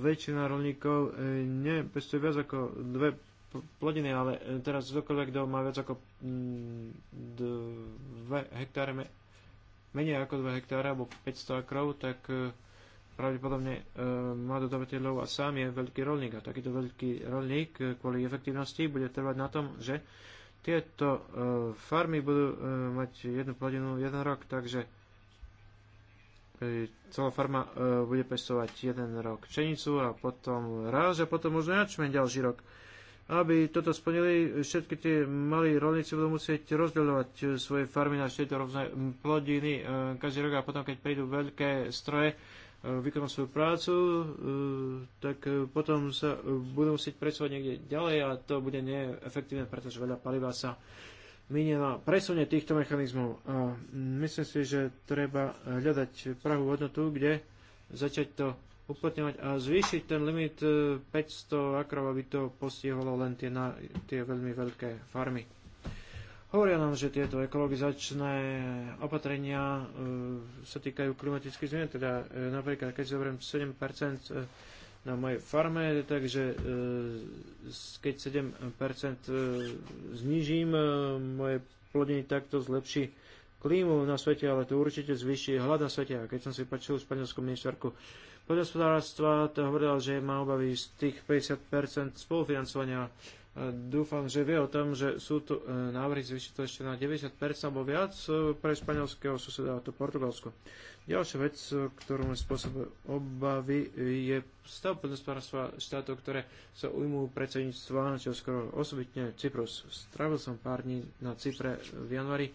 väčšina rolníkov e, nepestuje viac ako dve plodiny, ale e, teraz kdokoľvek, kto má viac ako 2 mm, hektáre, menej ako 2 hektáre alebo 500 akrov, tak pravdepodobne e, má dodavateľov a sám je veľký rolník. A takýto veľký rolník e, kvôli efektivnosti bude trvať na tom, že tieto e, farmy budú mať jednu plodinu jeden rok, takže celá farma bude pestovať jeden rok pšenicu a potom ráž a potom možno jačmeň ďalší rok. Aby toto splnili, všetky tie malí rolníci budú musieť rozdeľovať svoje farmy na všetky rôzne plodiny každý rok a potom, keď prídu veľké stroje, vykonal svoju prácu, e, tak potom sa budú musieť presúvať niekde ďalej a to bude neefektívne, pretože veľa paliva sa minie na presunie týchto mechanizmov. A myslím si, že treba hľadať pravú hodnotu, kde začať to uplatňovať a zvýšiť ten limit 500 e, akrov, aby to postihlo len tie, na, tie veľmi veľké farmy. Hovoria nám, že tieto ekologizačné opatrenia e, sa týkajú klimatických zmien, teda e, napríklad keď zoberiem 7 e, na mojej farme, takže keď 7% znižím moje plodiny, tak to zlepší klímu na svete, ale to určite zvyšší hľad na svete. A keď som si počul španielskú ministerku poľnohospodárstva, to hovorila, že má obavy z tých 50% spolufinancovania. E, dúfam, že vie o tom, že sú tu e, návrhy zvyšiť to ešte na 90% alebo viac e, pre španielského suseda, to Portugalsko. Ďalšia vec, ktorú mi spôsobuje obavy, je stav podnospodárstva štátov, ktoré sa ujmú predsedníctva, čo skoro osobitne Cyprus. Strávil som pár dní na Cypre v januári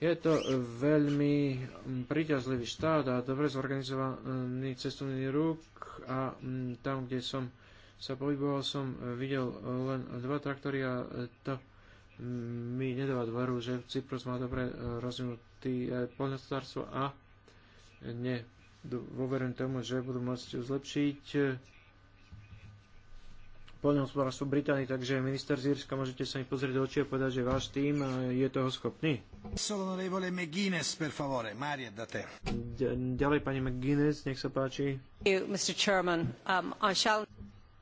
je to veľmi mm, príťazlivý štát a dobre zorganizovaný cestovný rúk a mm, tam, kde som sa pohyboval, som videl len dva traktory a to mi nedáva dvaru, že Cyprus má dobre e, rozvinutý e, poľnohospodárstvo a ne dôverujem tomu, že budú môcť zlepšiť e, poľnohospodárstvo Británii, takže minister z môžete sa mi pozrieť do očí a povedať, že váš tým eh, je toho schopný. Ďalej pani McGuinness, nech sa páči. You, um, shall...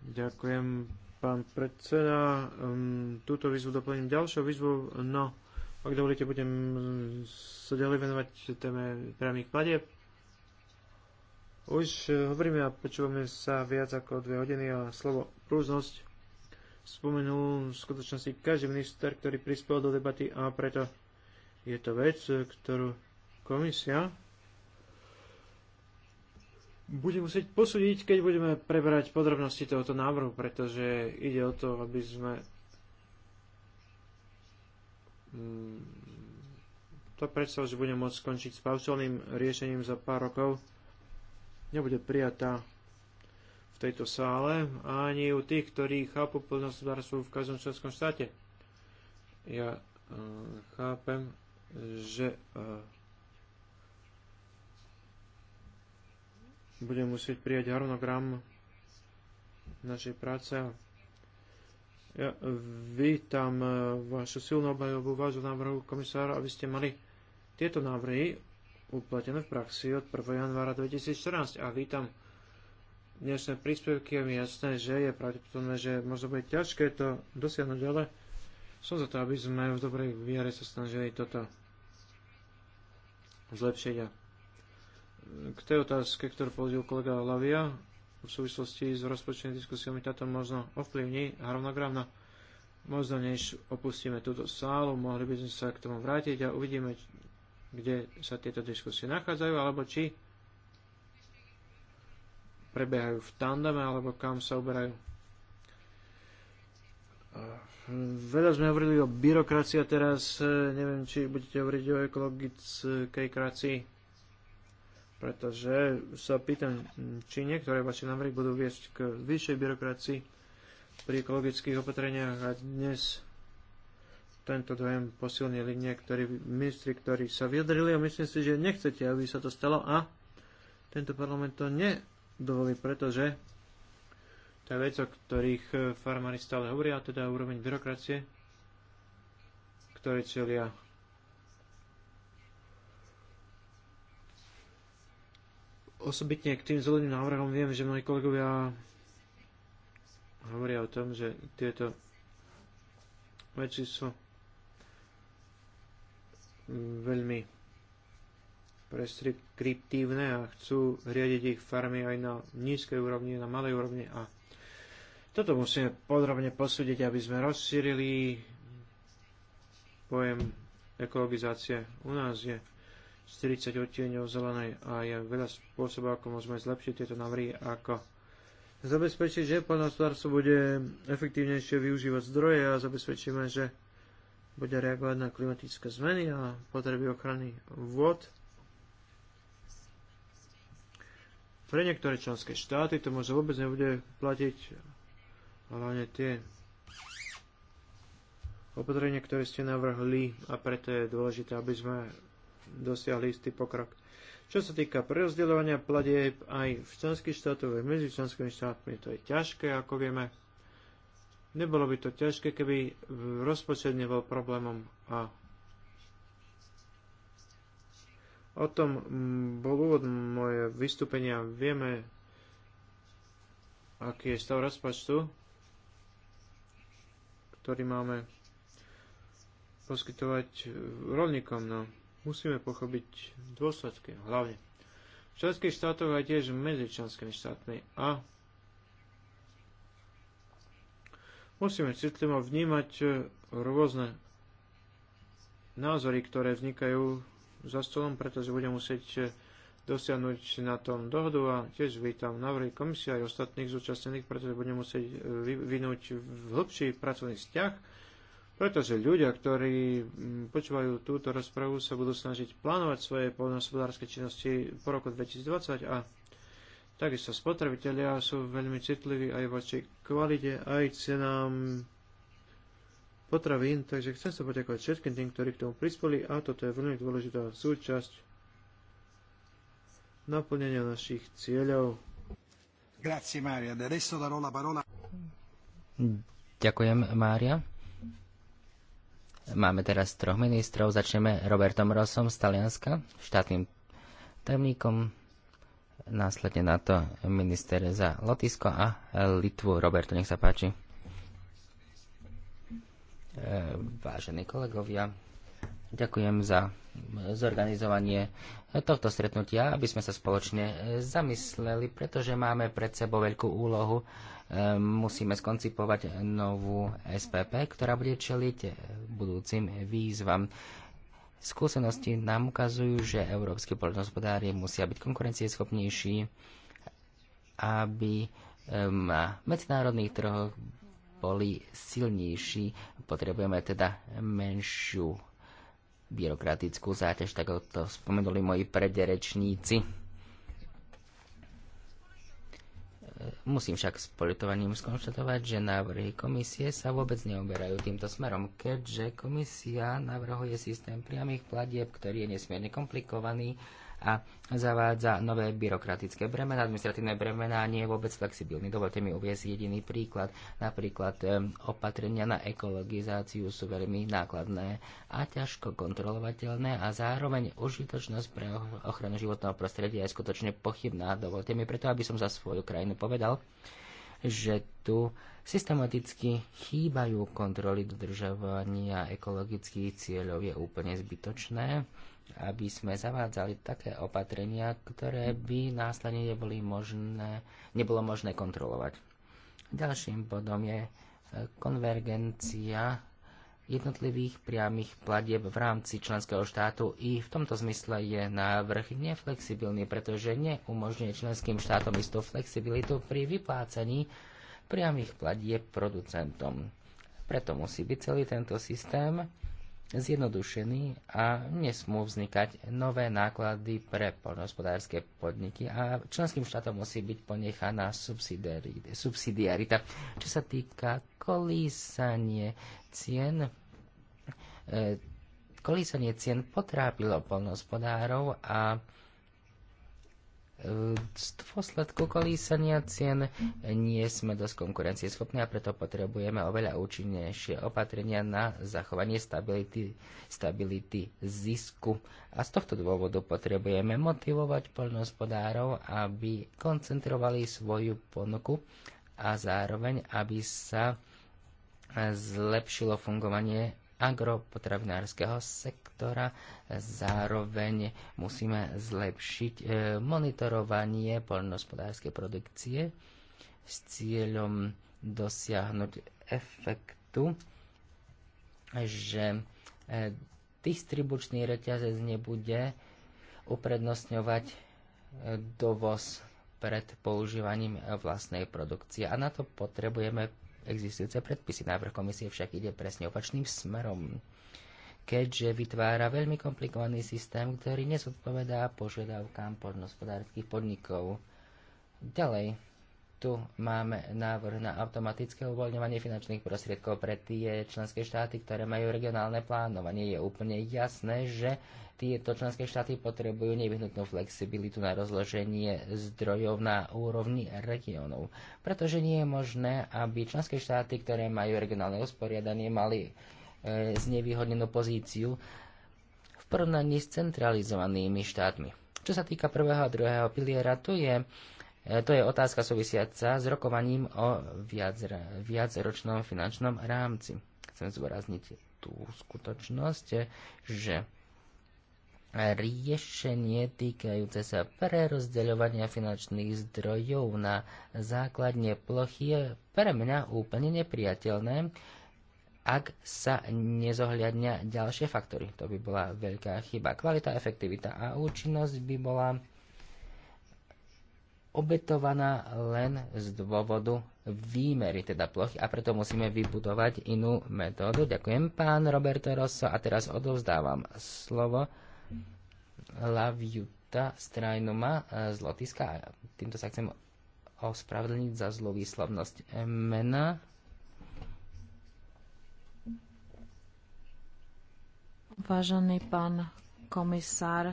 Ďakujem, pán predseda. Um, túto výzvu doplním ďalšou výzvu. No, ak dovolíte, budem mm, sa ďalej venovať téme priamých pladeb už e, hovoríme a počúvame sa viac ako dve hodiny a slovo prúznosť spomenul v skutočnosti každý minister, ktorý prispel do debaty a preto je to vec, e, ktorú komisia bude musieť posúdiť, keď budeme preberať podrobnosti tohoto návrhu, pretože ide o to, aby sme mm, to predstav, že budeme môcť skončiť s paušálnym riešením za pár rokov, nebude prijatá v tejto sále, ani u tých, ktorí chápu sú v každom členskom štáte. Ja eh, chápem, že eh, budem musieť prijať harmonogram našej práce. Ja vítam eh, vašu silnú obhajobu, vášho návrhu, komisára, aby ste mali tieto návrhy uplatené v praxi od 1. januára 2014. A vítam dnešné príspevky, je mi jasné, že je pravdepodobné, že možno bude ťažké to dosiahnuť, ale som za to, aby sme v dobrej viere sa snažili toto zlepšenia. K tej otázke, ktorú položil kolega Lavia, v súvislosti s rozpočtenými diskusiami táto možno ovplyvní harmonogram na možno než opustíme túto sálu, mohli by sme sa k tomu vrátiť a uvidíme, kde sa tieto diskusie nachádzajú, alebo či prebiehajú v tandeme, alebo kam sa uberajú. Veľa sme hovorili o byrokracii a teraz e, neviem, či budete hovoriť o ekologickej kracii, pretože sa pýtam, či niektoré vaše návrhy budú viesť k vyššej byrokracii pri ekologických opatreniach a dnes tento dojem posilnili niektorí ministri, ktorí sa vyjadrili a myslím si, že nechcete, aby sa to stalo a tento parlament to nedovolí, pretože tá vec, o ktorých e, farmári stále hovoria, teda úroveň byrokracie, ktoré čelia osobitne k tým zeleným návrhom viem, že moji kolegovia hovoria o tom, že tieto veci sú veľmi preskriptívne a chcú riadiť ich farmy aj na nízkej úrovni, na malej úrovni a toto musíme podrobne posúdiť, aby sme rozšírili pojem ekologizácie. U nás je 40 odtieňov zelenej a je veľa spôsobov, ako môžeme zlepšiť tieto návrhy, ako zabezpečiť, že poľnohospodárstvo bude efektívnejšie využívať zdroje a zabezpečíme, že bude reagovať na klimatické zmeny a potreby ochrany vôd. Pre niektoré členské štáty to možno vôbec nebude platiť, hlavne tie opatrenia, ktoré ste navrhli a preto je dôležité, aby sme dosiahli istý pokrok. Čo sa týka prerozdeľovania platieb aj v členských štátoch, aj medzi členskými štátmi, to je ťažké, ako vieme. Nebolo by to ťažké, keby rozpočet nebol problémom a O tom mm, bol úvod moje vystúpenia. Vieme, aký je stav rozpočtu, ktorý máme poskytovať rolníkom. No, musíme pochopiť dôsledky, hlavne v členských štátoch aj tiež medzi členskými štátmi. A Musíme citlivo vnímať e, rôzne názory, ktoré vznikajú za stolom, pretože budeme musieť e, dosiahnuť na tom dohodu a tiež vítam návrhy komisie aj ostatných zúčastnených, pretože budeme musieť e, vyvinúť hĺbší pracovný vzťah, pretože ľudia, ktorí počúvajú túto rozpravu, sa budú snažiť plánovať svoje poľnohospodárske činnosti po roku 2020 a Takisto spotrebitelia sú veľmi citliví aj voči kvalite, aj cenám potravín, takže chcem sa poďakovať všetkým tým, ktorí k tomu prispeli a toto je veľmi dôležitá súčasť naplnenia našich cieľov. Grazie, Maria. Adesso darò la parola. Ďakujem, Mária. Máme teraz troch ministrov. Začneme Robertom Rosom z Talianska, štátnym tajomníkom následne na to minister za Lotisko a Litvu. Roberto, nech sa páči. E, vážení kolegovia, ďakujem za zorganizovanie tohto stretnutia, aby sme sa spoločne zamysleli, pretože máme pred sebou veľkú úlohu. E, musíme skoncipovať novú SPP, ktorá bude čeliť budúcim výzvam Skúsenosti nám ukazujú, že európsky poľnohospodári musia byť konkurencieschopnejší, aby na medzinárodných trhoch boli silnejší. Potrebujeme teda menšiu byrokratickú záťaž, tak to spomenuli moji prederečníci. Musím však s politovaním skonštatovať, že návrhy komisie sa vôbec neoberajú týmto smerom, keďže komisia navrhuje systém priamých platieb, ktorý je nesmierne komplikovaný a zavádza nové byrokratické bremena, administratívne bremena a nie je vôbec flexibilný. Dovolte mi uviezť jediný príklad. Napríklad um, opatrenia na ekologizáciu sú veľmi nákladné a ťažko kontrolovateľné a zároveň užitočnosť pre ochranu životného prostredia je skutočne pochybná. Dovolte mi preto, aby som za svoju krajinu povedal, že tu systematicky chýbajú kontroly dodržovania ekologických cieľov je úplne zbytočné aby sme zavádzali také opatrenia, ktoré by následne neboli možné, nebolo možné kontrolovať. Ďalším bodom je e, konvergencia jednotlivých priamých platieb v rámci členského štátu i v tomto zmysle je návrh neflexibilný, pretože neumožňuje členským štátom istú flexibilitu pri vyplácaní priamých platieb producentom. Preto musí byť celý tento systém zjednodušený a nesmú vznikať nové náklady pre poľnohospodárske podniky a členským štátom musí byť ponechaná subsidiarita. Čo sa týka kolísanie cien, e, kolísanie cien potrápilo poľnohospodárov a v dôsledku kolísania cien nie sme dosť konkurencieschopní a preto potrebujeme oveľa účinnejšie opatrenia na zachovanie stability, stability zisku. A z tohto dôvodu potrebujeme motivovať poľnohospodárov, aby koncentrovali svoju ponuku a zároveň, aby sa zlepšilo fungovanie agropotravinárskeho sektora. Zároveň musíme zlepšiť e, monitorovanie poľnohospodárskej produkcie s cieľom dosiahnuť efektu, že e, distribučný reťazec nebude uprednostňovať e, dovoz pred používaním vlastnej produkcie. A na to potrebujeme existujúce predpisy. Návrh komisie však ide presne opačným smerom, keďže vytvára veľmi komplikovaný systém, ktorý nezodpovedá požiadavkám podnospodárských podnikov. Ďalej, tu máme návrh na automatické uvoľňovanie finančných prostriedkov pre tie členské štáty, ktoré majú regionálne plánovanie. Je úplne jasné, že tieto členské štáty potrebujú nevyhnutnú flexibilitu na rozloženie zdrojov na úrovni regiónov, pretože nie je možné, aby členské štáty, ktoré majú regionálne usporiadanie, mali e, znevýhodnenú pozíciu v porovnaní s centralizovanými štátmi. Čo sa týka prvého a druhého piliera, tu je E, to je otázka súvisiaca s rokovaním o viac, viacročnom finančnom rámci. Chcem zúrazniť tú skutočnosť, že riešenie týkajúce sa prerozdeľovania finančných zdrojov na základne plochy je pre mňa úplne nepriateľné, ak sa nezohľadňa ďalšie faktory. To by bola veľká chyba. Kvalita, efektivita a účinnosť by bola obetovaná len z dôvodu výmery, teda plochy, a preto musíme vybudovať inú metódu. Ďakujem, pán Roberto Rosso, a teraz odovzdávam slovo Laviuta Strajnuma eh, z Lotiska. Týmto sa chcem ospravedlniť za zlú výslovnosť mena. Vážený pán komisár,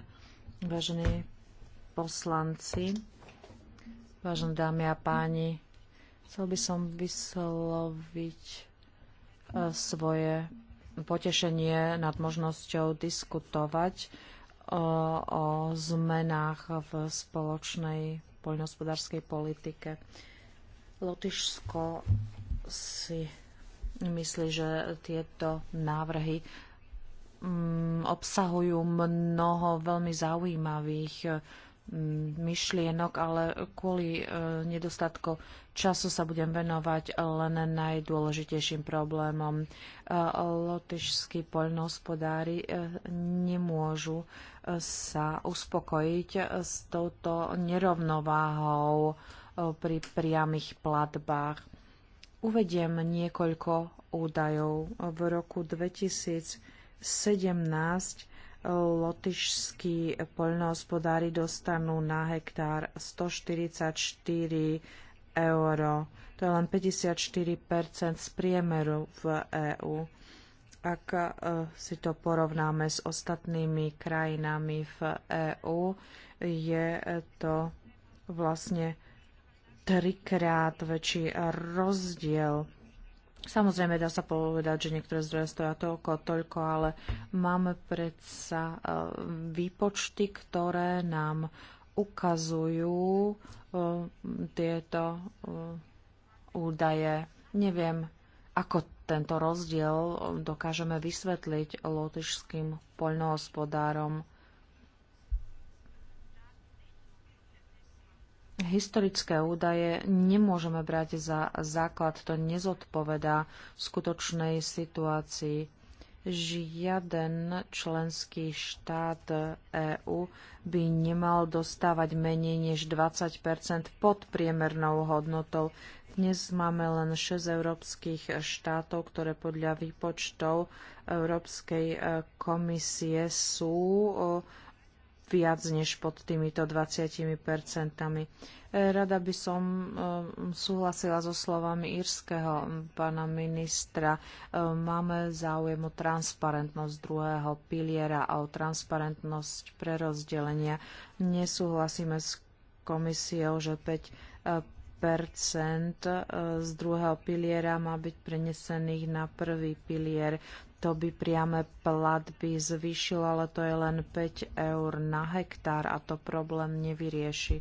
vážení poslanci, Vážené dámy a páni, chcel by som vysloviť e, svoje potešenie nad možnosťou diskutovať o, e, o zmenách v spoločnej poľnohospodárskej politike. Lotyšsko si myslí, že tieto návrhy mm, obsahujú mnoho veľmi zaujímavých myšlienok, ale kvôli e, nedostatku času sa budem venovať len najdôležitejším problémom. E, lotyšskí poľnohospodári e, nemôžu sa uspokojiť s touto nerovnováhou pri priamých platbách. Uvediem niekoľko údajov. V roku 2017 lotyšskí poľnohospodári dostanú na hektár 144 eur. To je len 54 z priemeru v EÚ. Ak e, si to porovnáme s ostatnými krajinami v EÚ, je to vlastne trikrát väčší rozdiel Samozrejme, dá sa povedať, že niektoré zdroje stoja toľko, toľko, ale máme predsa e, výpočty, ktoré nám ukazujú e, tieto e, údaje. Neviem, ako tento rozdiel dokážeme vysvetliť lotyšským poľnohospodárom. historické údaje nemôžeme brať za základ. To nezodpovedá skutočnej situácii. Žiaden členský štát EÚ by nemal dostávať menej než 20 pod priemernou hodnotou. Dnes máme len 6 európskych štátov, ktoré podľa výpočtov Európskej e, komisie sú e, viac než pod týmito 20 percentami. E, rada by som e, súhlasila so slovami írskeho pána ministra. E, máme záujem o transparentnosť druhého piliera a o transparentnosť prerozdelenia. Nesúhlasíme s komisiou, že 5 percent z druhého piliera má byť prenesených na prvý pilier to by priame platby zvýšil, ale to je len 5 eur na hektár a to problém nevyrieši.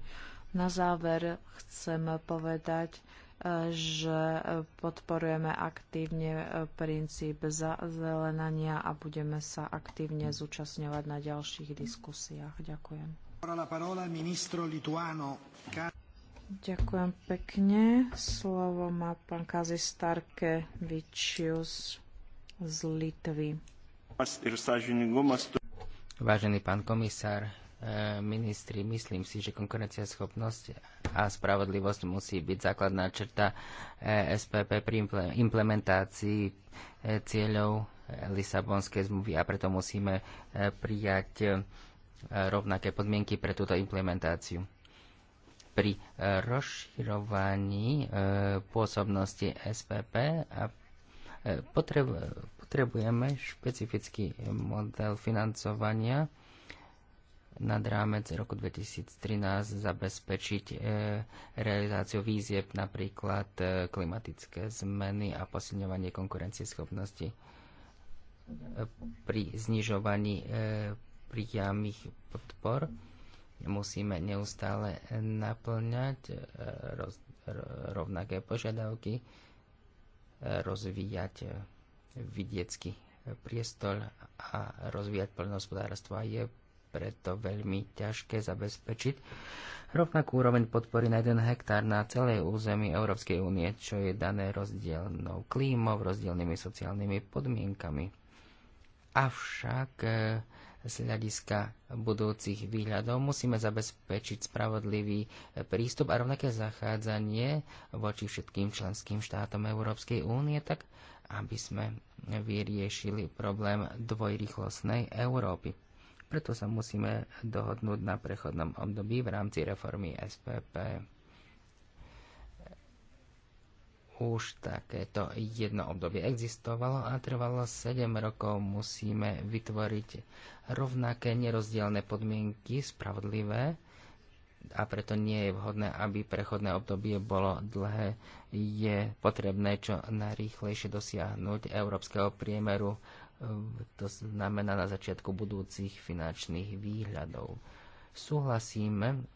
Na záver chcem povedať, e, že podporujeme aktívne e, princíp zazelenania a budeme sa aktívne zúčastňovať na ďalších diskusiách. Ďakujem. Ďakujem pekne. Slovo má pán Kazistarke Vičius z Litvy. Vážený pán komisár, e, ministri, myslím si, že konkurenciaschopnosť a spravodlivosť musí byť základná črta e, SPP pri implementácii e, cieľov Lisabonskej zmluvy a preto musíme prijať rovnaké podmienky pre túto implementáciu pri rozširovaní pôsobnosti SPP a potrebujeme špecifický model financovania nad rámec roku 2013 zabezpečiť e, realizáciu výzieb napríklad e, klimatické zmeny a posilňovanie konkurencieschopnosti e, pri znižovaní e, priamých podpor. Musíme neustále naplňať e, roz, rovnaké požiadavky rozvíjať eh, vidiecky eh, priestor a rozvíjať plnohospodárstvo a je preto veľmi ťažké zabezpečiť rovnakú úroveň podpory na 1 hektár na celej území Európskej únie, čo je dané rozdielnou klímou, rozdielnymi sociálnymi podmienkami. Avšak e, z hľadiska budúcich výhľadov musíme zabezpečiť spravodlivý e, prístup a rovnaké zachádzanie voči všetkým členským štátom Európskej únie, tak aby sme vyriešili problém dvojrychlostnej Európy. Preto sa musíme dohodnúť na prechodnom období v rámci reformy SPP už takéto jedno obdobie existovalo a trvalo 7 rokov. Musíme vytvoriť rovnaké nerozdielne podmienky, spravodlivé, a preto nie je vhodné, aby prechodné obdobie bolo dlhé. Je potrebné čo najrýchlejšie dosiahnuť európskeho priemeru, to znamená na začiatku budúcich finančných výhľadov. Súhlasíme mm,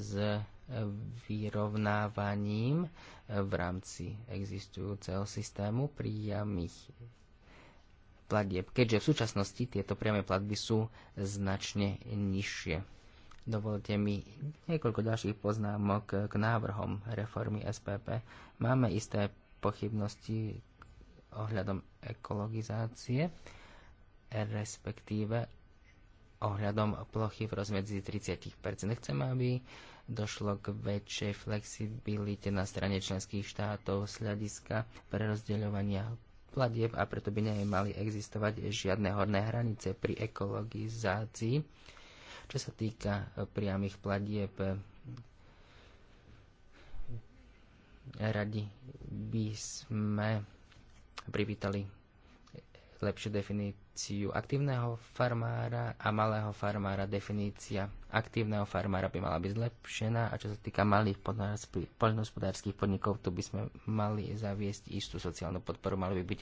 s vyrovnávaním eh, v rámci existujúceho systému priamých platieb, keďže v súčasnosti tieto priame platby sú značne nižšie. Dovolte mi niekoľko ďalších poznámok k návrhom reformy SPP. Máme isté pochybnosti ohľadom ekologizácie, respektíve ohľadom plochy v rozmedzi 30%. Chceme, aby došlo k väčšej flexibilite na strane členských štátov z hľadiska prerozdeľovania platieb a preto by nemali existovať žiadne horné hranice pri ekologizácii. Čo sa týka priamých platieb, radi by sme privítali lepšiu definíciu aktívneho farmára a malého farmára. Definícia aktívneho farmára by mala byť zlepšená a čo sa týka malých poľnohospodárských podnikov, tu by sme mali zaviesť istú sociálnu podporu, mali by byť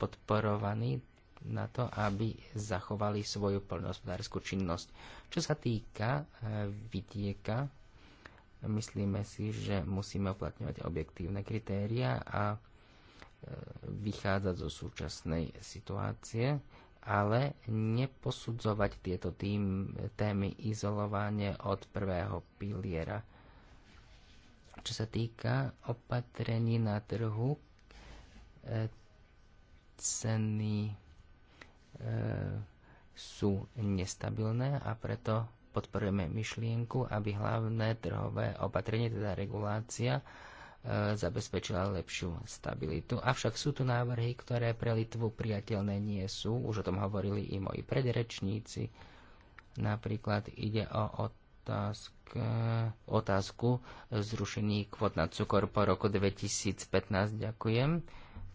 podporovaní na to, aby zachovali svoju poľnohospodárskú činnosť. Čo sa týka e, vidieka, myslíme si, že musíme uplatňovať objektívne kritéria a vychádzať zo súčasnej situácie, ale neposudzovať tieto tým, témy izolovanie od prvého piliera. Čo sa týka opatrení na trhu, e, ceny e, sú nestabilné a preto podporujeme myšlienku, aby hlavné trhové opatrenie, teda regulácia, E, zabezpečila lepšiu stabilitu. Avšak sú tu návrhy, ktoré pre Litvu priateľné nie sú. Už o tom hovorili i moji predrečníci. Napríklad ide o otázku e, otázku zrušení kvot na cukor po roku 2015. Ďakujem.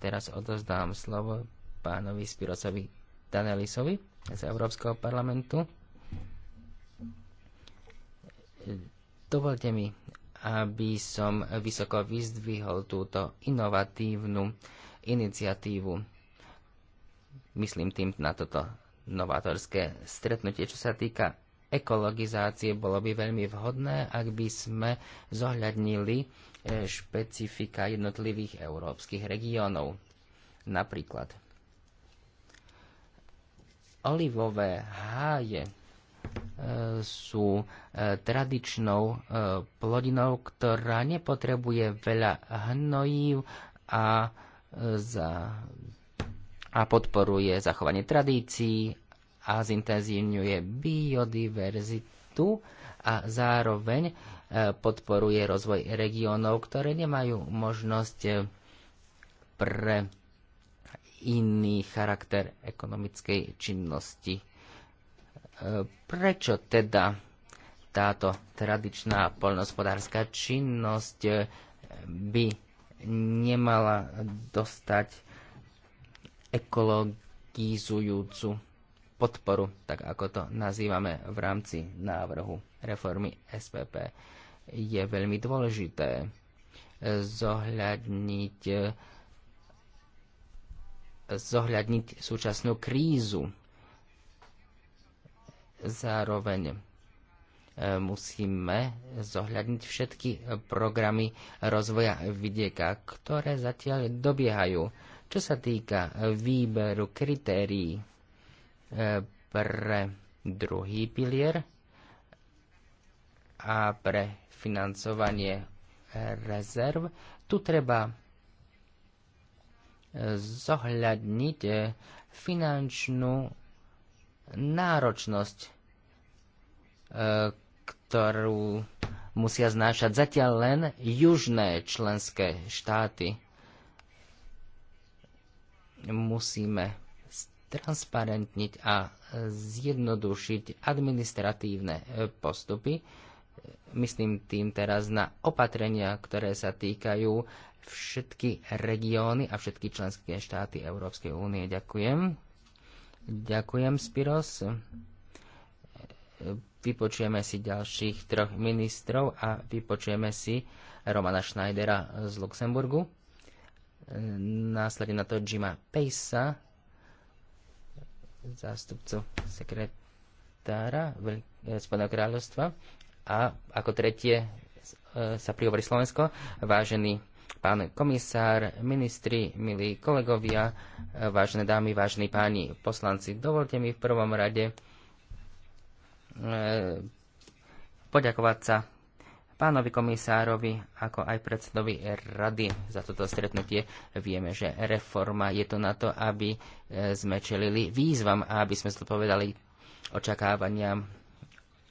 Teraz odozdám slovo pánovi Spirosovi Danelisovi z Európskeho parlamentu. E, dovolte mi aby som vysoko vyzdvihol túto inovatívnu iniciatívu. Myslím tým na toto novátorské stretnutie, čo sa týka ekologizácie, bolo by veľmi vhodné, ak by sme zohľadnili e, špecifika jednotlivých európskych regiónov. Napríklad olivové háje sú e, tradičnou e, plodinou, ktorá nepotrebuje veľa hnojív a, e, za, a podporuje zachovanie tradícií a zintenzívňuje biodiverzitu a zároveň podporuje rozvoj regiónov, ktoré nemajú možnosť pre iný charakter ekonomickej činnosti Prečo teda táto tradičná poľnohospodárska činnosť eh, by nemala dostať ekologizujúcu podporu, tak ako to nazývame v rámci návrhu reformy SPP. Je veľmi dôležité eh, zohľadniť, eh, zohľadniť súčasnú krízu Zároveň e, musíme zohľadniť všetky programy rozvoja vidieka, ktoré zatiaľ dobiehajú. Čo sa týka výberu kritérií e, pre druhý pilier a pre financovanie rezerv, tu treba e, zohľadniť finančnú náročnosť ktorú musia znášať zatiaľ len južné členské štáty. Musíme transparentniť a zjednodušiť administratívne postupy. Myslím tým teraz na opatrenia, ktoré sa týkajú všetky regióny a všetky členské štáty Európskej únie. Ďakujem. Ďakujem, Spiros vypočujeme si ďalších troch ministrov a vypočujeme si Romana Schneidera z Luxemburgu, následne na to Jima Pejsa, zástupcu sekretára Spodného kráľovstva a ako tretie e, sa prihovorí Slovensko. Vážený pán komisár, ministri, milí kolegovia, e, vážené dámy, vážení páni poslanci, dovolte mi v prvom rade Eh, poďakovať sa pánovi komisárovi, ako aj predsedovi rady za toto stretnutie. Vieme, že reforma je to na to, aby eh, sme čelili výzvam a aby sme zodpovedali očakávaniam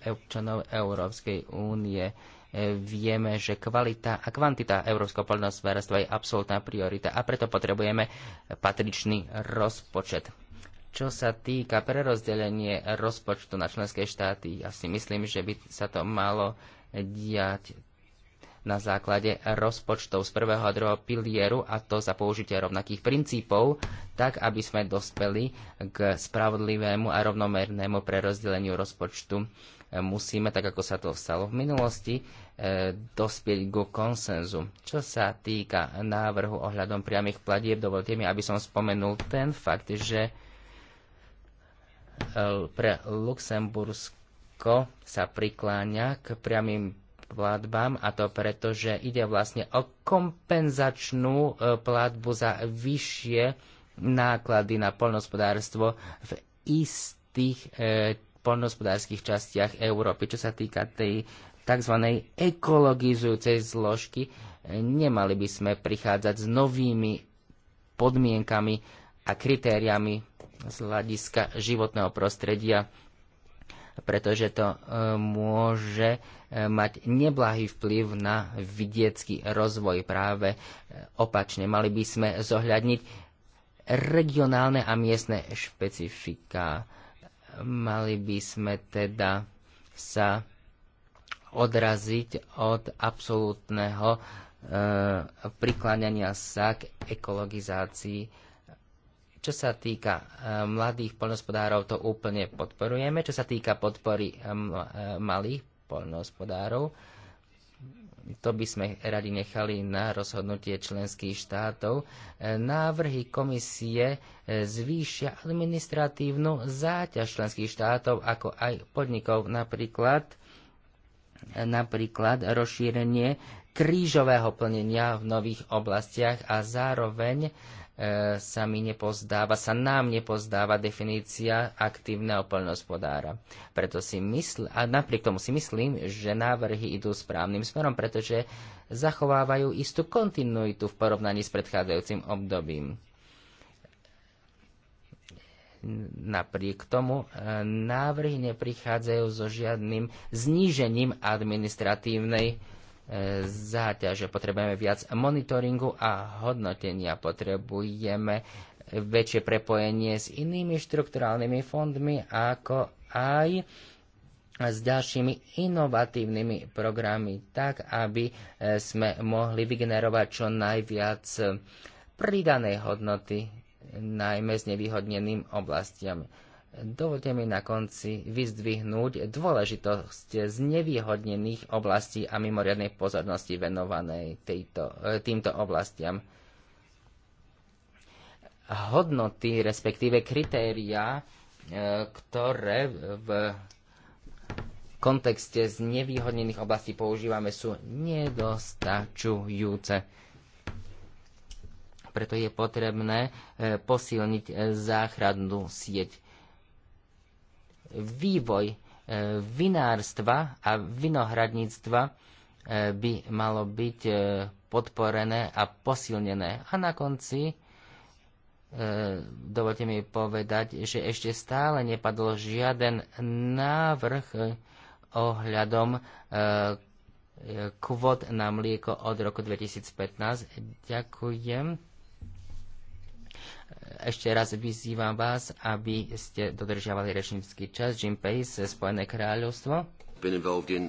občanov Európskej únie. Eh, vieme, že kvalita a kvantita európskeho poľnohospodárstva je absolútna priorita a preto potrebujeme patričný rozpočet čo sa týka prerozdelenie rozpočtu na členské štáty, ja si myslím, že by sa to malo diať na základe rozpočtov z prvého a druhého pilieru a to za použitie rovnakých princípov, tak aby sme dospeli k spravodlivému a rovnomernému prerozdeleniu rozpočtu. Musíme, tak ako sa to stalo v minulosti, e, dospieť ku konsenzu. Čo sa týka návrhu ohľadom priamých platieb, dovolte mi, aby som spomenul ten fakt, že Eh, pre Luxembursko sa prikláňa k priamým platbám a to preto, že ide vlastne o kompenzačnú eh, platbu za vyššie náklady na poľnohospodárstvo v istých e, eh, poľnohospodárskych častiach Európy. Čo sa týka tej tzv. ekologizujúcej zložky, nemali by sme prichádzať s novými podmienkami a kritériami z hľadiska životného prostredia, pretože to e, môže e, mať neblahý vplyv na vidiecký rozvoj. Práve e, opačne, mali by sme zohľadniť regionálne a miestne špecifika. Mali by sme teda sa odraziť od absolútneho e, prikláňania sa k ekologizácii čo sa týka e, mladých poľnospodárov, to úplne podporujeme. Čo sa týka podpory e, e, malých poľnospodárov, to by sme radi nechali na rozhodnutie členských štátov. Návrhy komisie zvýšia administratívnu záťaž členských štátov, ako aj podnikov, napríklad, napríklad rozšírenie krížového plnenia v nových oblastiach a zároveň E, sa mi nepozdáva, sa nám nepozdáva definícia aktívneho poľnohospodára. Preto si mysl, a napriek tomu si myslím, že návrhy idú správnym smerom, pretože zachovávajú istú kontinuitu v porovnaní s predchádzajúcim obdobím. Napriek tomu e, návrhy neprichádzajú so žiadnym znížením administratívnej E, záťaže. Potrebujeme viac monitoringu a hodnotenia. Potrebujeme väčšie prepojenie s inými štrukturálnymi fondmi, ako aj s ďalšími inovatívnymi programy, tak aby e, sme mohli vygenerovať čo najviac e, pridanej hodnoty, najmä s nevýhodneným oblastiam. Dovolte mi na konci vyzdvihnúť dôležitosť znevýhodnených oblastí a mimoriadnej pozornosti venovanej tejto, e, týmto oblastiam. Hodnoty, respektíve kritéria, e, ktoré v kontexte znevýhodnených oblastí používame, sú nedostačujúce preto je potrebné e, posilniť záchrannú sieť vývoj e, vinárstva a vinohradníctva e, by malo byť e, podporené a posilnené. A na konci dovolte mi povedať, že ešte stále nepadol žiaden návrh ohľadom kvot na mlieko od roku 2015. Ďakujem ešte raz vyzývam vás, aby ste dodržiavali rečnícky čas. Jim Pace, Spojené kráľovstvo. been involved in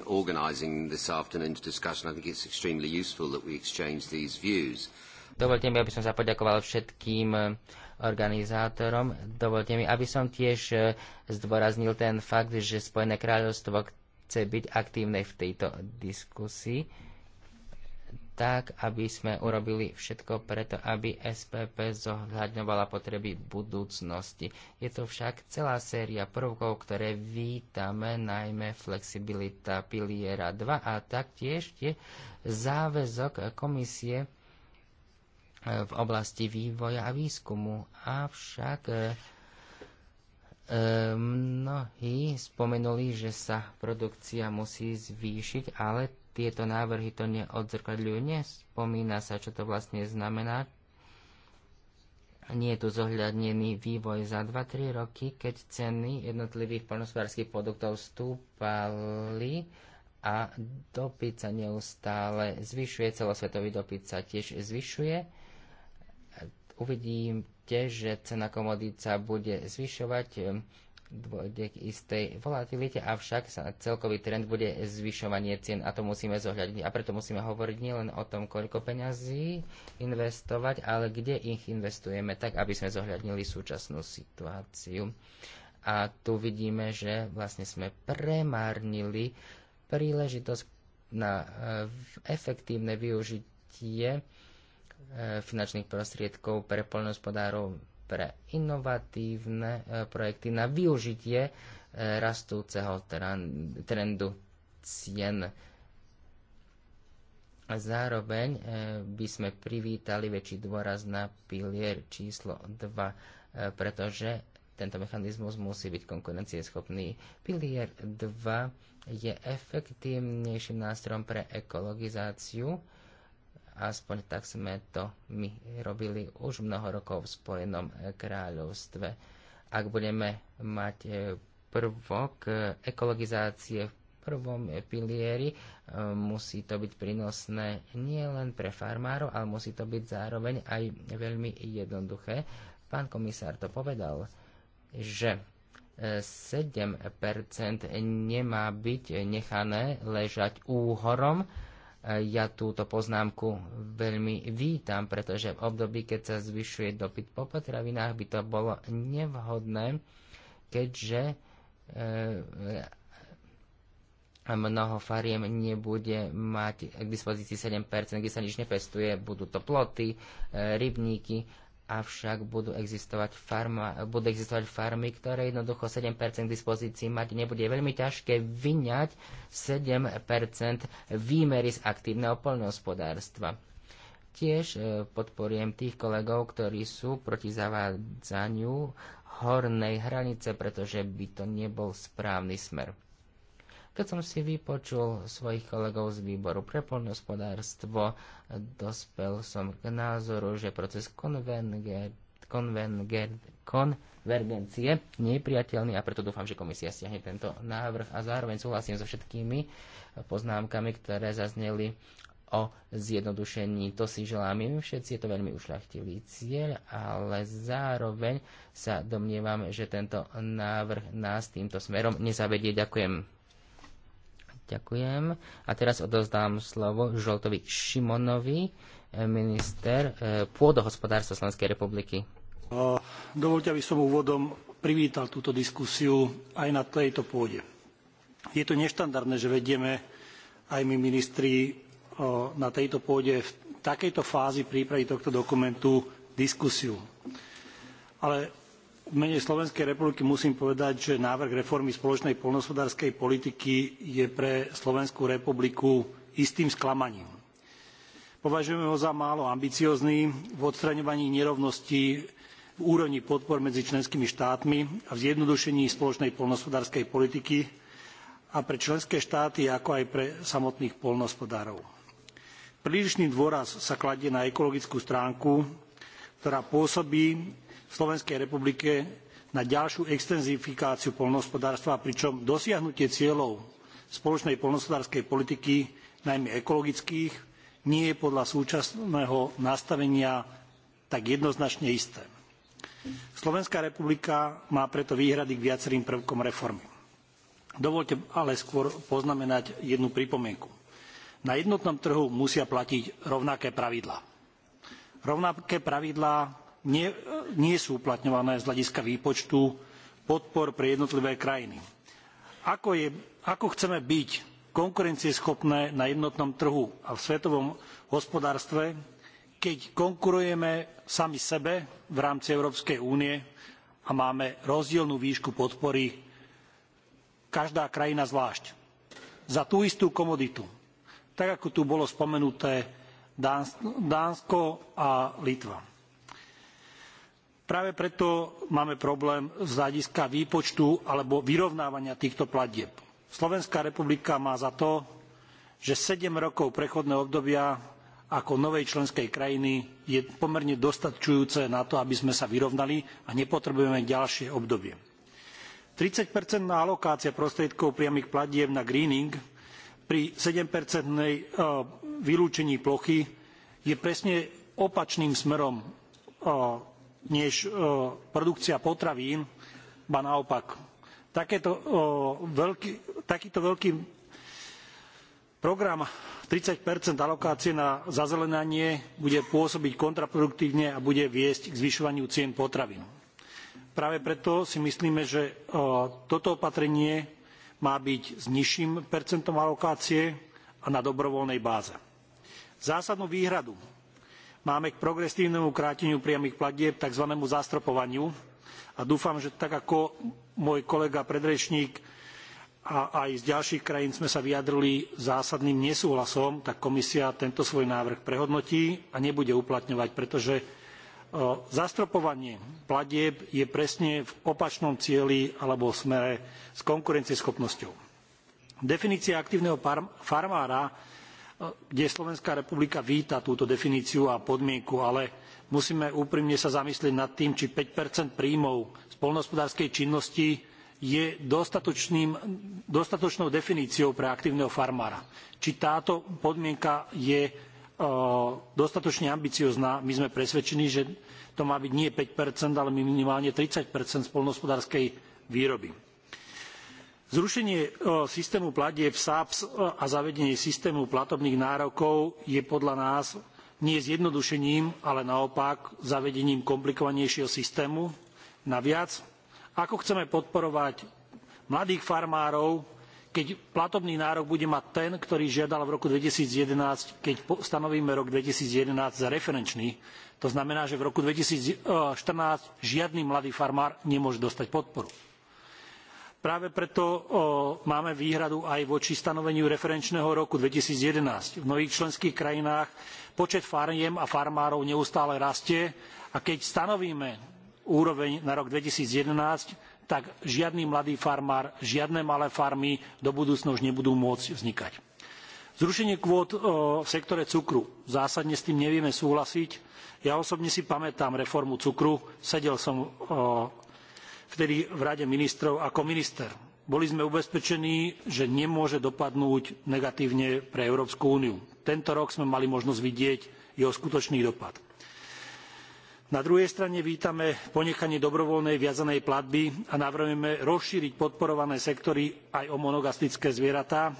this afternoon's discussion. I think it's extremely useful that we exchange these views. Dovolte mi, aby som sa poďakoval všetkým eh, organizátorom. Dovolte mi, aby som tiež eh, zdôraznil ten fakt, že Spojené kráľovstvo chce byť aktívne v tejto diskusii tak, aby sme urobili všetko preto, aby SPP zohľadňovala potreby budúcnosti. Je to však celá séria prvkov, ktoré vítame, najmä flexibilita piliera 2 a taktiež tie záväzok komisie eh, v oblasti vývoja a výskumu. Avšak eh, eh, mnohí spomenuli, že sa produkcia musí zvýšiť, ale tieto návrhy to neodzrkadľujú. Nespomína sa, čo to vlastne znamená. Nie je tu zohľadnený vývoj za 2-3 roky, keď ceny jednotlivých poľnohospodárských produktov stúpali a dopyt sa neustále zvyšuje, celosvetový dopyt sa tiež zvyšuje. Uvidíte, že cena komodít sa bude zvyšovať dôjde k istej volatilite, avšak sa celkový trend bude zvyšovanie cien a to musíme zohľadniť. A preto musíme hovoriť nielen o tom, koľko peňazí investovať, ale kde ich investujeme, tak aby sme zohľadnili súčasnú situáciu. A tu vidíme, že vlastne sme premárnili príležitosť na e, efektívne využitie e, finančných prostriedkov pre poľnohospodárov pre inovatívne e, projekty na využitie e, rastúceho trendu cien. Zároveň e, by sme privítali väčší dôraz na pilier číslo 2, pretože tento mechanizmus musí byť konkurencieschopný. Pilier 2 je efektívnejším nástrojom pre ekologizáciu Aspoň tak sme to my robili už mnoho rokov v Spojenom kráľovstve. Ak budeme mať e, prvok e, ekologizácie v prvom pilieri, e, musí to byť prínosné nielen pre farmárov, ale musí to byť zároveň aj veľmi jednoduché. Pán komisár to povedal, že 7% nemá byť nechané ležať úhorom, ja túto poznámku veľmi vítam, pretože v období, keď sa zvyšuje dopyt po potravinách, by to bolo nevhodné, keďže e, mnoho fariem nebude mať k dispozícii 7%, kde sa nič nepestuje, budú to ploty, e, rybníky avšak budú existovať, farma, budú existovať farmy, ktoré jednoducho 7% k dispozícii mať nebude. Veľmi ťažké vyňať 7% výmery z aktívneho poľnohospodárstva. Tiež e, podporujem tých kolegov, ktorí sú proti zavádzaniu hornej hranice, pretože by to nebol správny smer. Keď som si vypočul svojich kolegov z výboru pre poľnohospodárstvo, dospel som k názoru, že proces konvenger, konvenger, konvergencie nie je priateľný a preto dúfam, že komisia stiahne tento návrh a zároveň súhlasím so všetkými poznámkami, ktoré zazneli o zjednodušení. To si želáme všetci, je to veľmi ušľachtilý cieľ, ale zároveň sa domnievam, že tento návrh nás týmto smerom nezavedie. Ďakujem. Ďakujem. A teraz odozdám slovo Žoltovi Šimonovi, eh, minister eh, pôdohospodárstva Slovenskej republiky. Dovolte, aby som úvodom privítal túto diskusiu aj na tejto pôde. Je to neštandardné, že vedieme aj my ministri eh, na tejto pôde v takejto fázi prípravy tohto dokumentu diskusiu. Ale v mene Slovenskej republiky musím povedať, že návrh reformy spoločnej poľnohospodárskej politiky je pre Slovenskú republiku istým sklamaním. Považujeme ho za málo ambiciózny v odstraňovaní nerovností v úrovni podpor medzi členskými štátmi a v zjednodušení spoločnej poľnohospodárskej politiky a pre členské štáty, ako aj pre samotných poľnohospodárov. Prílišný dôraz sa kladie na ekologickú stránku, ktorá pôsobí Slovenskej republike na ďalšiu extenzifikáciu poľnohospodárstva, pričom dosiahnutie cieľov spoločnej poľnohospodárskej politiky, najmä ekologických, nie je podľa súčasného nastavenia tak jednoznačne isté. Slovenská republika má preto výhrady k viacerým prvkom reformy. Dovolte ale skôr poznamenať jednu pripomienku. Na jednotnom trhu musia platiť rovnaké pravidlá. Rovnaké pravidlá nie, sú uplatňované z hľadiska výpočtu podpor pre jednotlivé krajiny. Ako, ako chceme byť konkurencieschopné na jednotnom trhu a v svetovom hospodárstve, keď konkurujeme sami sebe v rámci Európskej únie a máme rozdielnú výšku podpory každá krajina zvlášť za tú istú komoditu. Tak ako tu bolo spomenuté Dánsko a Litva Práve preto máme problém z hľadiska výpočtu alebo vyrovnávania týchto platieb. Slovenská republika má za to, že sedem rokov prechodného obdobia ako novej členskej krajiny je pomerne dostačujúce na to, aby sme sa vyrovnali a nepotrebujeme ďalšie obdobie. thirty percentná alokácia prostriedkov priamych platieb na greening pri seven percentnej e, vylúčení plochy je presne opačným smerom e, než e, produkcia potravín, ba naopak. Takéto, e, veľký, takýto veľký program 30 alokácie na zazelenanie bude pôsobiť kontraproduktívne a bude viesť k zvyšovaniu cien potravín. Práve preto si myslíme, že e, toto opatrenie má byť s nižším percentom alokácie a na dobrovoľnej báze. Zásadnú výhradu máme k progresívnemu kráteniu priamych platieb takzvanému zastropovaniu a dúfam že tak ako môj kolega predrečník a aj z ďalších krajín sme sa vyjadrili zásadným nesúhlasom tak komisia tento svoj návrh prehodnotí a nebude uplatňovať pretože e, zastropovanie platieb je presne v opačnom cieli alebo smere s konkurencieschopnosťou. definícia aktívneho farmára kde Slovenská republika víta túto definíciu a podmienku, ale musíme úprimne sa zamyslieť nad tým, či 5 príjmov z poľnohospodárskej činnosti je dostatočnou definíciou pre aktívneho farmára. Či táto podmienka je e, dostatočne ambiciozná. My sme presvedčení, že to má byť nie 5 ale minimálne 30 z poľnohospodárskej výroby Zrušenie e, systému platieb SAPS e, a zavedenie systému platobných nárokov je podľa nás nie zjednodušením, ale naopak zavedením komplikovanejšieho systému. Naviac, ako chceme podporovať mladých farmárov, keď platobný nárok bude mať ten, ktorý žiadal v roku 2011, keď stanovíme rok 2011 za referenčný. To znamená, že v roku 2014 e, žiadny mladý farmár nemôže dostať podporu práve preto máme výhradu aj voči stanoveniu referenčného roku. two thousand and eleven v mnohých členských krajinách počet fariem a farmárov neustále rastie a keď stanovíme úroveň na rok two thousand and eleven tak žiadny mladý farmár žiadne malé farmy do budúcna už nebudú môcť vznikať. zrušenie kvót v sektore cukru zásadne s tým nevieme súhlasiť. ja osobne si pamätám reformu cukru sedel som vtedy v Rade ministrov ako minister. Boli sme ubezpečení, že nemôže dopadnúť negatívne pre Európsku úniu. Tento rok sme mali možnosť vidieť jeho skutočný dopad. Na druhej strane vítame ponechanie dobrovoľnej viazanej platby a navrhujeme rozšíriť podporované sektory aj o monogastrické zvieratá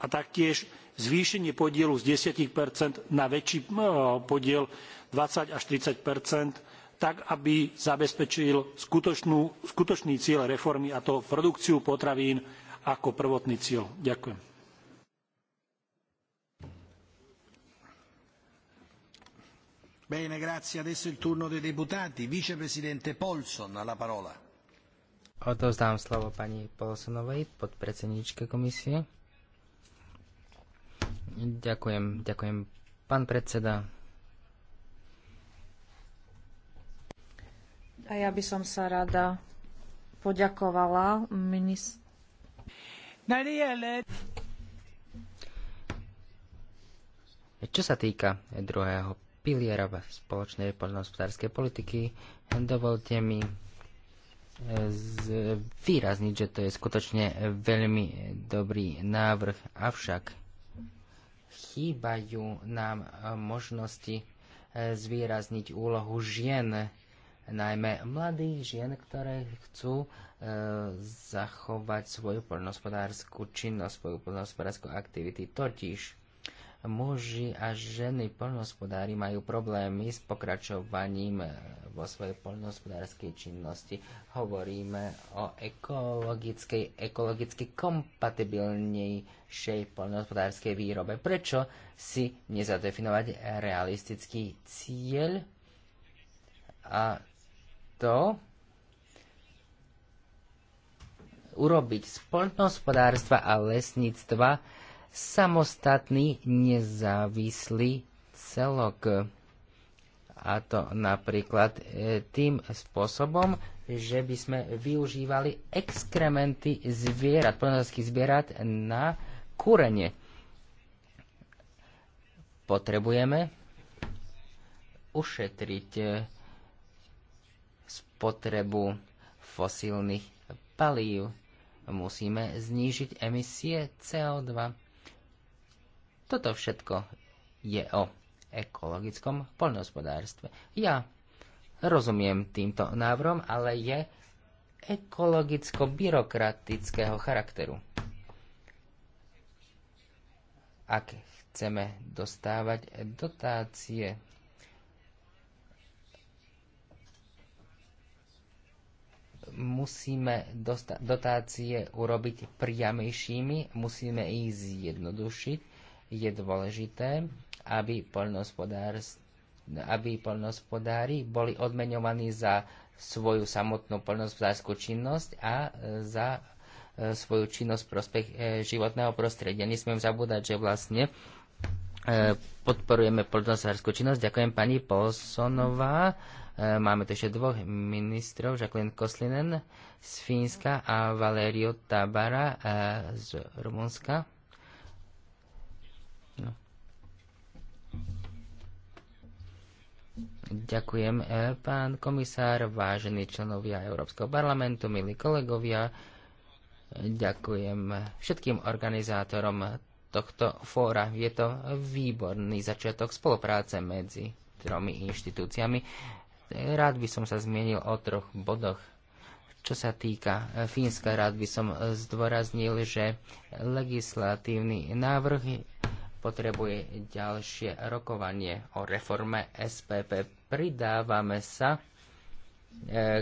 a taktiež zvýšenie podielu z ten na väčší no, podiel twenty až thirty tak aby zabezpečil skutočný cieľ reformy, a to produkciu potravín ako prvotný cieľ. Ďakujem. Bene, grazie. Adesso il turno dei deputati. Vicepresidente Polson la parola. slovo pani Polsonovej, podpredsedničke komisie. Ďakujem, ďakujem. Pán predseda, A ja by som sa rada poďakovala ministr... Čo sa týka druhého piliera v spoločnej poľnohospodárskej politiky, dovolte mi e, výrazniť, že to je skutočne veľmi dobrý návrh, avšak chýbajú nám e, možnosti e, zvýrazniť úlohu žien najmä mladých žien, ktoré chcú e, zachovať svoju poľnohospodárskú činnosť, svoju poľnohospodárskú aktivity. Totiž muži a ženy poľnohospodári majú problémy s pokračovaním e, vo svojej poľnohospodárskej činnosti. Hovoríme o ekologickej, ekologicky kompatibilnejšej poľnohospodárskej výrobe. Prečo si nezadefinovať realistický cieľ a takto urobiť z poľnohospodárstva a lesníctva samostatný nezávislý celok. A to napríklad e, tým spôsobom, že by sme využívali exkrementy zvierat, poľnohospodárských zvierat na kúrenie. Potrebujeme ušetriť e, spotrebu fosílnych palív. Musíme znížiť emisie CO2. Toto všetko je o ekologickom poľnohospodárstve. Ja rozumiem týmto návrom, ale je ekologicko-byrokratického charakteru. Ak chceme dostávať dotácie musíme dotácie urobiť priamejšími, musíme ich zjednodušiť. Je dôležité, aby aby poľnohospodári boli odmeňovaní za svoju samotnú poľnohospodárskú činnosť a e, za e, svoju činnosť prospech e, životného prostredia. Nesmiem zabúdať, že vlastne podporujeme poľnohospodárskú činnosť. Ďakujem pani Polsonová. E, máme tu ešte dvoch ministrov, Jacqueline Koslinen z Fínska a Valerio Tabara e, z Rumunska. No. Ďakujem, e, pán komisár, vážení členovia Európskeho parlamentu, milí kolegovia. Ďakujem všetkým organizátorom tohto fóra. Je to výborný začiatok spolupráce medzi tromi inštitúciami Rád by som sa zmienil o troch bodoch. Čo sa týka e, Fínska, rád by som e, zdôraznil, že legislatívny návrh potrebuje ďalšie rokovanie o reforme SPP. Pridávame sa e,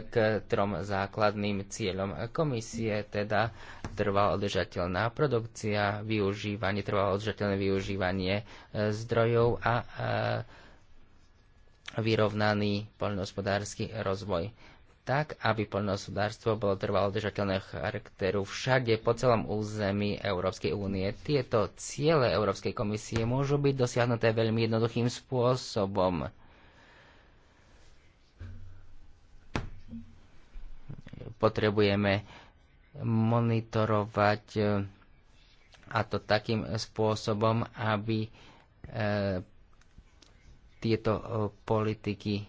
k trom základným cieľom komisie, teda trvalo održateľná produkcia, využívanie, trvalo održateľné využívanie zdrojov a, a vyrovnaný poľnohospodársky rozvoj tak, aby poľnohospodárstvo bolo trvalo držateľného charakteru všade po celom území Európskej únie. Tieto ciele Európskej komisie môžu byť dosiahnuté veľmi jednoduchým spôsobom. Potrebujeme monitorovať eh, a to takým spôsobom, aby eh, tieto e, politiky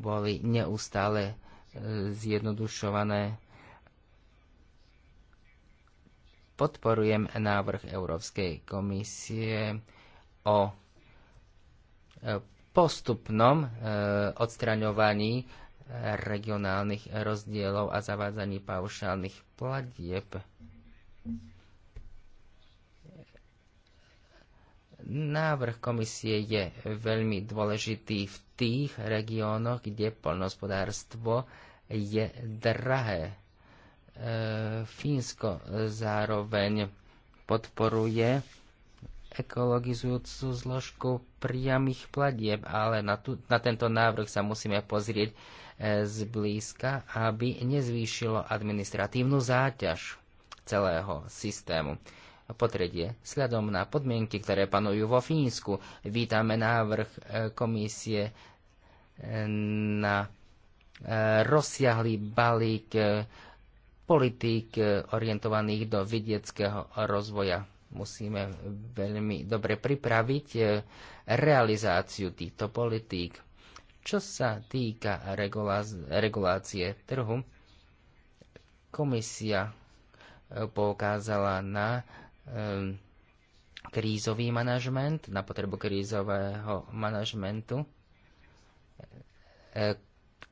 boli neustále e, zjednodušované. Podporujem návrh Európskej komisie o e, postupnom odstraňovaní regionálnych rozdielov a zavádzaní paušálnych platieb Návrh komisie je veľmi dôležitý v tých regiónoch, kde poľnohospodárstvo je drahé. E, Fínsko zároveň podporuje ekologizujúcu zložku priamých platieb, ale na, tu, na tento návrh sa musíme pozrieť e, zblízka, aby nezvýšilo administratívnu záťaž celého systému. Po tretie, sľadom na podmienky, ktoré panujú vo Fínsku, vítame návrh e, komisie e, na e, rozsiahlý balík politík orientovaných do vidieckého rozvoja. Musíme veľmi dobre pripraviť realizáciu týchto politík. Čo sa týka regulácie trhu, komisia poukázala na Ehm, krízový manažment, na potrebu krízového manažmentu, ehm,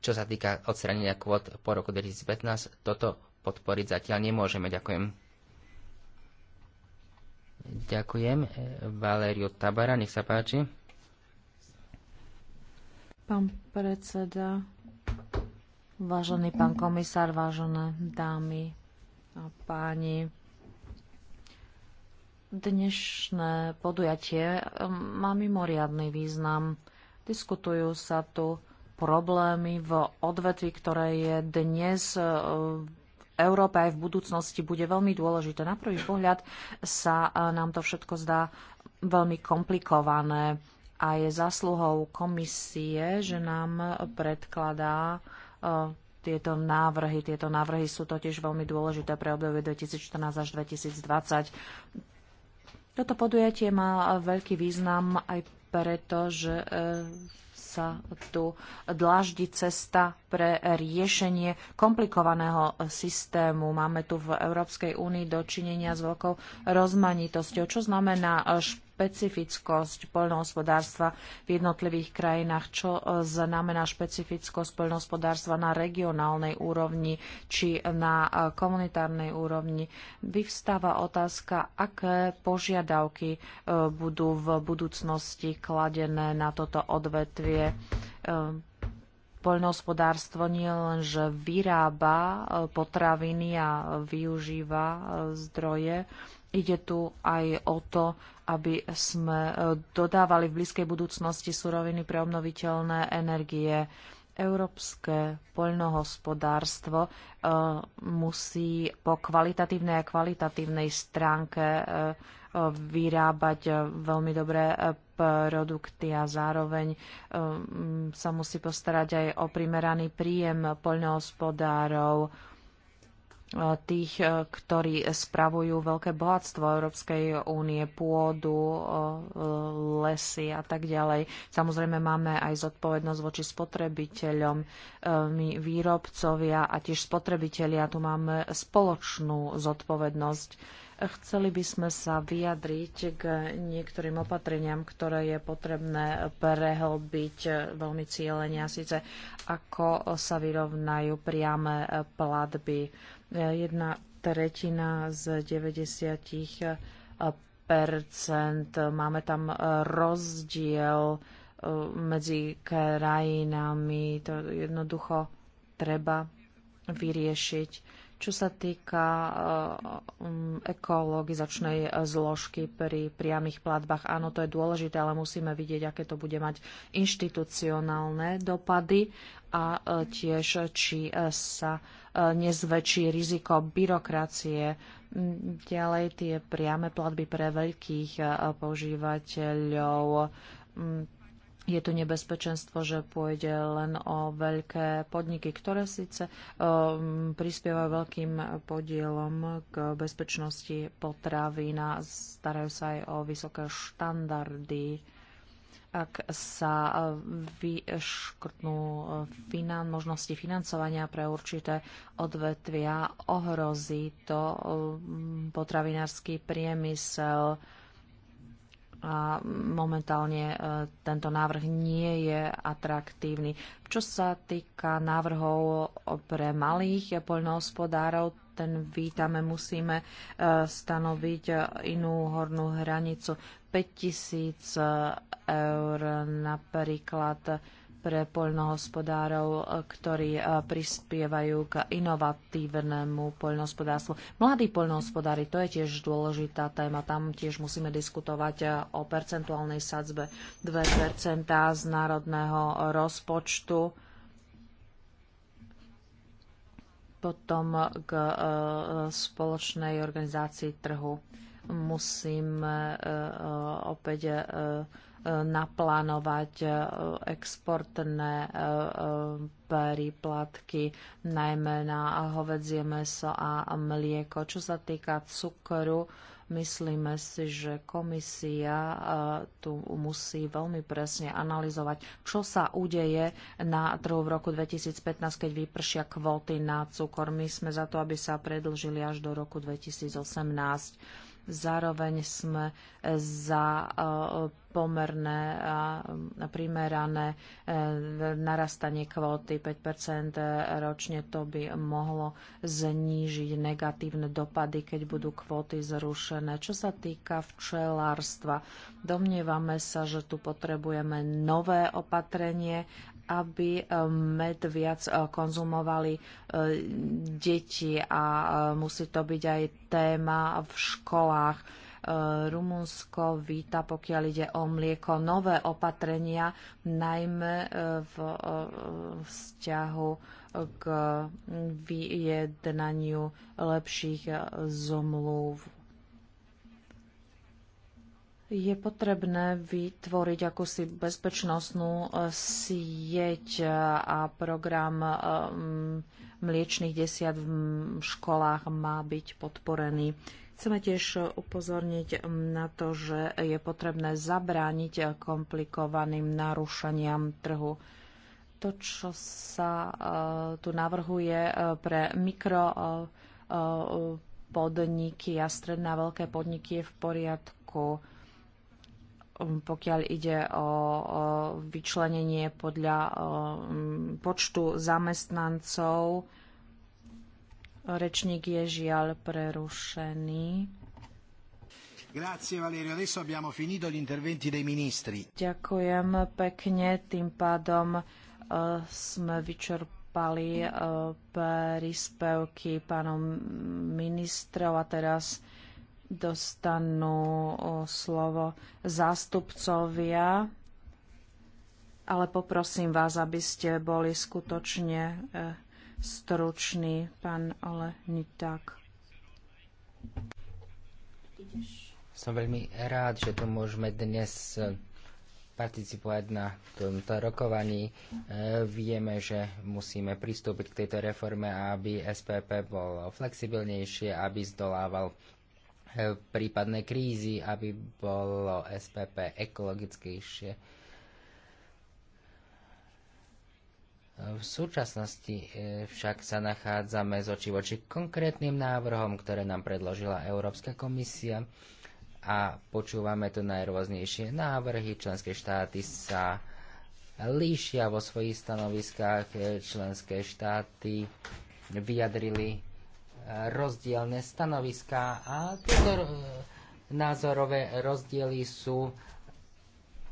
čo sa týka odstranenia kvót po roku 2015, toto podporiť zatiaľ nemôžeme. Ďakujem. Ďakujem. Ehm, Valériu Tabara, nech sa páči. Pán predseda, vážený pán komisár, vážené dámy a páni, Dnešné podujatie um, má mimoriadný význam. Diskutujú sa tu problémy v odvetvi, ktoré je dnes uh, v Európe aj v budúcnosti bude veľmi dôležité. Na prvý pohľad sa uh, nám to všetko zdá veľmi komplikované a je zasluhou komisie, že nám predkladá uh, tieto návrhy. Tieto návrhy sú totiž veľmi dôležité pre obdobie 2014 až 2020. Toto podujatie má veľký význam aj preto, že e, sa tu dláždi cesta pre riešenie komplikovaného systému. Máme tu v Európskej únii dočinenia s veľkou rozmanitosťou, čo znamená špecifickosť poľnohospodárstva v jednotlivých krajinách, čo e, znamená špecifickosť poľnohospodárstva na regionálnej úrovni či na e, komunitárnej úrovni. Vyvstáva otázka, aké požiadavky e, budú v budúcnosti kladené na toto odvetvie poľnohospodárstvo nie len, že vyrába potraviny a využíva zdroje, Ide tu aj o to, aby sme e, dodávali v blízkej budúcnosti suroviny pre obnoviteľné energie. Európske poľnohospodárstvo e, musí po kvalitatívnej a kvalitatívnej stránke e, vyrábať veľmi dobré produkty a zároveň sa musí postarať aj o primeraný príjem poľnohospodárov tých, eh, ktorí spravujú veľké bohatstvo Európskej únie, pôdu, eh, lesy a tak ďalej. Samozrejme máme aj zodpovednosť voči spotrebiteľom. Eh, my výrobcovia a tiež spotrebitelia tu máme spoločnú zodpovednosť. Chceli by sme sa vyjadriť k niektorým opatreniam, ktoré je potrebné prehlbiť veľmi cieľenia, síce ako sa vyrovnajú priame platby jedna tretina z 90 percent. Máme tam e, rozdiel e, medzi krajinami. To jednoducho treba vyriešiť čo sa týka eh, um, ekologizačnej eh, zložky pri priamých platbách. Áno, to je dôležité, ale musíme vidieť, aké to bude mať inštitucionálne dopady a eh, tiež, či sa nezväčší riziko byrokracie. Mm, ďalej tie priame platby pre veľkých používateľov mm, je tu nebezpečenstvo, že pôjde len o veľké podniky, ktoré síce um, prispievajú veľkým podielom k bezpečnosti potravín a starajú sa aj o vysoké štandardy. Ak sa eh, vyškrtnú eh, finan- možnosti financovania pre určité odvetvia, ohrozí to potravinársky priemysel a momentálne e, tento návrh nie je atraktívny. Čo sa týka návrhov pre malých poľnohospodárov, ten vítame, musíme e, stanoviť inú hornú hranicu 5000 e, eur napríklad pre poľnohospodárov, e, ktorí e, prispievajú k inovatívnemu poľnohospodárstvu. Mladí poľnohospodári, to je tiež dôležitá téma. Tam tiež musíme diskutovať e, o percentuálnej sadzbe 2% z národného rozpočtu. Potom k spoločnej organizácii trhu musíme opäť naplánovať e, exportné e, e, príplatky, najmä na hovedzie meso a mlieko. Čo sa týka cukru, myslíme si, že komisia tu musí veľmi presne analyzovať, čo sa udeje na trhu v roku 2015, keď vypršia kvóty na cukor. My sme za to, aby sa predlžili až do roku 2018 Zároveň sme e, za e, pomerné a primerané e, narastanie kvóty 5 ročne. To by mohlo znížiť negatívne dopady, keď budú kvóty zrušené. Čo sa týka včelárstva, domnievame sa, že tu potrebujeme nové opatrenie aby eh, med viac eh, konzumovali eh, deti a musí to byť aj téma v školách. Rumunsko víta, pokiaľ ide o mlieko, nové opatrenia, najmä v vzťahu k vyjednaniu lepších zomlúv je potrebné vytvoriť akúsi bezpečnostnú e, sieť e, a program e, mliečných desiat v školách má byť podporený. Chceme tiež upozorniť na to, že je potrebné zabrániť komplikovaným narušeniam trhu. To, čo sa tu navrhuje pre mikro podniky a stredná veľké podniky je v poriadku Um, pokiaľ ide o vyčlenenie podľa um, počtu zamestnancov. Rečník je žiaľ prerušený. Grazie, Ďakujem pekne, tým pádom uh, sme vyčerpali uh, príspevky pánom ministrov a teraz dostanú slovo zástupcovia, ale poprosím vás, aby ste boli skutočne e, stručný, pán Ole Niták. Som veľmi rád, že tu môžeme dnes e, participovať na tomto rokovaní. E, vieme, že musíme pristúpiť k tejto reforme, aby SPP bol flexibilnejšie, aby zdolával Eh, prípadné krízy, aby bolo SPP ekologickejšie. V súčasnosti eh, však sa nachádzame z oči voči konkrétnym návrhom, ktoré nám predložila Európska komisia a počúvame tu najrôznejšie návrhy. Členské štáty sa líšia vo svojich stanoviskách. Eh, členské štáty vyjadrili rozdielne stanoviská a tieto e, názorové rozdiely sú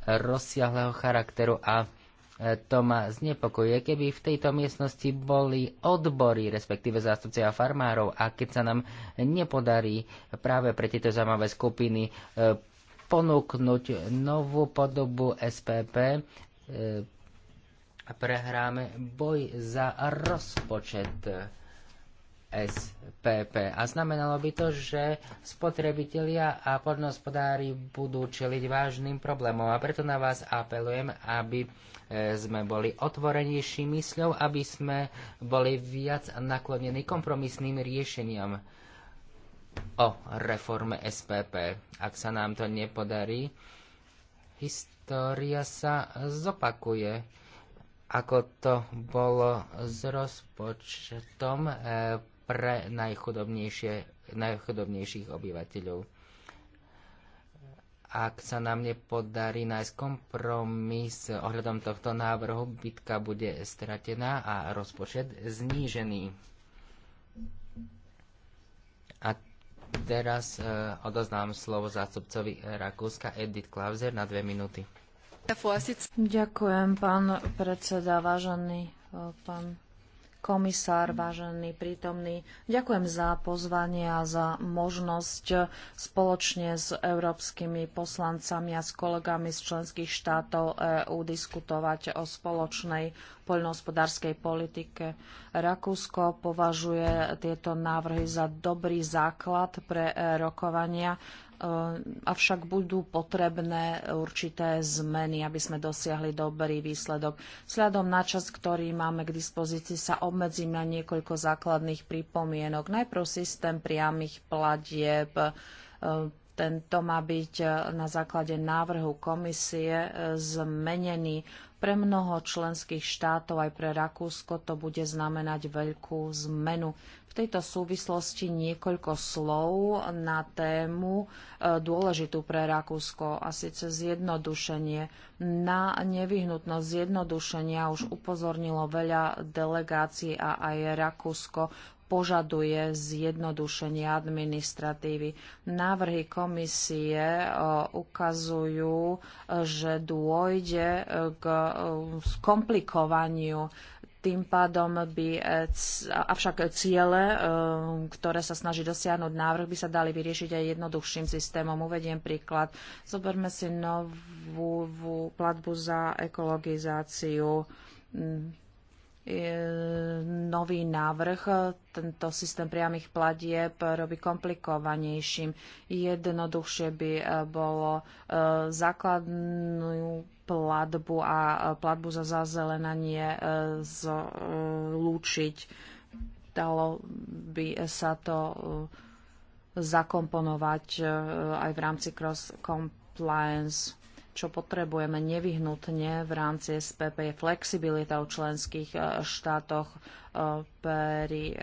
rozsiahleho charakteru a e, to ma znepokojuje, keby v tejto miestnosti boli odbory, respektíve zástupcia farmárov a keď sa nám nepodarí práve pre tieto zaujímavé skupiny e, ponúknuť novú podobu SPP, prehráme boj za rozpočet SPP. A znamenalo by to, že spotrebitelia a podnospodári budú čeliť vážnym problémom. A preto na vás apelujem, aby e, sme boli otvorenejší mysľou, aby sme boli viac naklonení kompromisným riešeniam o reforme SPP. Ak sa nám to nepodarí, história sa zopakuje ako to bolo s rozpočtom e, pre najchudobnejších obyvateľov. Ak sa nám nepodarí nájsť kompromis ohľadom tohto návrhu, bitka bude stratená a rozpočet znížený. A teraz e, odoznám slovo zástupcovi Rakúska Edith Klauser na dve minúty. Ďakujem, pán predseda, vážený e, pán komisár, vážený prítomný, ďakujem za pozvanie a za možnosť spoločne s európskymi poslancami a s kolegami z členských štátov EÚ diskutovať o spoločnej poľnohospodárskej politike. Rakúsko považuje tieto návrhy za dobrý základ pre rokovania E, avšak budú potrebné určité zmeny, aby sme dosiahli dobrý výsledok. Vzhľadom na čas, ktorý máme k dispozícii, sa obmedzím na niekoľko základných pripomienok. Najprv systém priamých platieb. E, tento má byť na základe návrhu komisie zmenený. Pre mnoho členských štátov aj pre Rakúsko to bude znamenať veľkú zmenu v tejto súvislosti niekoľko slov na tému e, dôležitú pre Rakúsko a síce zjednodušenie. Na nevyhnutnosť zjednodušenia už upozornilo veľa delegácií a aj Rakúsko požaduje zjednodušenie administratívy. Návrhy komisie e, ukazujú, e, že dôjde k skomplikovaniu tým pádom by, e, avšak ciele, e, ktoré sa snaží dosiahnuť návrh, by sa dali vyriešiť aj jednoduchším systémom. Uvediem príklad. Zoberme si novú platbu za ekologizáciu mm. e, nový návrh tento systém priamých platieb robí komplikovanejším. Jednoduchšie by bolo základnú platbu a e, platbu za zazelenanie e, zlúčiť. E, Dalo by sa to zakomponovať aj v rámci cross compliance čo potrebujeme nevyhnutne v rámci SPP je flexibilita v členských štátoch pri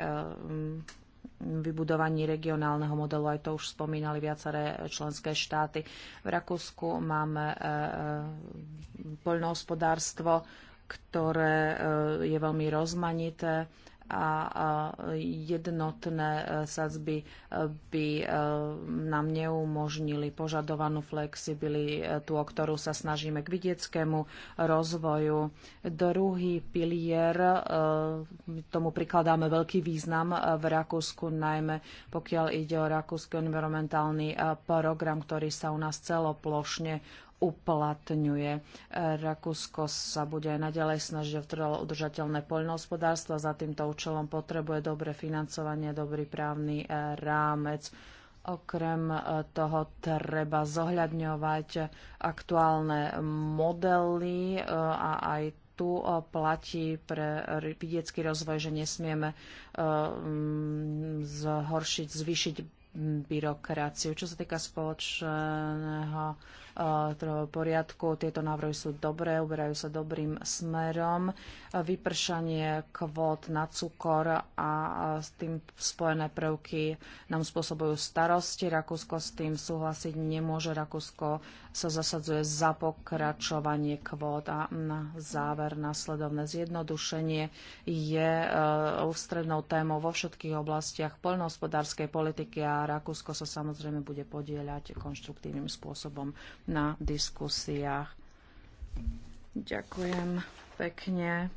vybudovaní regionálneho modelu, aj to už spomínali viaceré členské štáty. V Rakúsku máme e, e, poľnohospodárstvo, ktoré e, je veľmi rozmanité a jednotné e, sadzby e, by e, nám neumožnili požadovanú flexibilitu, o ktorú sa snažíme k vidieckému rozvoju. Druhý pilier, tomu prikladáme veľký význam v Rakúsku, najmä pokiaľ ide o Rakúsky environmentálny program, ktorý sa u nás celoplošne uplatňuje. Rakúsko sa bude aj naďalej snažiť o trvalo udržateľné poľnohospodárstvo a za týmto účelom potrebuje dobre financovanie, dobrý právny e, rámec. Okrem e, toho treba zohľadňovať aktuálne modely e, a aj tu platí pre vidiecký rozvoj, že nesmieme zhoršiť, zvýšiť byrokraciu. Čo sa týka spoločného E, poriadku. Tieto návrhy sú dobré, uberajú sa dobrým smerom. Vypršanie kvót na cukor a s tým spojené prvky nám spôsobujú starosti. Rakúsko s tým súhlasiť nemôže. Rakúsko sa zasadzuje za pokračovanie kvót a na záver následovné zjednodušenie je e, ústrednou témou vo všetkých oblastiach poľnohospodárskej politiky a Rakúsko sa samozrejme bude podieľať konštruktívnym spôsobom na diskusiách. Ďakujem pekne.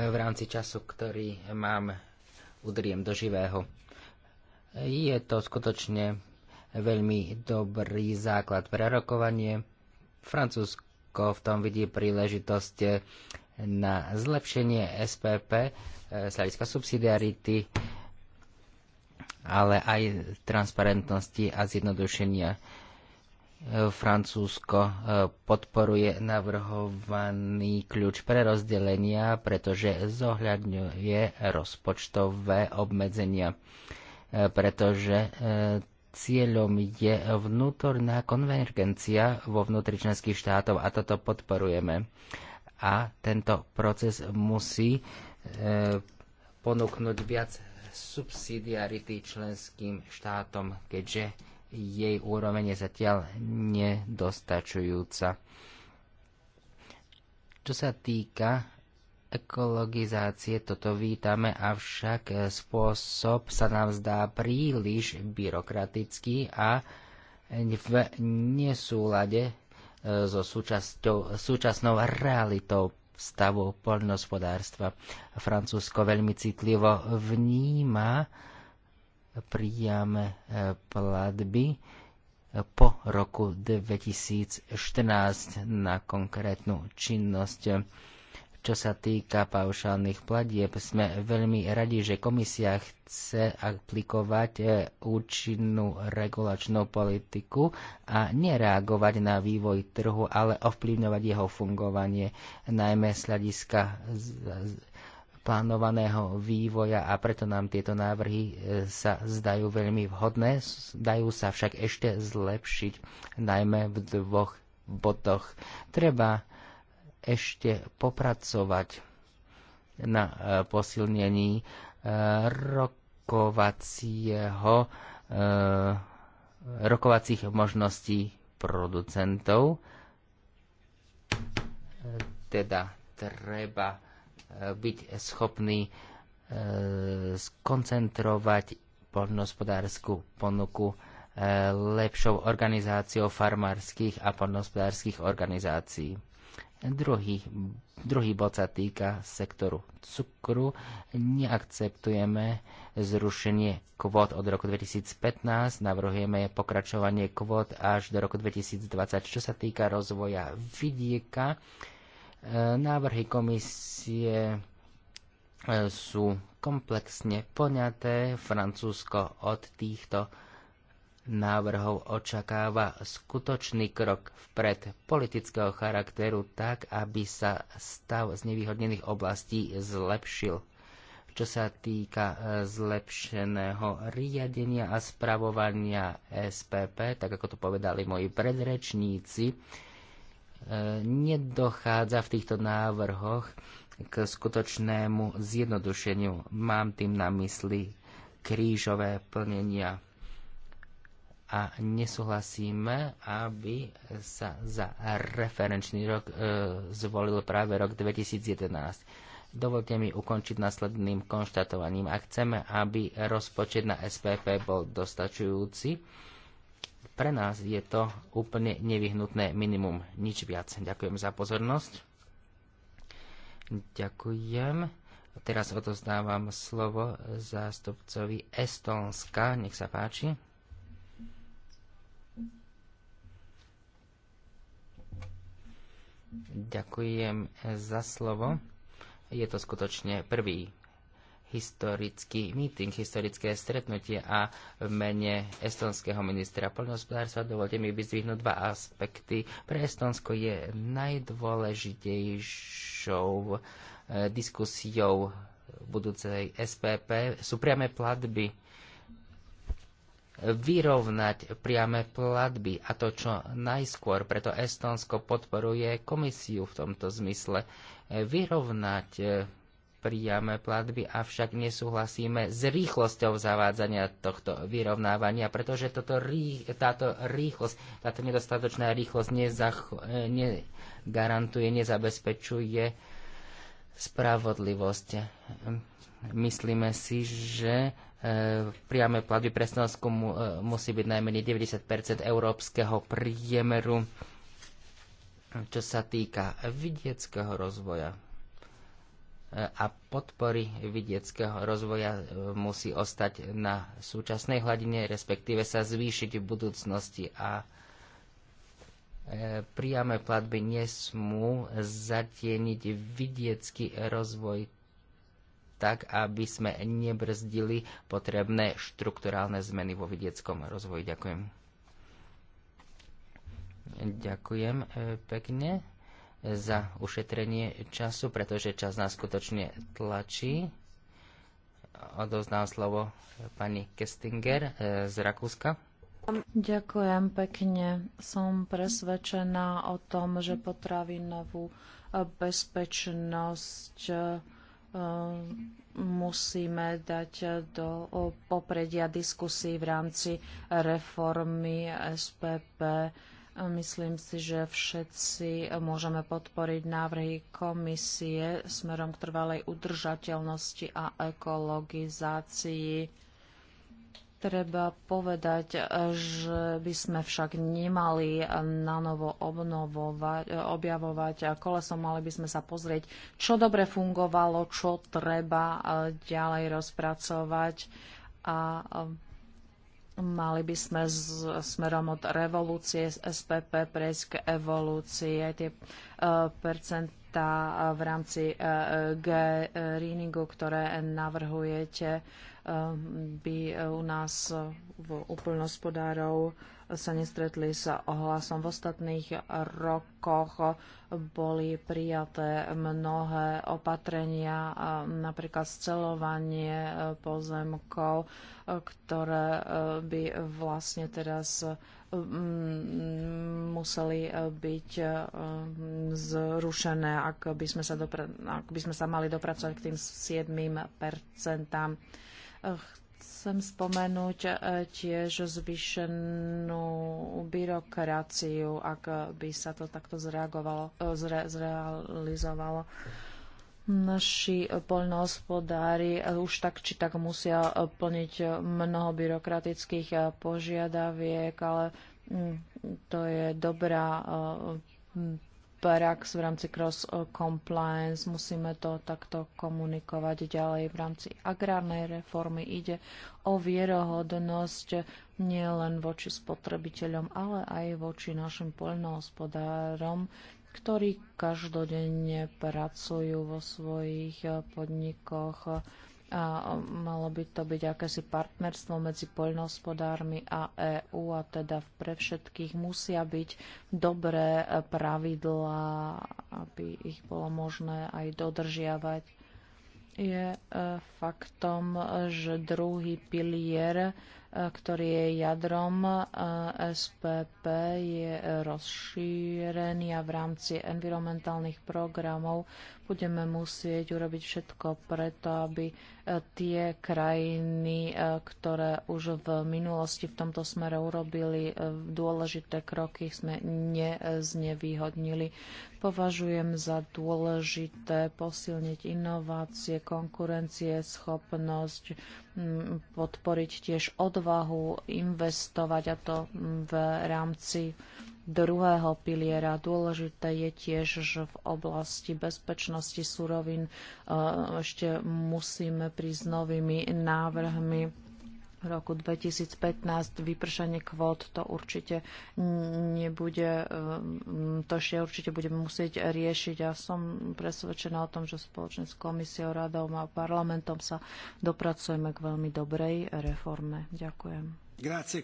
V rámci času, ktorý mám, udriem do živého. Je to skutočne veľmi dobrý základ pre rokovanie. Francúzsko v tom vidí príležitosť na zlepšenie SPP z hľadiska subsidiarity, ale aj transparentnosti a zjednodušenia. Francúzsko e, podporuje navrhovaný kľúč pre rozdelenia, pretože zohľadňuje rozpočtové obmedzenia, e, pretože e, cieľom je vnútorná konvergencia vo vnútri členských štátov a toto podporujeme. A tento proces musí E, ponúknuť viac subsidiarity členským štátom, keďže jej úroveň je zatiaľ nedostačujúca. Čo sa týka ekologizácie, toto vítame, avšak spôsob sa nám zdá príliš byrokratický a v nesúlade e, so súčasťou, súčasnou realitou stavu poľnohospodárstva. Francúzsko veľmi citlivo vníma priame e, platby e, po roku 2014 na konkrétnu činnosť čo sa týka paušálnych platieb, sme veľmi radi, že komisia chce aplikovať e, účinnú regulačnú politiku a nereagovať na vývoj trhu, ale ovplyvňovať jeho fungovanie, najmä z hľadiska plánovaného vývoja a preto nám tieto návrhy e, sa zdajú veľmi vhodné, dajú sa však ešte zlepšiť, najmä v dvoch bodoch. Treba ešte popracovať na e, posilnení e, rokovacieho, e, rokovacích možností producentov. Teda treba byť schopný skoncentrovať poľnohospodárskú ponuku lepšou organizáciou farmárskych a poľnohospodárskych organizácií. Druhý, druhý bod sa týka sektoru cukru. Neakceptujeme zrušenie kvót od roku 2015, navrhujeme pokračovanie kvót až do roku 2020. Čo sa týka rozvoja vidieka, e, návrhy komisie e, sú komplexne poňaté. Francúzsko od týchto návrhov očakáva skutočný krok vpred politického charakteru tak, aby sa stav z nevýhodnených oblastí zlepšil. Čo sa týka e, zlepšeného riadenia a spravovania SPP, tak ako to povedali moji predrečníci, e, nedochádza v týchto návrhoch k skutočnému zjednodušeniu. Mám tým na mysli krížové plnenia a nesúhlasíme, aby sa za referenčný rok e, zvolil práve rok 2011. Dovolte mi ukončiť nasledným konštatovaním. Ak chceme, aby rozpočet na SPP bol dostačujúci, pre nás je to úplne nevyhnutné minimum, nič viac. Ďakujem za pozornosť. Ďakujem. Teraz odozdávam slovo zástupcovi Estonska. Nech sa páči. Ďakujem za slovo. Je to skutočne prvý historický meeting, historické stretnutie a v mene estonského ministra poľnohospodárstva dovolte mi vyzvihnúť dva aspekty. Pre Estonsko je najdôležitejšou eh, diskusiou budúcej SPP sú priame platby vyrovnať priame platby a to čo najskôr. Preto Estonsko podporuje komisiu v tomto zmysle e, vyrovnať e, priame platby, avšak nesúhlasíme s rýchlosťou zavádzania tohto vyrovnávania, pretože toto rý, táto rýchlosť, táto nedostatočná rýchlosť nezach, e, negarantuje, nezabezpečuje spravodlivosť. Myslíme si, že Eh, priame platby pre Slovensko mu, eh, musí byť najmenej 90 európskeho priemeru, čo sa týka vidieckého rozvoja. Eh, a podpory vidieckého rozvoja musí ostať na súčasnej hladine, respektíve sa zvýšiť v budúcnosti a priame platby nesmú zatieniť vidiecký rozvoj tak aby sme nebrzdili potrebné štrukturálne zmeny vo vidieckom rozvoji. Ďakujem. Ďakujem e, pekne za ušetrenie času, pretože čas nás skutočne tlačí. Odoznám slovo pani Kestinger e, z Rakúska. Ďakujem pekne. Som presvedčená o tom, že potravinovú bezpečnosť Ehm, musíme dať do popredia diskusí v rámci reformy SPP. Myslím si, že všetci môžeme podporiť návrhy komisie smerom k trvalej udržateľnosti a ekologizácii Treba povedať, že by sme však nemali na novo obnovovať, objavovať kolesom, mali by sme sa pozrieť, čo dobre fungovalo, čo treba eh, ďalej rozpracovať a eh, mali by sme z, smerom od revolúcie z SPP prejsť k evolúcii. Aj tie uh, eh, percent tá v rámci G-readingu, ktoré navrhujete, Ehm, by e, u nás e, v úplnospodárov sa nestretli s ohlasom. V ostatných rokoch boli prijaté mnohé opatrenia, e, napríklad scelovanie pozemkov, ktoré by vlastne teraz museli byť zrušené, ak by sme sa, dopra- ak by sme sa mali dopracovať k tým 7 percentám. Chcem spomenúť e, tiež zvyšenú byrokraciu, ak by sa to takto zreagovalo, e, zre, zrealizovalo. Naši poľnohospodári už tak či tak musia plniť mnoho byrokratických e, požiadaviek, ale mm, to je dobrá prax v rámci cross eh, compliance. Musíme to takto komunikovať ďalej v rámci agrárnej reformy. Ide o vierohodnosť nielen voči spotrebiteľom, ale aj voči našim poľnohospodárom, ktorí každodenne pracujú vo svojich podnikoch a malo by to byť akési partnerstvo medzi poľnohospodármi a EÚ a teda pre všetkých musia byť dobré e, pravidlá, aby ich bolo možné aj dodržiavať. Je e, faktom, e, že druhý pilier, ktorý je jadrom SPP, je rozšírený a v rámci environmentálnych programov budeme musieť urobiť všetko preto, aby e, tie krajiny, e, ktoré už v minulosti v tomto smere urobili e, dôležité kroky, sme neznevýhodnili. Považujem za dôležité posilniť inovácie, konkurencie, schopnosť, podporiť tiež odvahu investovať a to v rámci druhého piliera. Dôležité je tiež, že v oblasti bezpečnosti surovín e, ešte musíme prísť novými návrhmi v roku 2015 vypršanie kvót to určite nebude, e, to ešte určite budeme musieť riešiť a ja som presvedčená o tom, že spoločne s komisiou, Radom a parlamentom sa dopracujeme k veľmi dobrej reforme. Ďakujem. Grazie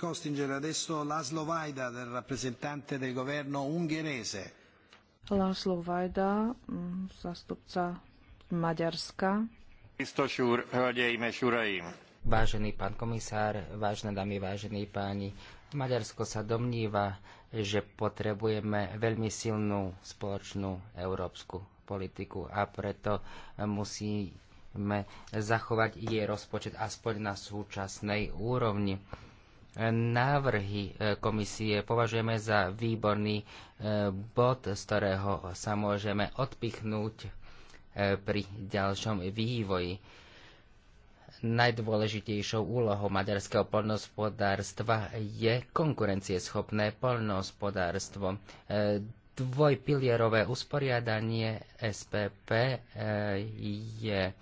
Adesso Laszlo Vajda, del rappresentante del governo ungherese. Laszlo Vajda, mm, zastupca Maďarska. Biztos úr, hölgyeim és uraim! Vážený pán komisár, vážne dámy, vážení páni, Maďarsko sa domníva, že potrebujeme veľmi silnú spoločnú európsku politiku a preto musíme zachovať jej rozpočet aspoň na súčasnej úrovni návrhy e, komisie považujeme za výborný e, bod, z ktorého sa môžeme odpichnúť e, pri ďalšom vývoji. Najdôležitejšou úlohou maďarského poľnohospodárstva je konkurencieschopné poľnohospodárstvo. Dvojpilierové usporiadanie SPP je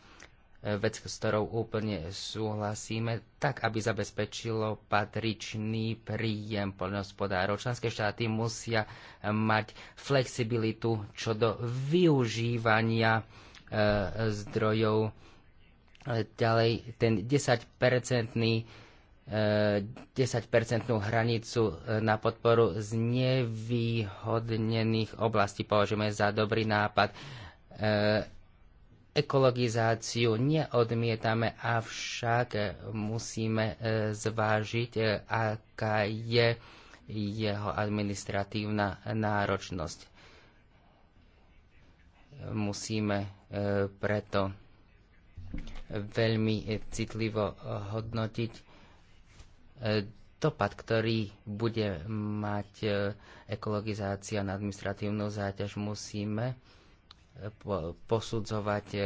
vec, s ktorou úplne súhlasíme, tak aby zabezpečilo patričný príjem poľnohospodárov. Členské štáty musia mať flexibilitu čo do využívania e, zdrojov. Ďalej, ten 10-percentný 10-percentnú e, hranicu na podporu z nevýhodnených oblastí považujeme za dobrý nápad. E, ekologizáciu neodmietame, avšak musíme e, zvážiť, e, aká je jeho administratívna náročnosť. Musíme e, preto veľmi citlivo hodnotiť dopad, ktorý bude mať ekologizácia na administratívnu záťaž. Musíme posudzovať e,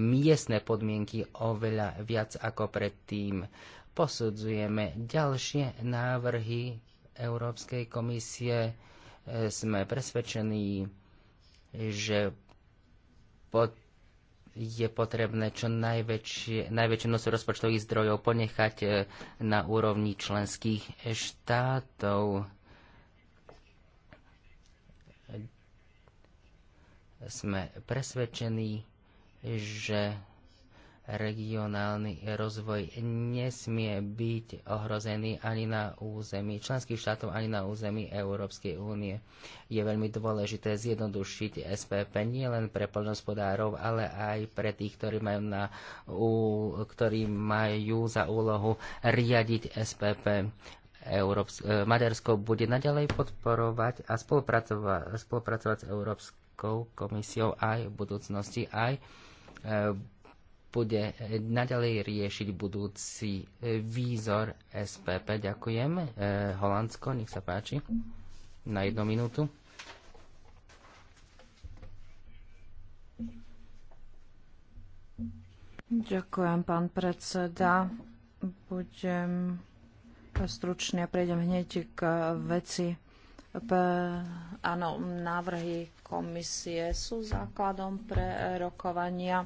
miestne podmienky oveľa viac ako predtým. Posudzujeme ďalšie návrhy Európskej komisie. E, sme presvedčení, že pod je potrebné čo najväčšie, najväčšie množstvo rozpočtových zdrojov ponechať e, na úrovni členských štátov Sme presvedčení, že regionálny rozvoj nesmie byť ohrozený ani na území členských štátov, ani na území Európskej únie. Je veľmi dôležité zjednodušiť SPP nie len pre poľnohospodárov, ale aj pre tých, ktorí majú, na, u, ktorí majú za úlohu riadiť SPP. Európs- e, Maďarsko bude naďalej podporovať a spolupracovať, spolupracovať s Európskou Európskou komisiou aj v budúcnosti, aj e, bude naďalej riešiť budúci e, výzor SPP. Ďakujem. E, Holandsko, nech sa páči. Na jednu minútu. Ďakujem, pán predseda. Budem stručný a prejdem hneď k veci. Áno, návrhy komisie sú základom pre rokovania.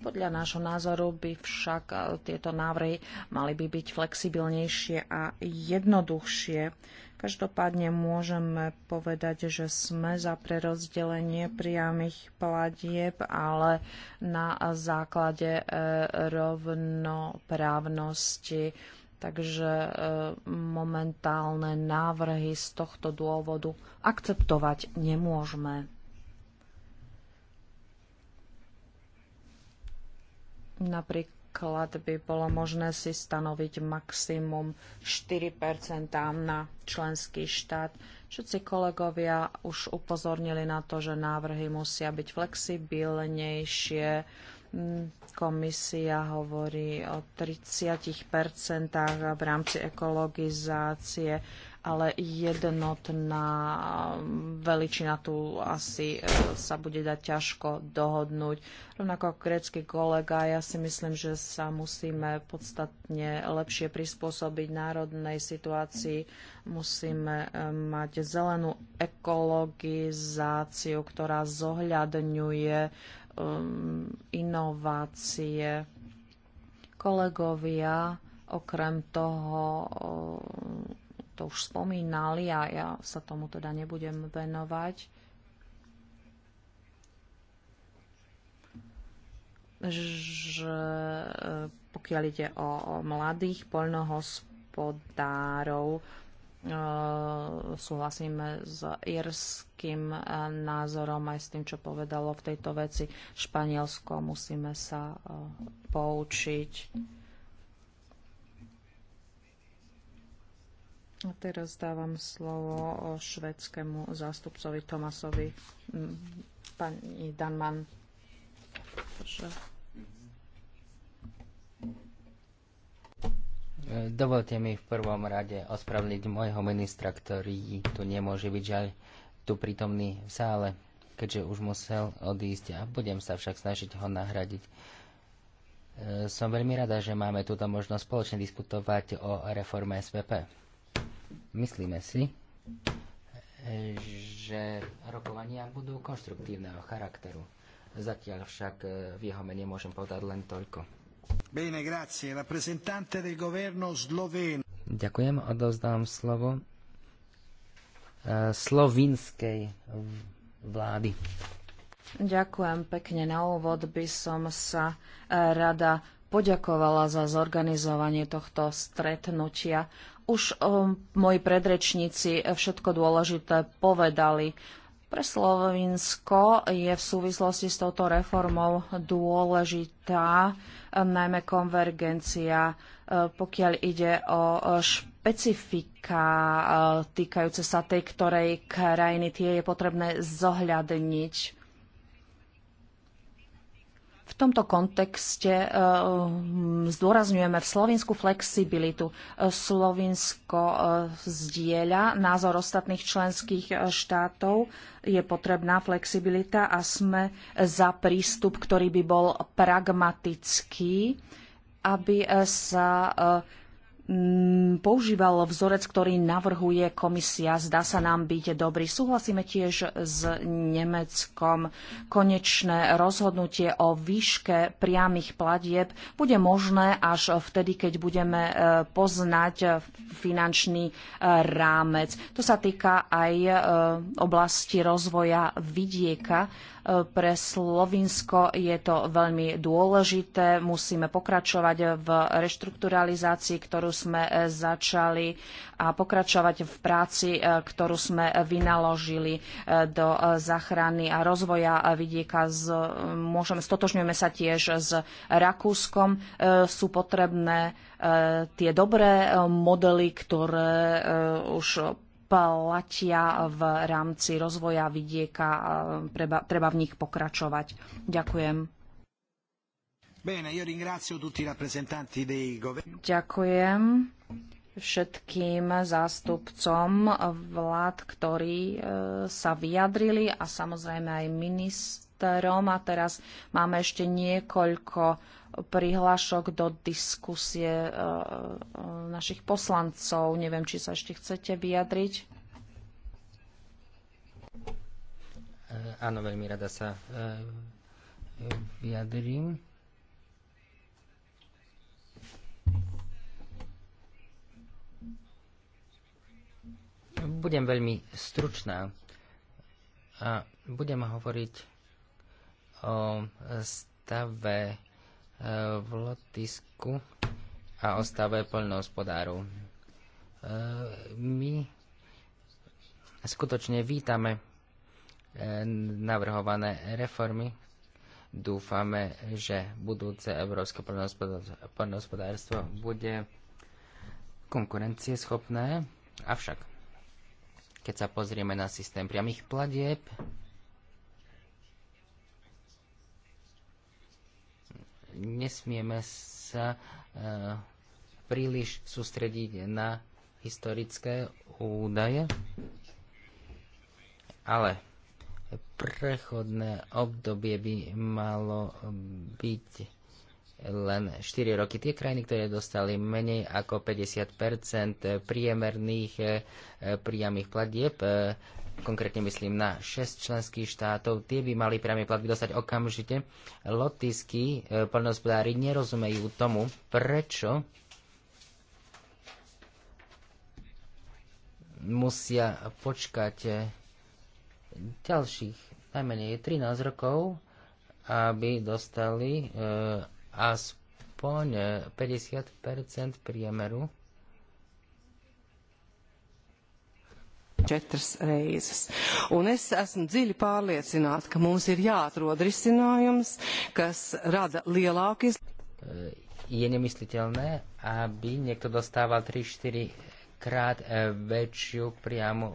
Podľa nášho názoru by však e, tieto návrhy mali by byť flexibilnejšie a jednoduchšie. Každopádne môžeme povedať, že sme za prerozdelenie priamých platieb, ale na základe e, rovnoprávnosti Takže e, momentálne návrhy z tohto dôvodu akceptovať nemôžeme. Napríklad by bolo možné si stanoviť maximum 4 na členský štát. Všetci kolegovia už upozornili na to, že návrhy musia byť flexibilnejšie Komisia hovorí o 30 v rámci ekologizácie, ale jednotná veličina tu asi e, sa bude dať ťažko dohodnúť. Rovnako ako grécky kolega, ja si myslím, že sa musíme podstatne lepšie prispôsobiť národnej situácii. Musíme e, mať zelenú ekologizáciu, ktorá zohľadňuje Um, inovácie. Kolegovia okrem toho um, to už spomínali a ja sa tomu teda nebudem venovať, že uh, pokiaľ ide o mladých poľnohospodárov, E, súhlasíme s irským e, názorom aj s tým, čo povedalo v tejto veci Španielsko. Musíme sa e, poučiť. A teraz dávam slovo švedskému zástupcovi Tomasovi, pani Danman. Tože... Dovolte mi v prvom rade ospravniť môjho ministra, ktorý tu nemôže byť žiaľ tu prítomný v sále, keďže už musel odísť a budem sa však snažiť ho nahradiť. E, som veľmi rada, že máme túto možnosť spoločne diskutovať o reforme SVP. Myslíme si, e, že rokovania budú konštruktívneho charakteru. Zatiaľ však e, v jeho mene môžem povedať len toľko. Bene, grazie. Rappresentante del governo sloveno. Ďakujem, odovzdám slovo e, slovinskej vlády. Ďakujem pekne. Na úvod by som sa e, rada poďakovala za zorganizovanie tohto stretnutia. Už e, moji predrečníci všetko dôležité povedali. Pre Slovensko je v súvislosti s touto reformou dôležitá eh, najmä konvergencia, eh, pokiaľ ide o eh, špecifika týkajúce sa tej ktorej krajiny, tie je potrebné zohľadniť tomto kontexte eh, mm, zdôrazňujeme v Slovensku flexibilitu. Eh, Slovinsko eh, zdieľa názor ostatných členských štátov, je potrebná flexibilita a sme za prístup, ktorý by bol pragmatický, aby sa Mm, používal vzorec, ktorý navrhuje komisia. Zdá sa nám byť dobrý. Súhlasíme tiež s Nemeckom. Konečné rozhodnutie o výške priamých platieb bude možné až vtedy, keď budeme e, poznať finančný e, rámec. To sa týka aj e, oblasti rozvoja vidieka pre Slovinsko je to veľmi dôležité. Musíme pokračovať v reštrukturalizácii, ktorú sme e, začali a pokračovať v práci, e, ktorú sme vynaložili e, do záchrany a rozvoja vidieka. Z, môžeme, stotožňujeme sa tiež s Rakúskom. Sú potrebné tie dobré modely, ktoré už platia v rámci rozvoja vidieka a treba, treba v nich pokračovať. Ďakujem. Ďakujem všetkým zástupcom vlád, ktorí e, sa vyjadrili a samozrejme aj ministrom. A teraz máme ešte niekoľko prihlášok do diskusie e, e, našich poslancov. Neviem, či sa ešte chcete vyjadriť. E, áno, veľmi rada sa vyjadrím. Budem veľmi stručná a budem hovoriť o stave v Lotisku a o stave poľnohospodárov. E, my skutočne vítame e, navrhované reformy. Dúfame, že budúce európske poľnohospodárstvo bude konkurencieschopné, avšak keď sa pozrieme na systém priamých platieb, nesmieme sa e, príliš sústrediť na historické údaje, ale prechodné obdobie by malo byť len 4 roky. Tie krajiny, ktoré dostali menej ako 50 priemerných e, priamých platieb, e, konkrétne myslím na 6 členských štátov, tie by mali priame platby dostať okamžite. Lotyskí e, poľnohospodári nerozumejú tomu, prečo musia počkať e, ďalších najmenej 13 rokov, aby dostali e, aspoň 50 e, priemeru četras reizes. Un es esmu dziļi pārliecināta, ka mums ir jāatrod risinājums, kas rada lielāku Je eh, nemysliteľné, aby niekto dostával krát eh, priamu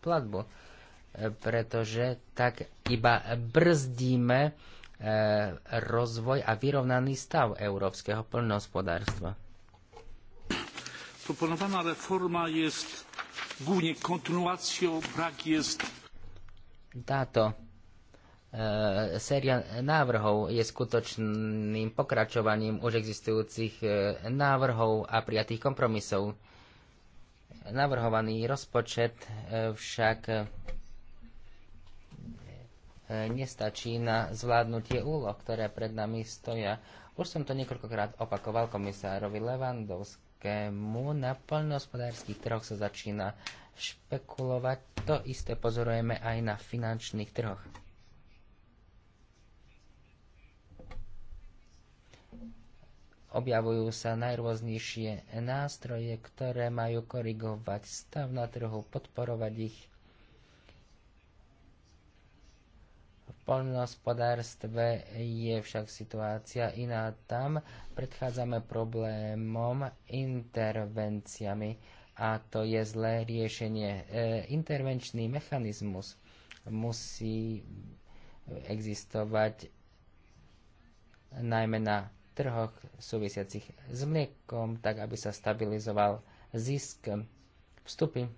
platbu, eh, pretože tak iba brzdíme rozvoj a vyrovnaný stav európskeho plnohospodárstva proponowana reforma jest głównie kontynuacją, brak jest... Táto seria séria návrhov je skutočným pokračovaním už existujúcich e, návrhov a prijatých kompromisov. Navrhovaný rozpočet e, však e, nestačí na zvládnutie úloh, ktoré pred nami stoja. Už som to niekoľkokrát opakoval komisárovi Levandovskému veľkému. Na poľnohospodárských trhoch sa začína špekulovať. To isté pozorujeme aj na finančných trhoch. Objavujú sa najrôznejšie nástroje, ktoré majú korigovať stav na trhu, podporovať ich poľnohospodárstve je však situácia iná. Tam predchádzame problémom intervenciami a to je zlé riešenie. E, intervenčný mechanizmus musí existovať najmä na trhoch súvisiacich s mliekom, tak aby sa stabilizoval zisk vstupy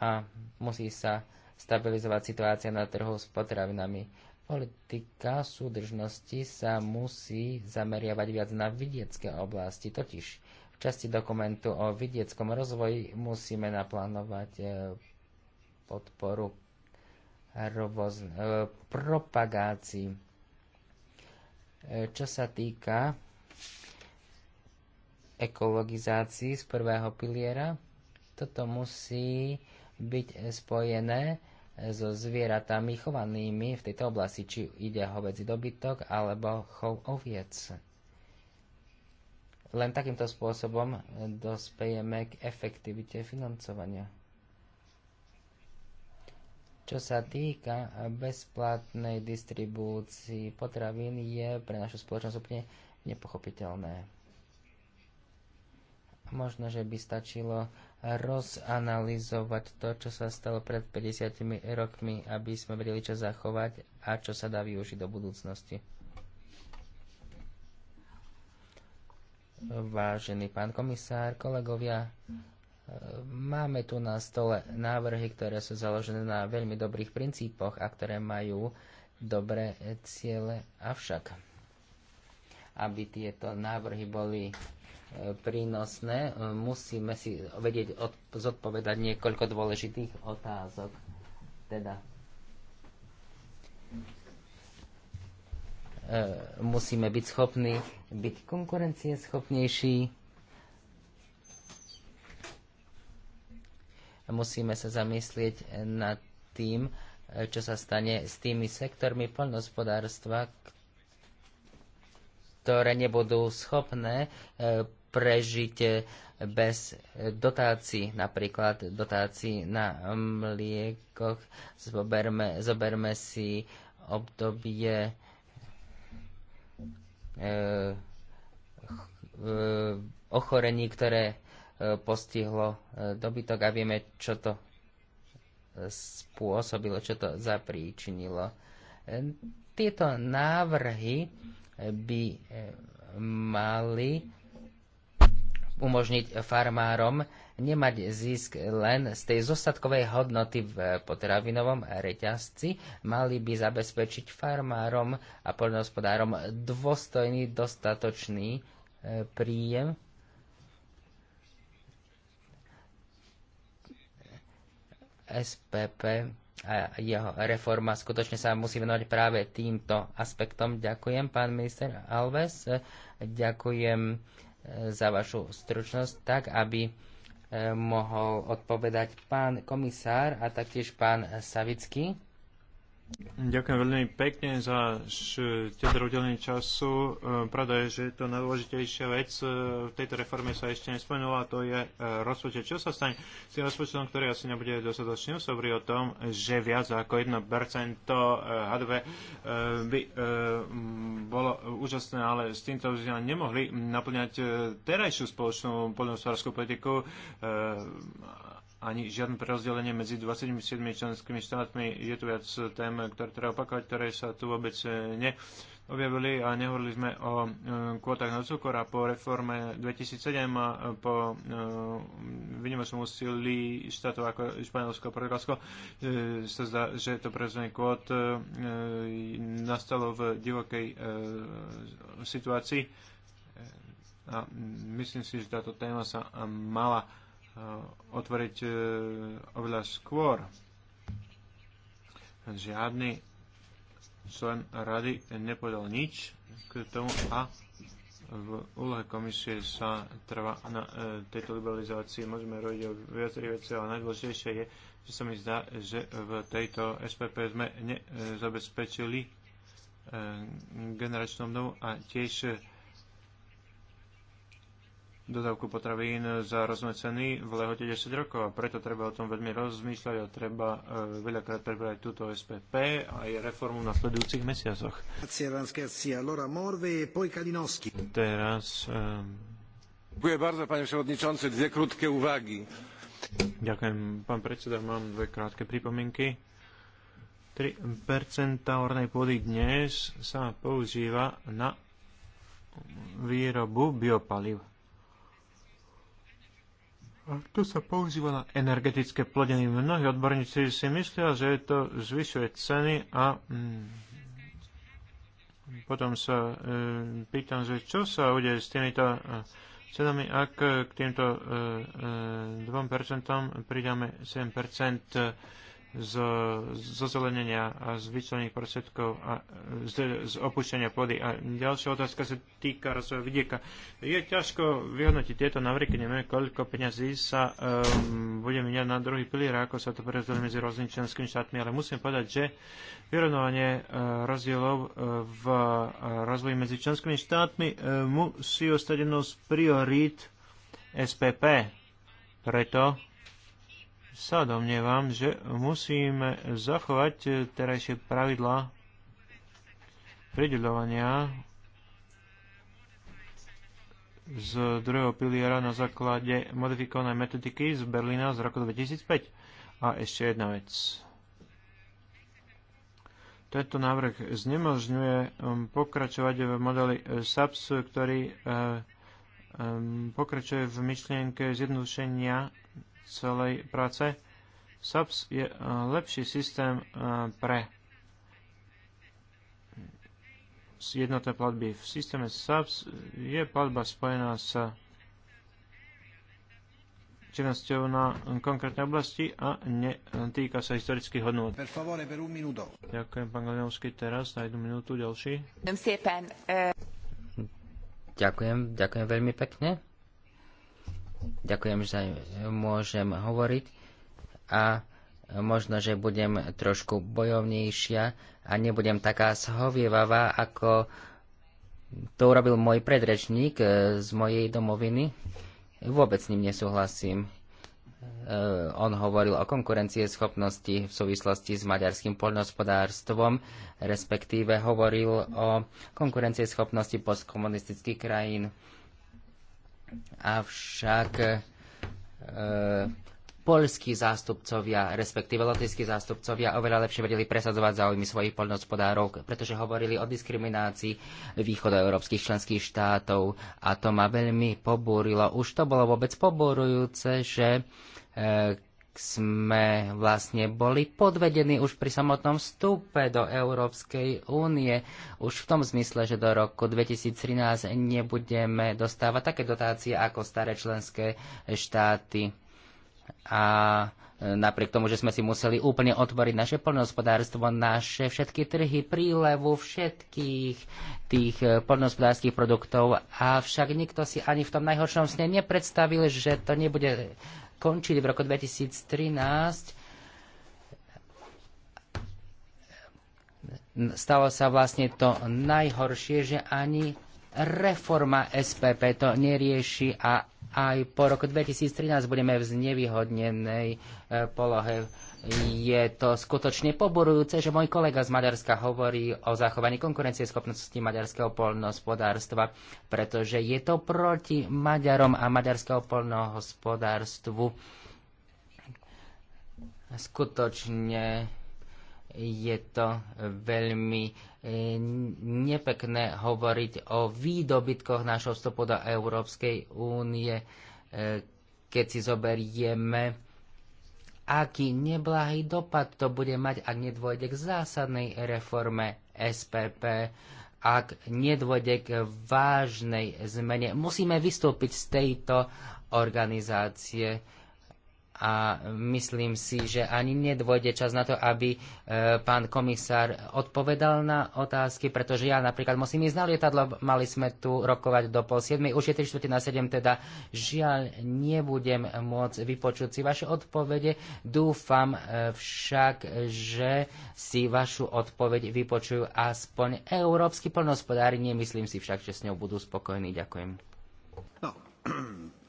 a musí sa stabilizovať situácia na trhu s potravinami Politika súdržnosti sa musí zameriavať viac na vidiecké oblasti, totiž v časti dokumentu o vidieckom rozvoji musíme naplánovať e, podporu rôz, e, propagácii. E, čo sa týka ekologizácii z prvého piliera, toto musí byť spojené so zvieratami chovanými v tejto oblasti, či ide hovedzi dobytok alebo chov oviec. Len takýmto spôsobom dospejeme k efektivite financovania. Čo sa týka bezplatnej distribúcii potravín, je pre našu spoločnosť úplne nepochopiteľné. Možno, že by stačilo rozanalizovať to, čo sa stalo pred 50 rokmi, aby sme vedeli, čo zachovať a čo sa dá využiť do budúcnosti. Vážený pán komisár, kolegovia, máme tu na stole návrhy, ktoré sú založené na veľmi dobrých princípoch a ktoré majú dobré ciele. Avšak, aby tieto návrhy boli prínosné, musíme si vedieť od, zodpovedať niekoľko dôležitých otázok. Teda e, musíme byť schopní byť konkurencieschopnejší, musíme sa zamyslieť nad tým, e, čo sa stane s tými sektormi poľnohospodárstva, ktoré nebudú schopné e, prežite bez dotácií, napríklad dotácií na mliekoch. Zoberme, zoberme si obdobie e, e, ochorení, ktoré e, postihlo dobytok a vieme, čo to spôsobilo, čo to zapríčinilo. Tieto návrhy by mali umožniť farmárom nemať zisk len z tej zostatkovej hodnoty v potravinovom reťazci, mali by zabezpečiť farmárom a poľnohospodárom dôstojný, dostatočný e, príjem. SPP a jeho reforma skutočne sa musí venovať práve týmto aspektom. Ďakujem, pán minister Alves. Ďakujem za vašu stručnosť, tak aby e, mohol odpovedať pán komisár a taktiež pán Savický. Ďakujem veľmi pekne za štedro času. E, pravda je, že je to najdôležitejšia vec e, v tejto reforme sa ešte nespomenula, a to je e, rozpočet. Čo sa stane s tým rozpočtom, ktorý asi nebude dostatočne usobrý o tom, že viac ako 1% HDP by bolo úžasné, ale s týmto sme nemohli naplňať terajšiu spoločnú poľnohospodárskú politiku ani žiadne prerozdelenie medzi 27 členskými štátmi. Je tu viac tém, ktoré treba opakovať, ktoré sa tu vôbec e, neobjavili a nehovorili sme o e, kvótach na cukor a po reforme 2007 a e, po vynimočnom úsilí štátov ako Španielsko a Portugalsko sa zdá, že to prerozdelenie kvót nastalo v divokej situácii. A myslím si, že táto téma sa mala Eh, otvoriť eh, oveľa skôr. Žiadny člen rady nepovedal nič k tomu a v úlohe komisie sa trvá na e, tejto liberalizácii. Môžeme rodiť o viacerých veci, ale najdôležitejšie je, že sa mi zdá, že v tejto SPP sme nezabezpečili e, generačnú obnovu a tiež dodávku potravín za rozumné ceny v lehote 10 rokov a preto treba o tom veľmi rozmýšľať a treba e, veľakrát prebrať túto SPP a aj reformu v nasledujúcich mesiacoch. E Teraz... E... bardzo, panie dve Ďakujem, pán predseda. Mám dve krátke pripomienky. 3 ornej pôdy dnes sa používa na výrobu biopaliv to sa používa na energetické plodiny. Mnohí odborníci si myslia, že to zvyšuje ceny a mm, potom sa e, pýtam, že čo sa udeje s týmito e, cenami, ak k týmto e, e, 2% pridáme 7% z zozelenenia a z vyčlených prostriedkov a z, z opúšťania pôdy. A ďalšia otázka sa týka rozvoja vidieka. Je ťažko vyhodnotiť tieto návrhy, keď nevieme, koľko peňazí sa um, bude miniať na druhý pilier, ako sa to prerozdeli medzi rôznymi členskými štátmi, ale musím povedať, že vyrovnovanie uh, rozdielov uh, v e, rozvoji medzi členskými štátmi uh, musí ostať jednou z priorít SPP. Preto sa domnievam, že musíme zachovať terajšie pravidlá prideľovania z druhého piliera na základe modifikovanej metodiky z Berlína z roku 2005. A ešte jedna vec. Tento návrh znemožňuje um, pokračovať v modeli SAPS, eh, ktorý eh, pokračuje v myšlienke zjednodušenia celej práce. SAPS je e, lepší systém e, pre jednotné platby. V systéme SAPS je platba spojená s činnosťou na konkrétnej oblasti a netýka sa historických hodnot. Ďakujem, pán Galinovský. Teraz na jednu minútu ďalší. Ďakujem, e- ďakujem veľmi pekne. Ďakujem, že môžem hovoriť a možno, že budem trošku bojovnejšia a nebudem taká schovievavá, ako to urobil môj predrečník e, z mojej domoviny. Vôbec s ním nesúhlasím. E, on hovoril o konkurencie schopnosti v súvislosti s maďarským poľnohospodárstvom, respektíve hovoril o konkurencie schopnosti postkomunistických krajín Avšak e, polskí zástupcovia, respektíve lotyskí zástupcovia oveľa lepšie vedeli presadzovať záujmy svojich poľnohospodárov, pretože hovorili o diskriminácii východoeurópskych členských štátov a to ma veľmi pobúrilo. Už to bolo vôbec pobúrujúce, že e, sme vlastne boli podvedení už pri samotnom vstupe do Európskej únie. Už v tom zmysle, že do roku 2013 nebudeme dostávať také dotácie ako staré členské štáty. A e, napriek tomu, že sme si museli úplne otvoriť naše poľnohospodárstvo, naše všetky trhy, prílevu všetkých tých e, poľnohospodárských produktov. Avšak nikto si ani v tom najhoršom sne nepredstavil, že to nebude Končili v roku 2013, stalo sa vlastne to najhoršie, že ani reforma SPP to nerieši a aj po roku 2013 budeme v znevýhodnenej eh, polohe je to skutočne poborujúce, že môj kolega z Maďarska hovorí o zachovaní konkurencieschopnosti maďarského polnohospodárstva, pretože je to proti Maďarom a maďarského polnohospodárstvu. Skutočne je to veľmi e, nepekné hovoriť o výdobytkoch našho vstupu do Európskej únie, e, keď si zoberieme aký neblahý dopad to bude mať, ak nedôjde k zásadnej reforme SPP, ak nedôjde k vážnej zmene. Musíme vystúpiť z tejto organizácie a myslím si, že ani nedvojde čas na to, aby e, pán komisár odpovedal na otázky, pretože ja napríklad musím ísť na lietadlo, mali sme tu rokovať do pol 7, už je 3 na 7, teda žiaľ nebudem môcť vypočuť si vaše odpovede. Dúfam e, však, že si vašu odpoveď vypočujú aspoň európsky plnospodári, nemyslím si však, že s ňou budú spokojní. Ďakujem. No. [clears throat]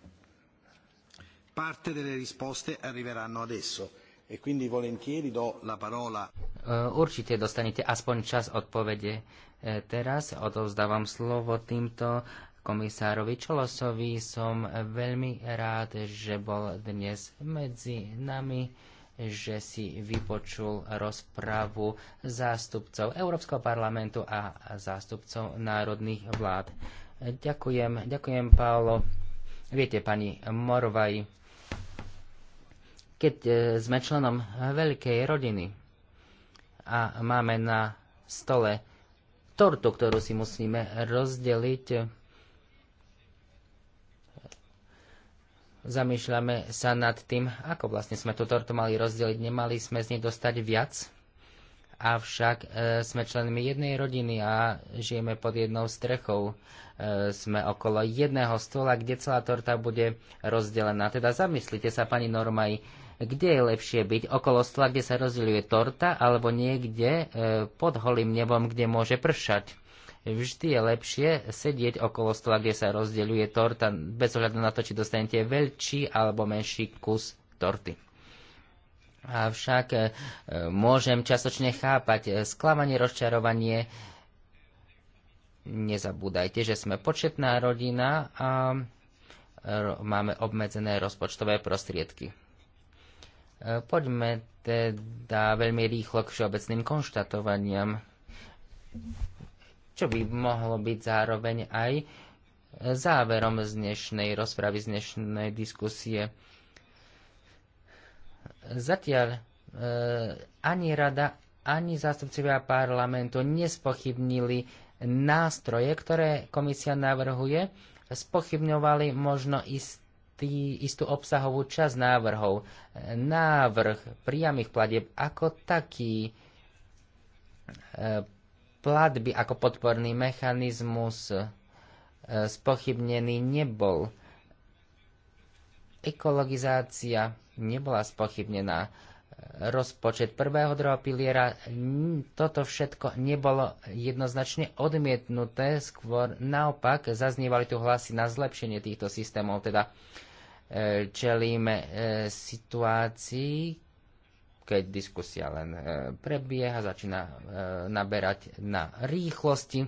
Parte delle risposte arriveranno adesso e quindi volentieri do la parola. Eh, určite dostanete aspoň čas odpovede. Eh, teraz odovzdávam slovo týmto komisárovi Čolosovi. Som veľmi rád, že bol dnes medzi nami že si vypočul rozprávu zástupcov Európskeho parlamentu a zástupcov národných vlád. Ďakujem, ďakujem, Paolo. Viete, pani Morvaj, keď e, sme členom veľkej rodiny a máme na stole tortu, ktorú si musíme rozdeliť, Zamýšľame sa nad tým, ako vlastne sme tú tortu mali rozdeliť. Nemali sme z nej dostať viac, avšak e, sme členmi jednej rodiny a žijeme pod jednou strechou. E, sme okolo jedného stola, kde celá torta bude rozdelená. Teda zamyslite sa, pani Normaj, kde je lepšie byť? Okolo stola, kde sa rozdeľuje torta, alebo niekde e, pod holým nebom, kde môže pršať? Vždy je lepšie sedieť okolo stola, kde sa rozdeľuje torta, bez ohľadu na to, či dostanete veľší alebo menší kus torty. Avšak e, môžem častočne chápať e, sklamanie, rozčarovanie. Nezabúdajte, že sme početná rodina a máme obmedzené rozpočtové prostriedky. Poďme teda veľmi rýchlo k všeobecným konštatovaniam, čo by mohlo byť zároveň aj záverom z dnešnej rozpravy, z dnešnej diskusie. Zatiaľ e, ani rada, ani zástupcovia parlamentu nespochybnili nástroje, ktoré komisia navrhuje, spochybňovali možno isté tý, istú obsahovú časť návrhov. Návrh priamých platieb ako taký e, platby ako podporný mechanizmus e, spochybnený nebol. Ekologizácia nebola spochybnená. Rozpočet prvého, druhého piliera, toto všetko nebolo jednoznačne odmietnuté, skôr naopak zaznievali tu hlasy na zlepšenie týchto systémov, teda čelíme e, situácii, keď diskusia len e, prebieha, začína e, naberať na rýchlosti.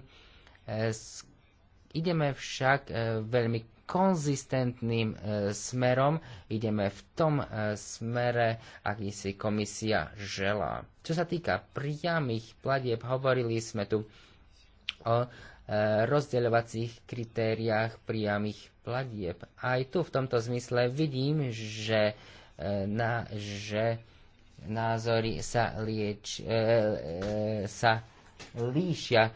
Ideme však veľmi konzistentným smerom, ideme v tom smere, aký si komisia želá. Čo sa týka priamých platieb, hovorili sme tu o rozdeľovacích kritériách priamých platieb. Aj tu v tomto zmysle vidím, že, e, na, že názory sa, lieč, e, e, sa líšia.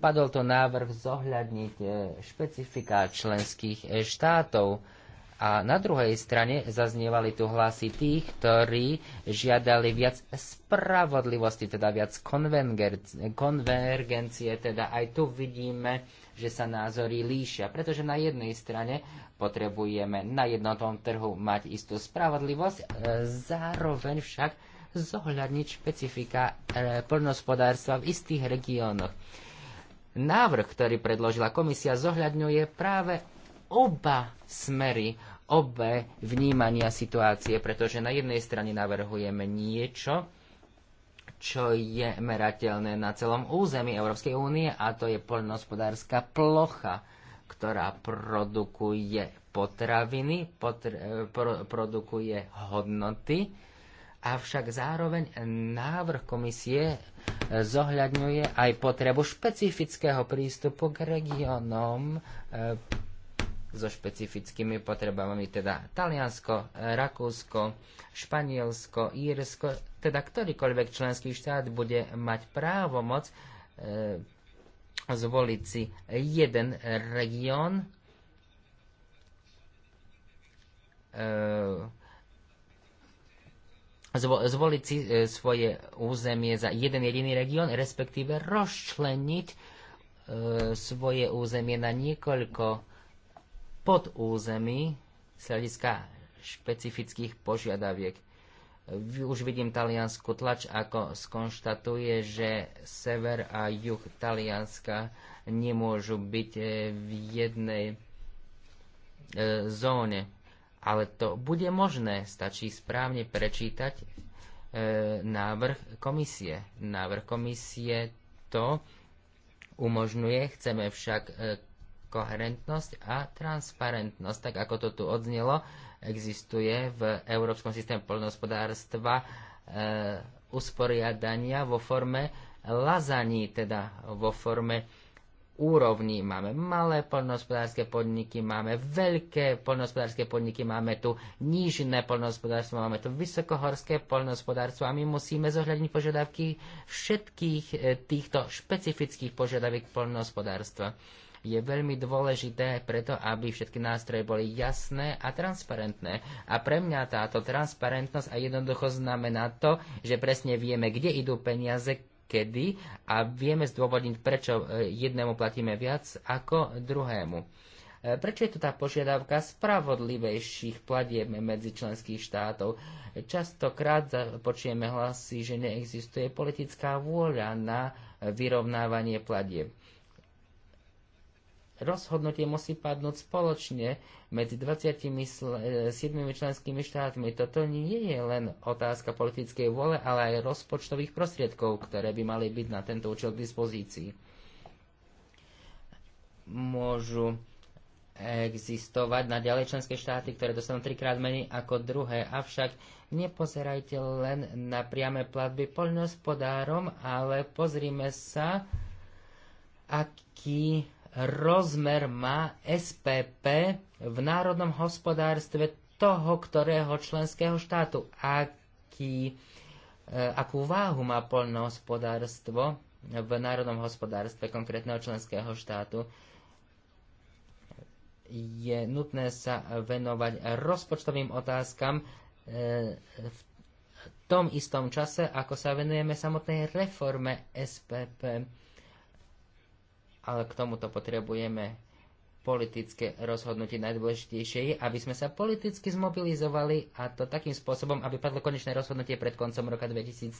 Padol to návrh zohľadniť e, špecifiká členských e, štátov. A na druhej strane zaznievali tu hlasy tých, ktorí žiadali viac spravodlivosti, teda viac konvergencie. Teda aj tu vidíme že sa názory líšia, pretože na jednej strane potrebujeme na jednotnom trhu mať istú spravodlivosť, e, zároveň však zohľadniť špecifika e, plnospodárstva v istých regiónoch. Návrh, ktorý predložila komisia, zohľadňuje práve oba smery, obe vnímania situácie, pretože na jednej strane navrhujeme niečo, čo je merateľné na celom území Európskej únie a to je poľnohospodárska plocha, ktorá produkuje potraviny, potr- pro- produkuje hodnoty, avšak zároveň návrh komisie zohľadňuje aj potrebu špecifického prístupu k regiónom e, so špecifickými potrebami, teda Taliansko, Rakúsko, Španielsko, Írsko, teda ktorýkoľvek členský štát bude mať právomoc e, zvoliť si jeden región, e, zvoliť si e, svoje územie za jeden jediný región, respektíve rozčleniť e, svoje územie na niekoľko pod území z hľadiska špecifických požiadaviek. Už vidím taliansku tlač, ako skonštatuje, že sever a juh Talianska nemôžu byť e, v jednej e, zóne. Ale to bude možné, stačí správne prečítať e, návrh komisie. Návrh komisie to umožňuje, chceme však koherentnosť a transparentnosť. Tak ako to tu odznelo, existuje v Európskom systéme poľnohospodárstva e, usporiadania vo forme lazaní, teda vo forme úrovní. Máme malé poľnohospodárske podniky, máme veľké poľnohospodárske podniky, máme tu nížne poľnohospodárstvo, máme tu vysokohorské poľnohospodárstvo a my musíme zohľadniť požiadavky všetkých e, týchto špecifických požiadaviek poľnohospodárstva je veľmi dôležité preto, aby všetky nástroje boli jasné a transparentné. A pre mňa táto transparentnosť a jednoducho znamená to, že presne vieme, kde idú peniaze, kedy a vieme zdôvodniť, prečo e, jednému platíme viac ako druhému. E, prečo je tu tá požiadavka spravodlivejších platieb medzi členských štátov? Častokrát počujeme hlasy, že neexistuje politická vôľa na vyrovnávanie platieb rozhodnutie musí padnúť spoločne medzi 27 e, členskými štátmi. Toto nie je len otázka politickej vole, ale aj rozpočtových prostriedkov, ktoré by mali byť na tento účel k dispozícii. Môžu existovať na ďalej členské štáty, ktoré dostanú trikrát menej ako druhé. Avšak nepozerajte len na priame platby poľnohospodárom, ale pozrime sa, aký rozmer má SPP v národnom hospodárstve toho, ktorého členského štátu, aký, e, akú váhu má poľnohospodárstvo v národnom hospodárstve konkrétneho členského štátu je nutné sa venovať rozpočtovým otázkam e, v tom istom čase, ako sa venujeme samotnej reforme SPP ale k tomuto potrebujeme politické rozhodnutie najdôležitejšie je, aby sme sa politicky zmobilizovali a to takým spôsobom, aby padlo konečné rozhodnutie pred koncom roka 2013,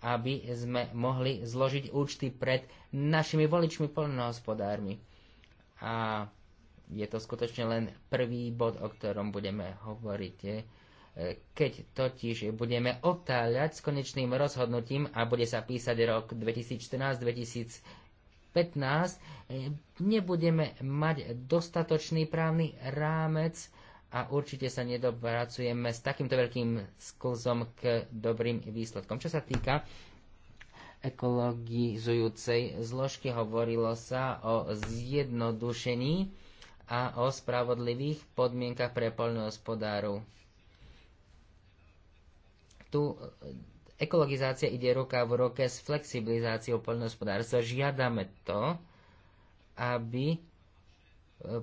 aby sme mohli zložiť účty pred našimi voličmi poľnohospodármi. A je to skutočne len prvý bod, o ktorom budeme hovoriť. E, keď totiž budeme otáľať s konečným rozhodnutím a bude sa písať rok 2014, 2015, Eh, nebudeme mať dostatočný právny rámec a určite sa nedopracujeme s takýmto veľkým sklzom k dobrým výsledkom. Čo sa týka ekologizujúcej zložky, hovorilo sa o zjednodušení a o spravodlivých podmienkach pre poľnohospodárov. Tu eh, Ekologizácia ide ruka v roke s flexibilizáciou poľnohospodárstva. Žiadame to, aby e,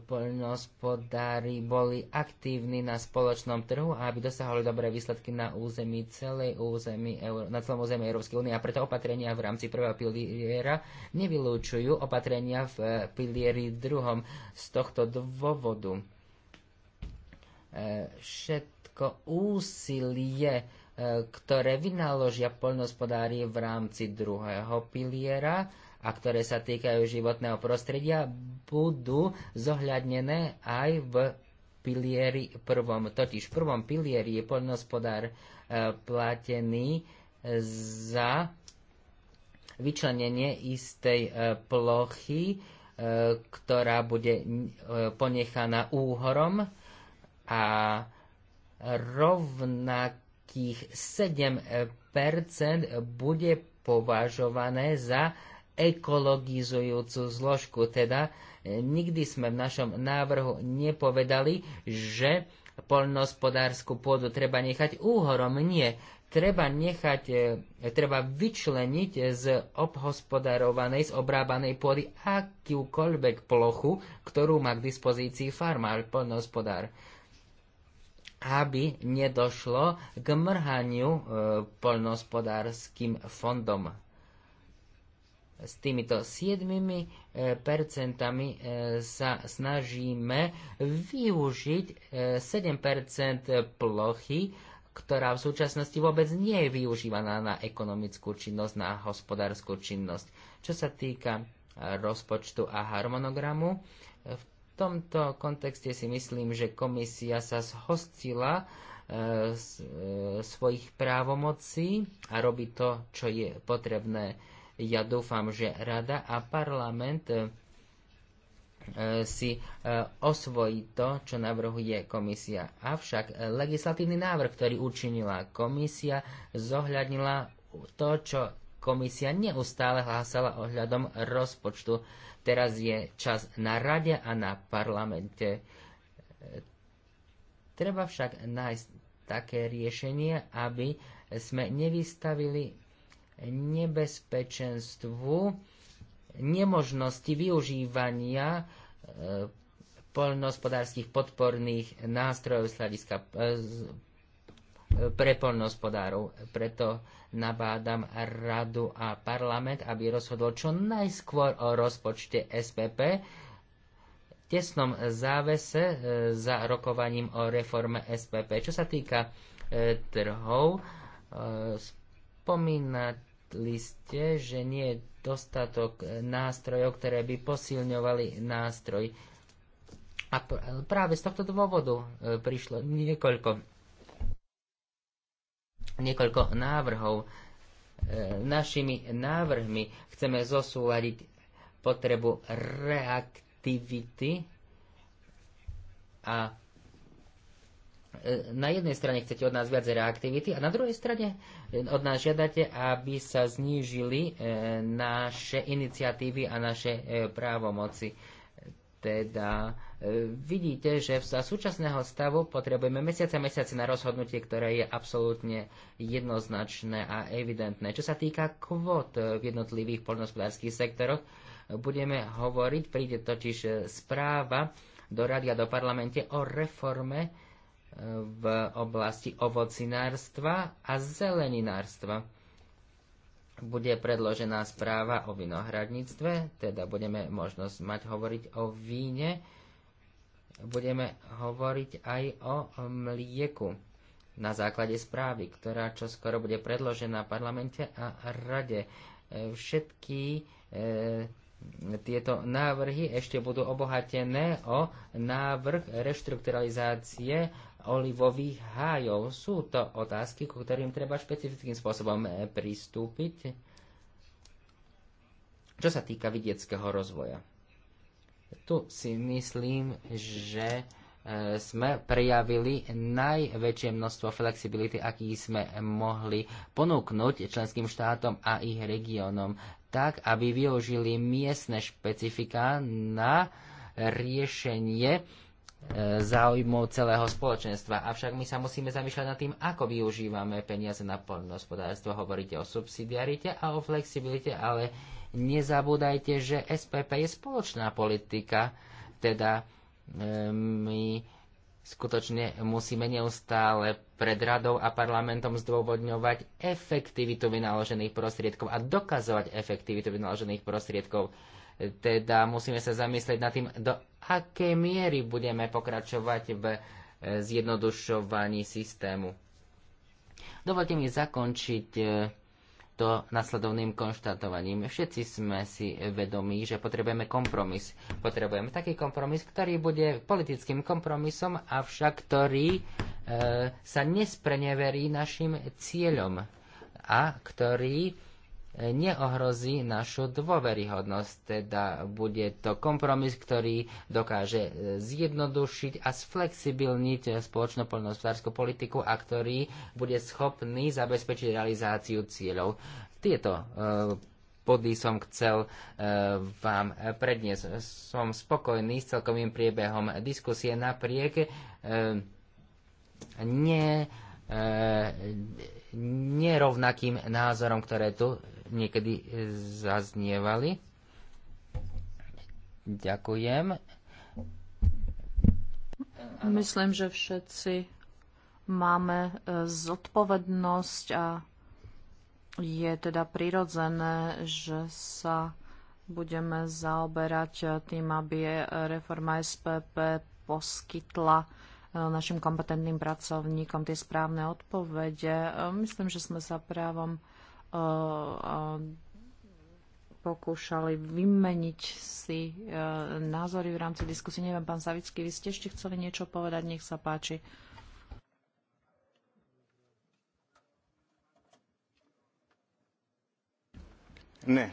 poľnohospodári boli aktívni na spoločnom trhu a aby dosahali dobré výsledky na území celej území, na celom území Európskej únie. A preto opatrenia v rámci prvého piliera nevylúčujú opatrenia v e, pilieri druhom. Z tohto dôvodu e, všetko úsilie E, ktoré vynaložia poľnohospodári v rámci druhého piliera a ktoré sa týkajú životného prostredia, budú zohľadnené aj v pilieri prvom. Totiž v prvom pilieri je poľnohospodár e, platený za vyčlenenie istej e, plochy, ktorá bude ponechaná úhorom a rovnak Tých 7 bude považované za ekologizujúcu zložku. Teda e, nikdy sme v našom návrhu nepovedali, že poľnohospodárskú pôdu treba nechať úhorom. Nie, treba nechať, e, treba vyčleniť z obhospodarovanej, z obrábanej pôdy akúkoľvek plochu, ktorú má k dispozícii farmár, poľnohospodár aby nedošlo k mrhaniu e, poľnohospodárským fondom. S týmito 7 e, percentami e, sa snažíme využiť 7 e, plochy, ktorá v súčasnosti vôbec nie je využívaná na ekonomickú činnosť, na hospodárskú činnosť. Čo sa týka rozpočtu a harmonogramu, v v tomto kontexte si myslím, že komisia sa zhostila e, e, svojich právomocí a robí to, čo je potrebné. Ja dúfam, že Rada a parlament e, si osvojí to, čo navrhuje komisia. Avšak legislatívny návrh, ktorý učinila komisia, zohľadnila to, čo komisia neustále hlásala ohľadom rozpočtu. Teraz je čas na rade a na parlamente. Treba však nájsť také riešenie, aby sme nevystavili nebezpečenstvu nemožnosti využívania e, poľnohospodárskych podporných nástrojov z hľadiska e, pre polnohospodárov. Preto nabádam radu a parlament, aby rozhodol čo najskôr o rozpočte SPP, v tesnom závese e, za rokovaním o reforme SPP. Čo sa týka e, trhov, e, spomínali ste, že nie je dostatok nástrojov, ktoré by posilňovali nástroj. A práve z tohto dôvodu prišlo niekoľko niekoľko návrhov. E, našimi návrhmi chceme zosúľadiť potrebu reaktivity a e, na jednej strane chcete od nás viac reaktivity a na druhej strane od nás žiadate, aby sa znížili e, naše iniciatívy a naše právomoci teda e, vidíte, že za súčasného stavu potrebujeme mesiace a mesiace na rozhodnutie, ktoré je absolútne jednoznačné a evidentné. Čo sa týka kvót v jednotlivých poľnohospodárských sektoroch, budeme hovoriť, príde totiž správa do rady a do parlamente o reforme e, v oblasti ovocinárstva a zeleninárstva bude predložená správa o vinohradníctve, teda budeme možnosť mať hovoriť o víne, budeme hovoriť aj o mlieku na základe správy, ktorá čo skoro bude predložená v parlamente a rade. E, všetky e, tieto návrhy ešte budú obohatené o návrh reštrukturalizácie olivových hájov. Sú to otázky, ku ktorým treba špecifickým spôsobom eh, pristúpiť, čo sa týka vidieckého rozvoja. Tu si myslím, že eh, sme prejavili najväčšie množstvo flexibility, aký sme mohli ponúknuť členským štátom a ich regiónom, tak, aby využili miestne špecifika na riešenie E, záujmov celého spoločenstva. Avšak my sa musíme zamýšľať nad tým, ako využívame peniaze na poľnohospodárstvo. Hovoríte o subsidiarite a o flexibilite, ale nezabúdajte, že SPP je spoločná politika, teda e, my skutočne musíme neustále pred radou a parlamentom zdôvodňovať efektivitu vynaložených prostriedkov a dokazovať efektivitu vynaložených prostriedkov. Teda musíme sa zamyslieť nad tým, do akej miery budeme pokračovať v e, zjednodušovaní systému. Dovolte mi zakončiť e, to nasledovným konštatovaním. Všetci sme si vedomí, že potrebujeme kompromis. Potrebujeme taký kompromis, ktorý bude politickým kompromisom, avšak ktorý e, sa nespreneverí našim cieľom a ktorý neohrozí našu dôveryhodnosť. Teda bude to kompromis, ktorý dokáže e, zjednodušiť a sflexibilniť spoločnú poľnohospodárskú politiku a ktorý bude schopný zabezpečiť realizáciu cieľov. Tieto e, body som chcel e, vám predniesť. Som spokojný s celkovým priebehom diskusie napriek nie nerovnakým názorom, ktoré tu niekedy e, zaznievali. Ďakujem. Myslím, že všetci máme e, zodpovednosť a je teda prirodzené, že sa budeme zaoberať e, tým, aby reforma SPP poskytla našim kompetentným pracovníkom tie správne odpovede. Myslím, že sme sa právom pokúšali vymeniť si e, názory v rámci diskusie. Neviem, pán Savický, vy ste ešte chceli niečo povedať, nech sa páči. Pán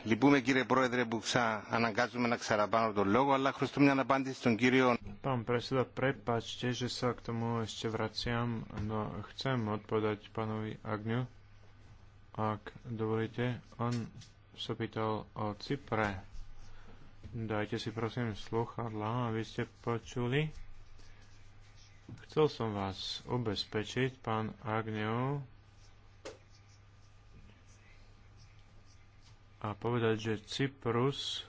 predseda, prepáčte, že sa k tomu ešte vraciam, no chcem odpovedať pánovi Agňu. Ak dovolíte, on sa pýtal o Cypre. Dajte si prosím sluchadla, aby ste počuli. Chcel som vás ubezpečiť, pán Agneu, a povedať, že Cyprus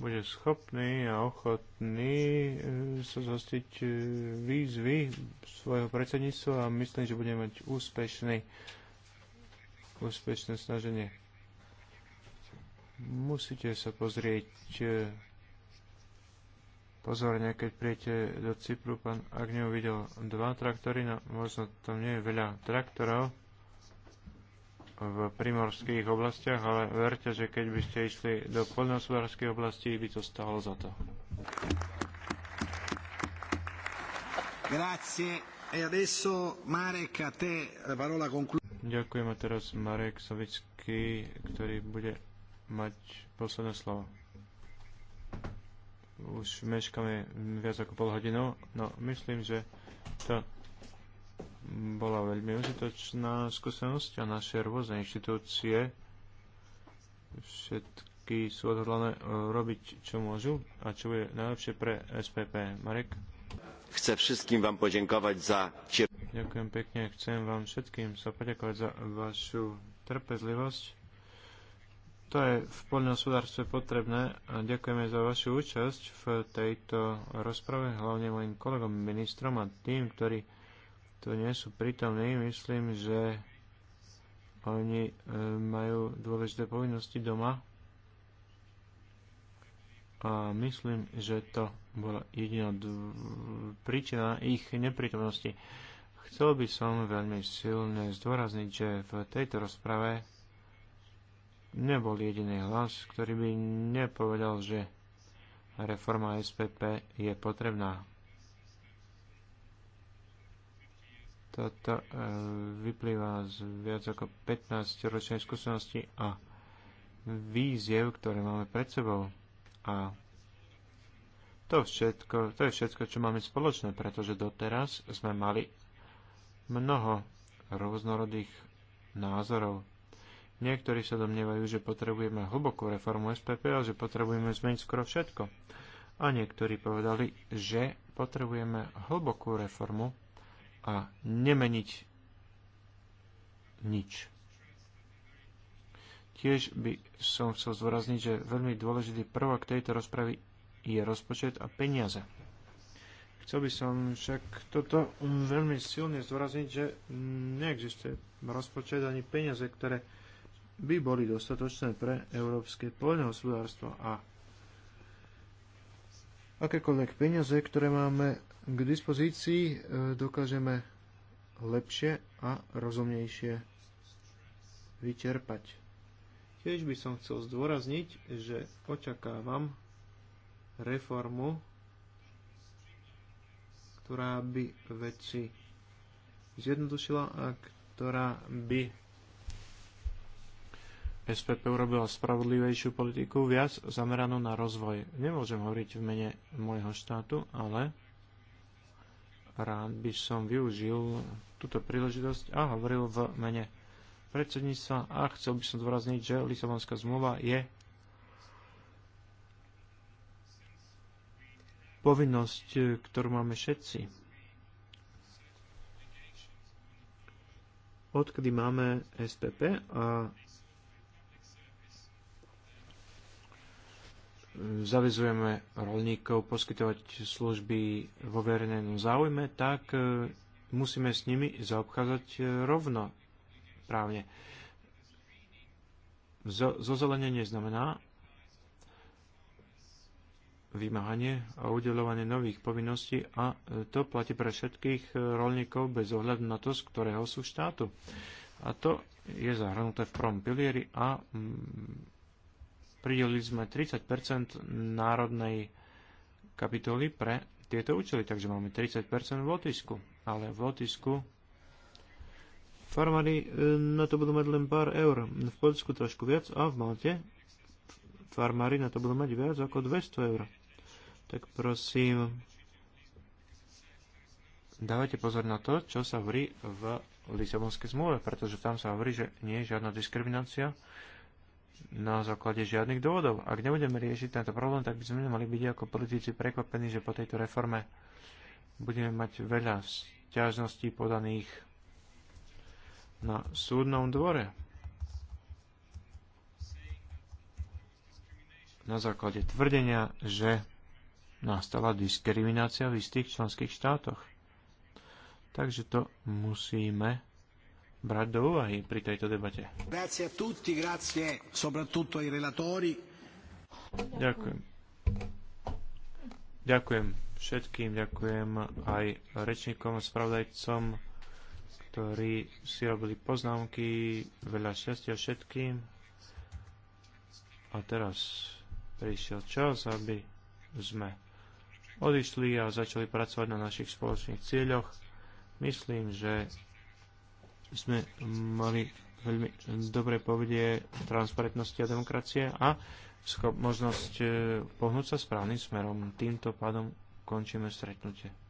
bude schopný a ochotný e, sa zastiť e, výzvy svojho predsedníctva a myslím, že bude mať úspešný úspešné snaženie. Musíte sa pozrieť e, pozorne, keď príjete do Cypru, pán Agnew videl dva traktory, no možno tam nie je veľa traktorov v primorských oblastiach, ale verte, že keď by ste išli do poľnohospodárskej oblasti, by to stalo za to. Grazie. E adesso Marek, a te la parola conclusiva. Ďakujem a teraz Marek Savický, ktorý bude mať posledné slovo. Už meškáme viac ako pol hodinu, no myslím, že to bola veľmi užitočná skúsenosť a naše rôzne inštitúcie všetky sú odhodlané eh, robiť, čo môžu a čo je najlepšie pre SPP. Marek? Chcę wszystkim Wam podziękować za ciepło. Ďakujem pekne. Chcem vám všetkým sa poďakovať za vašu trpezlivosť. To je v poľnohospodárstve potrebné a ďakujeme za vašu účasť v tejto rozprave, hlavne mojim kolegom ministrom a tým, ktorí tu nie sú prítomní. Myslím, že oni e, majú dôležité povinnosti doma a myslím, že to bola jediná príčina ich neprítomnosti. Chcel by som veľmi silne zdôrazniť, že v tejto rozprave nebol jediný hlas, ktorý by nepovedal, že reforma SPP je potrebná. Toto e, vyplýva z viac ako 15-ročnej skúsenosti a víziev, ktoré máme pred sebou. A to, všetko, to je všetko, čo máme spoločné, pretože doteraz sme mali mnoho rôznorodých názorov. Niektorí sa domnievajú, že potrebujeme hlbokú reformu SPP a že potrebujeme zmeniť skoro všetko. A niektorí povedali, že potrebujeme hlbokú reformu a nemeniť nič. Tiež by som chcel zvorazniť, že veľmi dôležitý prvok tejto rozpravy je rozpočet a peniaze. Chcel by som však toto veľmi silne zdôrazniť, že neexistuje rozpočet ani peniaze, ktoré by boli dostatočné pre európske poľnohospodárstvo a akékoľvek peniaze, ktoré máme k dispozícii, e, dokážeme lepšie a rozumnejšie vyčerpať. Tiež by som chcel zdôrazniť, že očakávam reformu ktorá by veci zjednodušila a ktorá by SPP urobila spravodlivejšiu politiku, viac zameranú na rozvoj. Nemôžem hovoriť v mene môjho štátu, ale rád by som využil túto príležitosť a hovoril v mene predsedníctva a chcel by som zdôrazniť, že Lisabonská zmluva je povinnosť, e, ktorú máme všetci. Odkedy máme SPP a zavezujeme rolníkov poskytovať služby vo verejnom záujme, tak e, musíme s nimi zaobchádzať e, rovno právne. Zozelenie neznamená, vymáhanie a udelovanie nových povinností a e, to platí pre všetkých e, rolníkov bez ohľadu na to, z ktorého sú štátu. A to je zahrnuté v prvom pilieri a mm, pridelili sme 30 národnej kapitoly pre tieto účely, takže máme 30 v Lotisku. Ale v Lotisku farmári e, na to budú mať len pár eur, v Polsku trošku viac a v Malte farmári na to budú mať viac ako 200 eur tak prosím, dávajte pozor na to, čo sa hovorí v Lisabonskej zmluve, pretože tam sa hovorí, že nie je žiadna diskriminácia na základe žiadnych dôvodov. Ak nebudeme riešiť tento problém, tak by sme nemali byť ako politici prekvapení, že po tejto reforme budeme mať veľa stiažností podaných na súdnom dvore. Na základe tvrdenia, že nastala diskriminácia v istých členských štátoch. Takže to musíme brať do úvahy pri tejto debate. Tutti, ďakujem. Ďakujem všetkým, ďakujem aj rečníkom a spravodajcom, ktorí si robili poznámky. Veľa šťastia všetkým. A teraz prišiel čas, aby sme odišli a začali pracovať na našich spoločných cieľoch. Myslím, že sme mali veľmi dobré povedie transparentnosti a demokracie a možnosť eh, pohnúť sa správnym smerom. Týmto pádom končíme stretnutie.